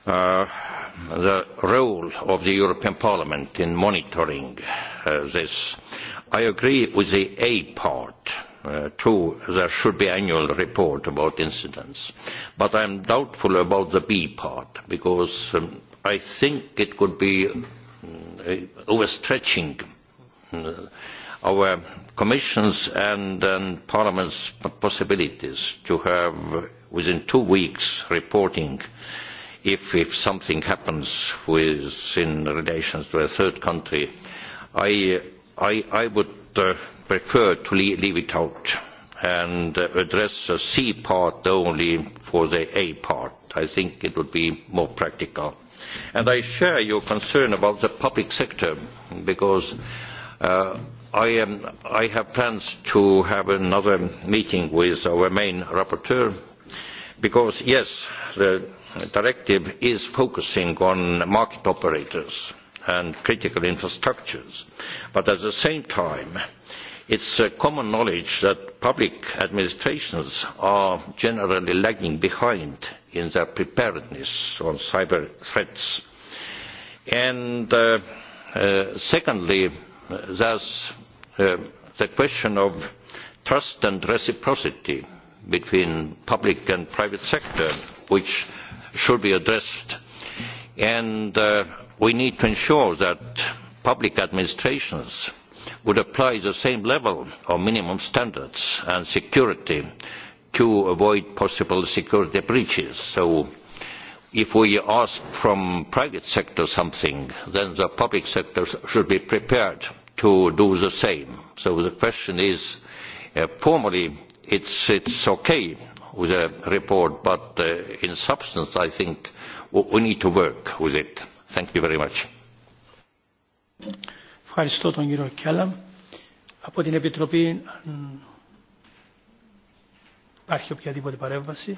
[SPEAKER 15] Uh, the role of the European Parliament in monitoring uh, this. I agree with the A part. Uh, true, there should be annual report about incidents. But I'm doubtful about the B part because um, I think it could be um, overstretching uh, our Commission's and, and Parliament's possibilities to have within two weeks reporting uh, if, if something happens with, in relations to a third country. I, I, I would uh, prefer to leave, leave it out and uh, address the C part only for the A part. I think it would be more practical. And I share your concern about the public sector because uh, I, am, I have plans to have another meeting with our main rapporteur because yes the directive is focusing on market operators and critical infrastructures but at the same time it is uh, common knowledge that public administrations are generally lagging behind in their preparedness on cyber threats. And uh, uh, secondly, there's uh, the question of trust and reciprocity between public and private sector, which should be addressed. And uh, we need to ensure that public administrations would apply the same level of minimum standards and security to avoid possible security breaches. So if we ask from private sector something, then the public sector should be prepared to do the same. So the question is, uh, formally, it's it's okay with a report, but uh, in substance, I think we need to work with it. Thank you very much.
[SPEAKER 8] Ευχαριστώ τον κύριο Κιάλαμ. Από την Επιτροπή υπάρχει οποιαδήποτε
[SPEAKER 16] παρέμβαση.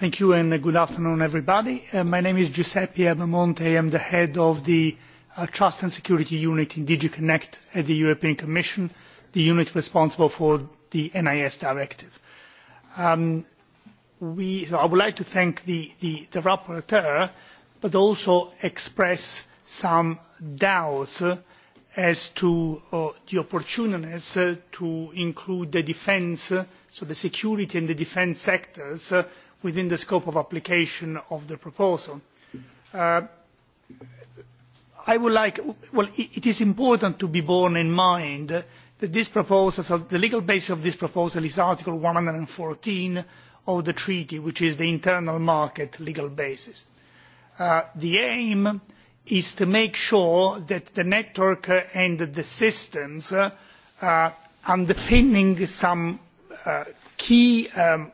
[SPEAKER 16] Thank you and good afternoon everybody. Uh, my name is Giuseppe Abamonte. I am the head of the a trust and security unit in dg connect at the european commission the unit responsible for the nis directive. Um, we, so i would like to thank the, the, the rapporteur but also express some doubts as to uh, the opportuneness uh, to include the defence uh, so the security and the defence sectors uh, within the scope of application of the proposal uh, I would like, well, it, it is important to be borne in mind that this proposal, so the legal basis of this proposal is Article 114 of the treaty, which is the internal market legal basis. Uh, the aim is to make sure that the network and the systems uh, uh underpinning some uh, key um,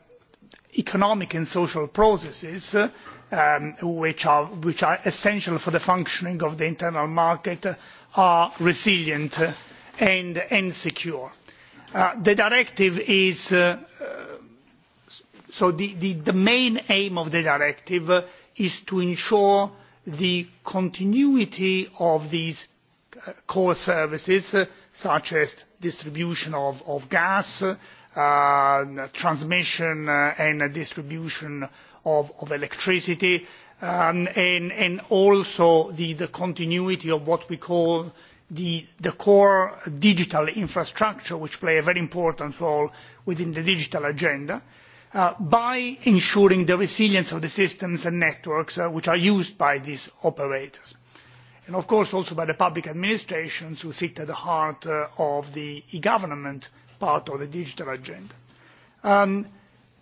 [SPEAKER 16] economic and social processes uh, um, which, are, which are essential for the functioning of the internal market uh, are resilient and, and secure. Uh, the directive is uh, uh so the, the, the main aim of the directive uh, is to ensure the continuity of these core services such as distribution of, of gas, uh, transmission and distribution of, of electricity, um, and, and also the, the continuity of what we call the, the core digital infrastructure, which play a very important role within the digital agenda, uh, by ensuring the resilience of the systems and networks uh, which are used by these operators. And of course also by the public administrations who sit at the heart uh, of the e-government part of the digital agenda. Um,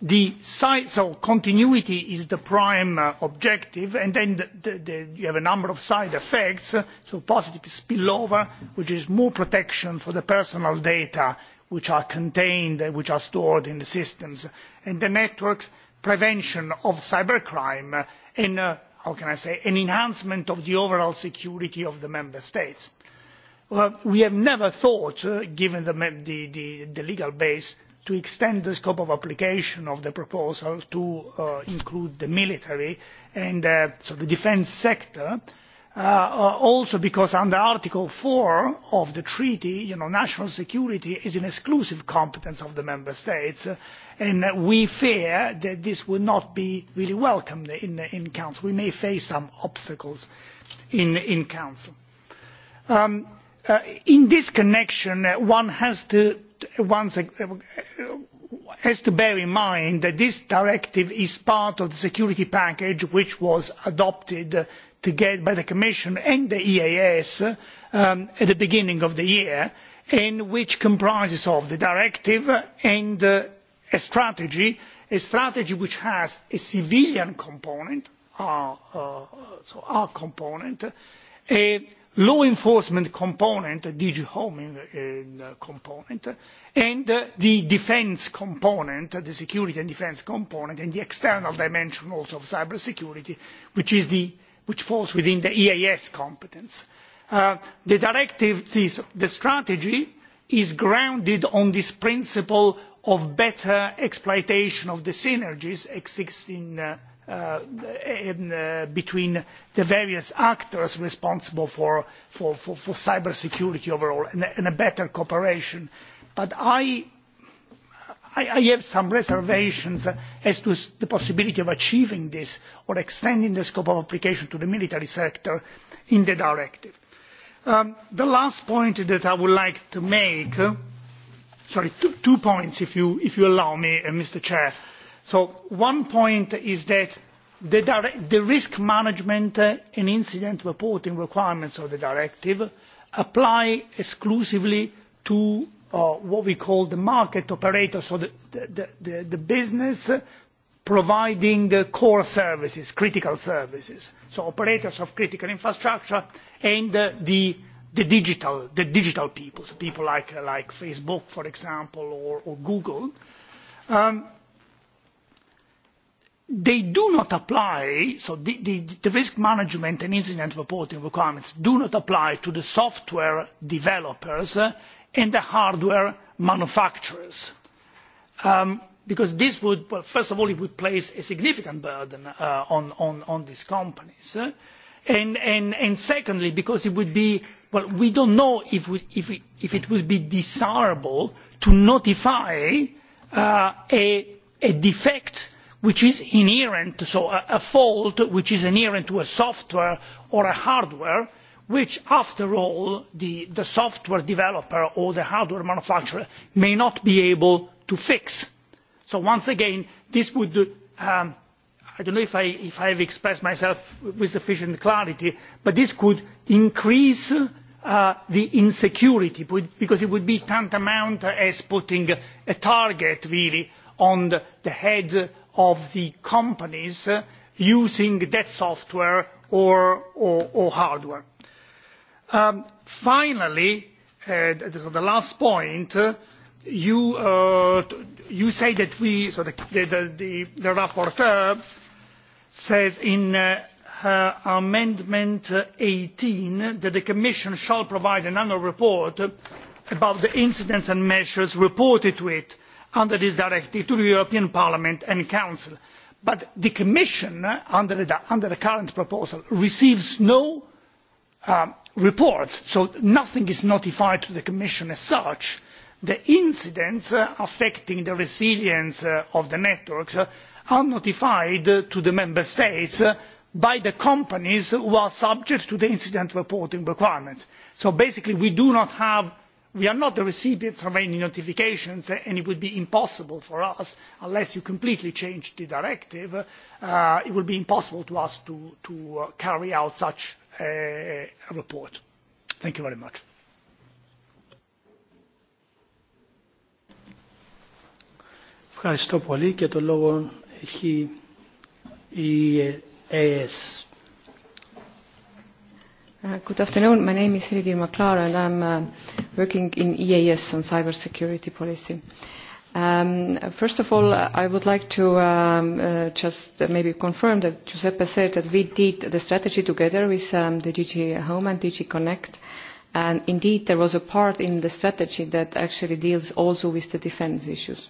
[SPEAKER 16] the sites or continuity is the prime uh, objective and then the, the, the, you have a number of side effects uh, so positive spillover which is more protection for the personal data which are contained and uh, which are stored in the systems and the networks prevention of cybercrime uh, and uh, how can i say an enhancement of the overall security of the member states. Well, we have never thought uh, given the, the legal base to extend the scope of application of the proposal to uh, include the military and uh, so the defence sector, uh, uh, also because under Article 4 of the treaty, you know, national security is an exclusive competence of the member states, uh, and we fear that this will not be really welcomed in, in Council. We may face some obstacles in, in Council. Um, uh, in this connection, uh, one has to once uh, has to bear in mind that this directive is part of the security package which was adopted uh, together by the commission and the eeas um, at the beginning of the year and which comprises of the directive and uh, a strategy a strategy which has a civilian component our, uh, uh, so our component a law enforcement component the dg home uh, component and uh, the defence component the security and defence component and the external dimension also of cybersecurity which, the, which falls within the eas competence. Uh, the directive this, the strategy is grounded on this principle of better exploitation of the synergies existing uh, uh, in, uh, between the various actors responsible for, for, for, for cyber security overall and, and a better cooperation. But I, I, I have some reservations as to the possibility of achieving this or extending the scope of application to the military sector in the directive. Um, the last point that I would like to make, uh, sorry, two, two points if you, if you allow me, uh, Mr. Chair. Uh, so one point is that the, direct, the risk management uh, and incident reporting requirements of the directive apply exclusively to uh, what we call the market operator so the, the, the, the business providing uh, core services critical services so operators of critical infrastructure and uh, the the digital, the digital people, so people like, like Facebook, for example, or, or Google. Um, they do not apply so the, the, the risk management and incident reporting requirements do not apply to the software developers uh, and the hardware manufacturers um, because this would well, first of all it would place a significant burden uh, on, on, on these companies uh, and, and, and secondly because it would be well we don't know if, we, if, we, if it would be desirable to notify uh, a, a defect which is inherent so a fault which is inherent to a software or a hardware which after all the, the software developer or the hardware manufacturer may not be able to fix. So once again, this would, um, I don't know if I, if I have expressed myself with sufficient clarity, but this could increase uh, the insecurity because it would be tantamount as putting a target really on the, the heads of the companies uh, using that software or, or, or hardware. Um, finally, uh, the last point, uh, you, uh, you say that we, so the, the, the, the rapporteur says in uh, her amendment 18 uh, that the Commission shall provide an annual report about the incidents and measures reported to it under this directive to the european parliament and council but the commission uh, under the, under the current proposal receives no um, reports so nothing is notified to the commission as such. the incidents uh, affecting the resilience uh, of the networks uh, are notified uh, to the member states uh, by the companies who are subject to the incident reporting requirements. so basically we do not have we are not the recipients of any notifications eh, and it would be impossible for us unless you completely change the directive uh, it would be impossible for us to, to uh, carry out such a report. thank you very much.
[SPEAKER 8] Ευχαριστώ πολύ και το λόγο έχει η ΕΕΣ.
[SPEAKER 17] Uh, good afternoon. My name is Hiridir Maklara and I'm uh, working in EAS on cybersecurity policy. Um, first of all, I would like to um, uh, just maybe confirm that Giuseppe said that we did the strategy together with um, the DG Home and DG Connect. And indeed, there was a part in the strategy that actually deals also with the defense issues.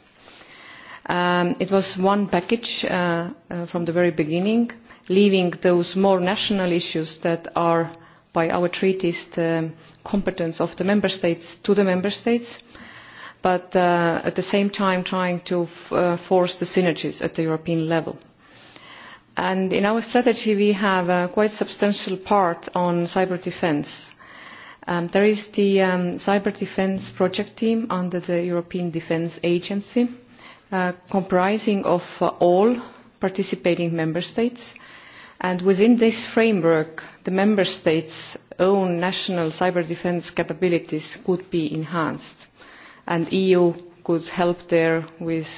[SPEAKER 17] Um, it was one package uh, uh, from the very beginning, leaving those more national issues that are uh, by our treaties the competence of the member states to the member states but uh, at the same time trying to f uh, force the synergies at the European level. And in our strategy we have a quite substantial part on cyber defense. Um, there is the um, cyber defense project team under the European Defense Agency uh, comprising of uh, all participating member states and within this framework the member states' own national cyber defence capabilities could be enhanced and the eu could help there with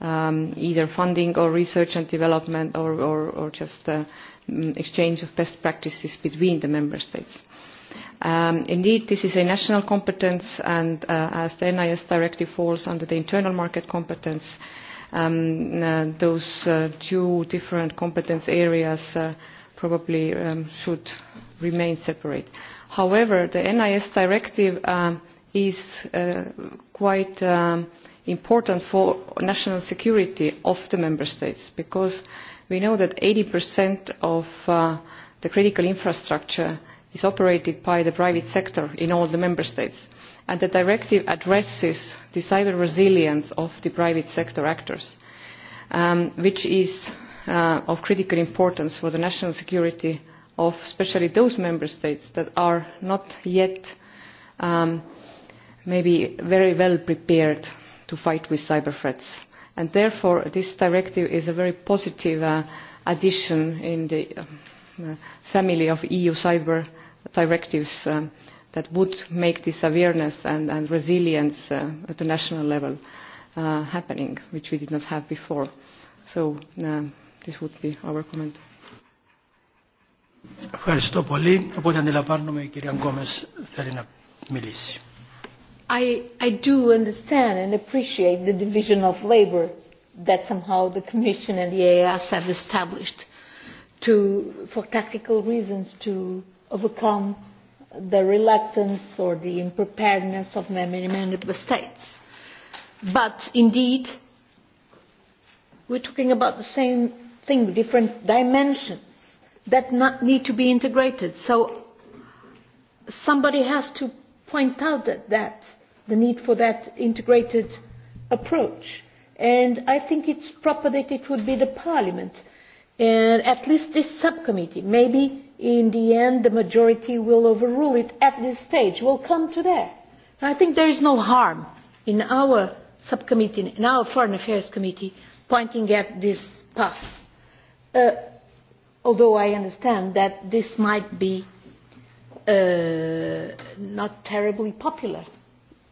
[SPEAKER 17] um, either funding or research and development or, or, or just uh, mm, exchange of best practices between the member states. Um, indeed, this is a national competence and uh, as the NIS directive falls under the internal market competence, uh, um, uh, those uh, two different competence areas uh, probably um, should remain separate. However, the NIS directive um, is uh, quite um, important for national security of the member states because we know that 80% of uh, the critical infrastructure is operated by the private sector in all the member states and the directive addresses the cyber resilience of the private sector actors, um, which is uh, of critical importance for the national security of especially those member states that are not yet um, maybe very well prepared to fight with cyber threats. And therefore, this directive is a very positive uh, addition in the um, uh, family of EU cyber directives um, that would make this awareness and, and resilience uh, at the national level uh, happening, which we did not have before. So uh, this would be our comment.
[SPEAKER 8] Ευχαριστώ πολύ. Οπότε αντιλαμβάνομαι η κυρία Γκόμες θέλει να μιλήσει.
[SPEAKER 7] I, I do understand and appreciate the division of labor that somehow the Commission and the EAS have established to, for tactical reasons to overcome uh, the reluctance or the unpreparedness of many member states. But indeed, we're talking about the same thing, different dimensions that not need to be integrated. So somebody has to point out that, that the need for that integrated approach. And I think it's proper that it would be the Parliament, and at least this subcommittee, maybe in the end the majority will overrule it at this stage. We'll come to that. I think there is no harm in our subcommittee, in our Foreign Affairs Committee, pointing at this path. Uh, although I understand that this might be uh, not terribly popular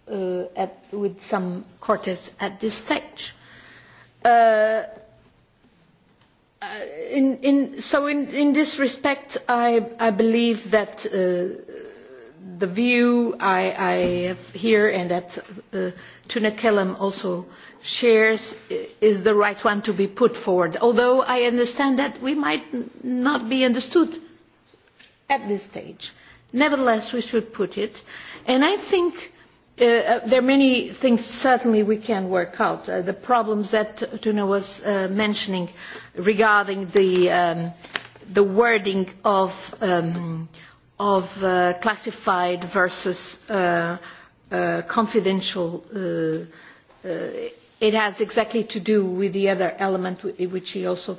[SPEAKER 7] uh, at, with some quartets at this stage. Uh, Uh, in, in, so in, in this respect, I, I believe that uh, the view I, I have here and that uh, Tuna Kellum also shares is the right one to be put forward, although I understand that we might not be understood at this stage. Nevertheless, we should put it. And I think Uh, uh, there are many things certainly we can work out. Uh, the problems that Tuna was uh, mentioning regarding the, um, the wording of, um, of uh, classified versus uh, uh, confidential, uh, uh, it has exactly to do with the other element which he also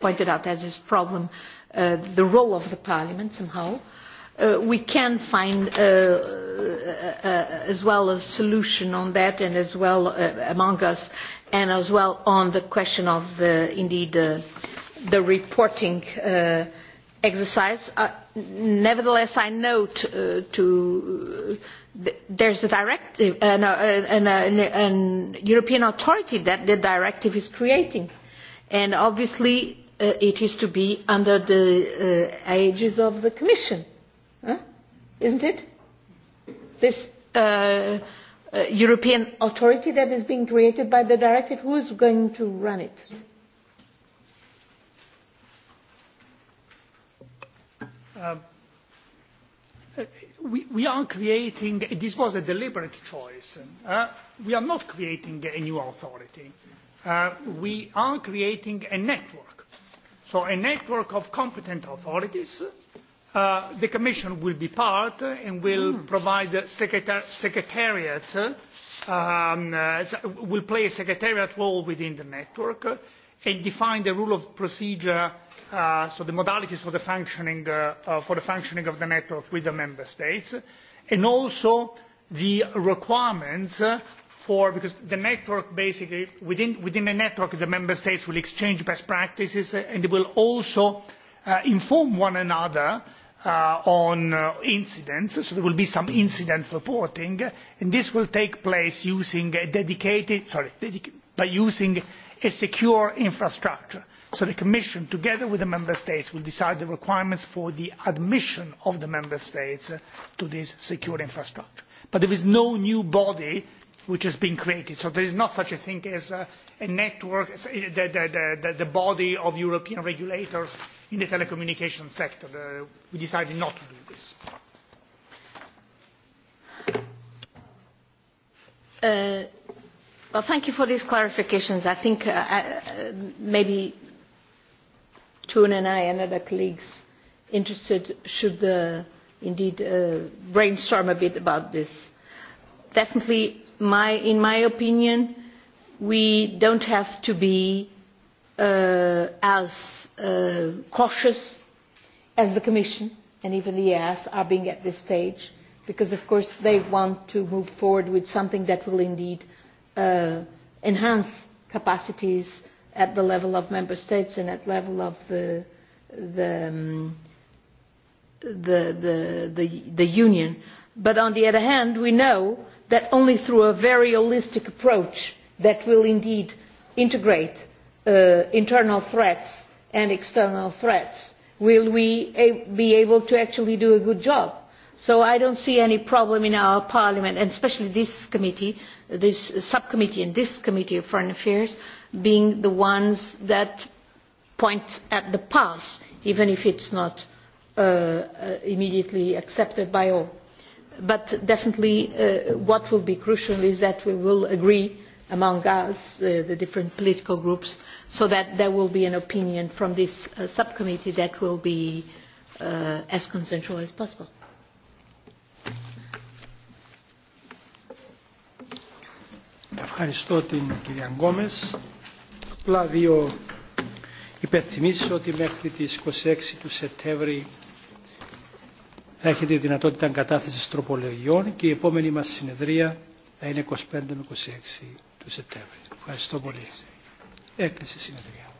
[SPEAKER 7] pointed out as his problem, uh, the role of the parliament somehow. Uh, uh, we can find uh, uh, uh, as well a solution on that and as well uh, among us and as well on the question of uh, indeed uh, the reporting uh, exercise. Uh, nevertheless, I note uh, to th there's a directive, uh, no, an, uh, uh, an, an European authority that the directive is creating, and obviously uh, it is to be under the uh, aegis of the Commission. Uh, isn't it? This uh, uh, European authority that is being created by the directive, who is going to run it?
[SPEAKER 16] Um, uh, we, we are creating, this was a deliberate choice. Uh, we are not creating a new authority. Uh, we are creating a network. So a network of competent authorities uh, Uh, the commission will be part and will mm. provide the secretar secretariat um, uh, will play a secretariat role within the network uh, and define the rule of procedure uh, so the modalities for the functioning uh, uh, for the functioning of the network with the member states and also the requirements uh, for because the network basically within within the network the member states will exchange best practices and they will also uh, inform one another uh, uh, on uh, incidents so there will be some mm-hmm. incident reporting and this will take place using a dedicated sorry dedica by using a secure infrastructure so the commission together with the member states will decide the requirements for the admission of the member states uh, to this secure infrastructure but there is no new body which has been created so there is not such a thing as uh, a network uh, the, the, the, the body of european regulators in the telecommunications sector. Uh, we decided not to do this.
[SPEAKER 7] Uh, well, thank you for these clarifications. I think uh, uh, maybe Toon and I and other colleagues interested should uh, indeed uh, brainstorm a bit about this. Definitely, my, in my opinion, we don't have to be uh, uh, as uh, cautious as the Commission and even the EAS are being at this stage, because of course they want to move forward with something that will indeed uh, enhance capacities at the level of member states and at level of the the um, the, the, the, the union. But on the other hand, we know that only through a very holistic approach that will indeed integrate Uh, internal threats and external threats will we be able to actually do a good job? so i do not see any problem in our parliament and especially this committee this subcommittee and this committee of foreign affairs being the ones that point at the past even if it is not uh, uh, immediately accepted by all. but definitely uh, what will be crucial is that we will agree among us uh, the different political groups so that there will be an opinion from this uh, subcommittee that will be uh, as consensual as possible.
[SPEAKER 8] Ευχαριστώ την κυρία Γκόμες. Απλά δύο υπενθυμίσεις ότι μέχρι τις 26 του Σεπτέμβρη θα έχετε δυνατότητα κατάθεσης τροπολογιών και η επόμενη μας συνεδρία θα είναι 25 με 26 του Σεπτέμβρη. Ευχαριστώ πολύ. Έκλεισε η συνεδρία.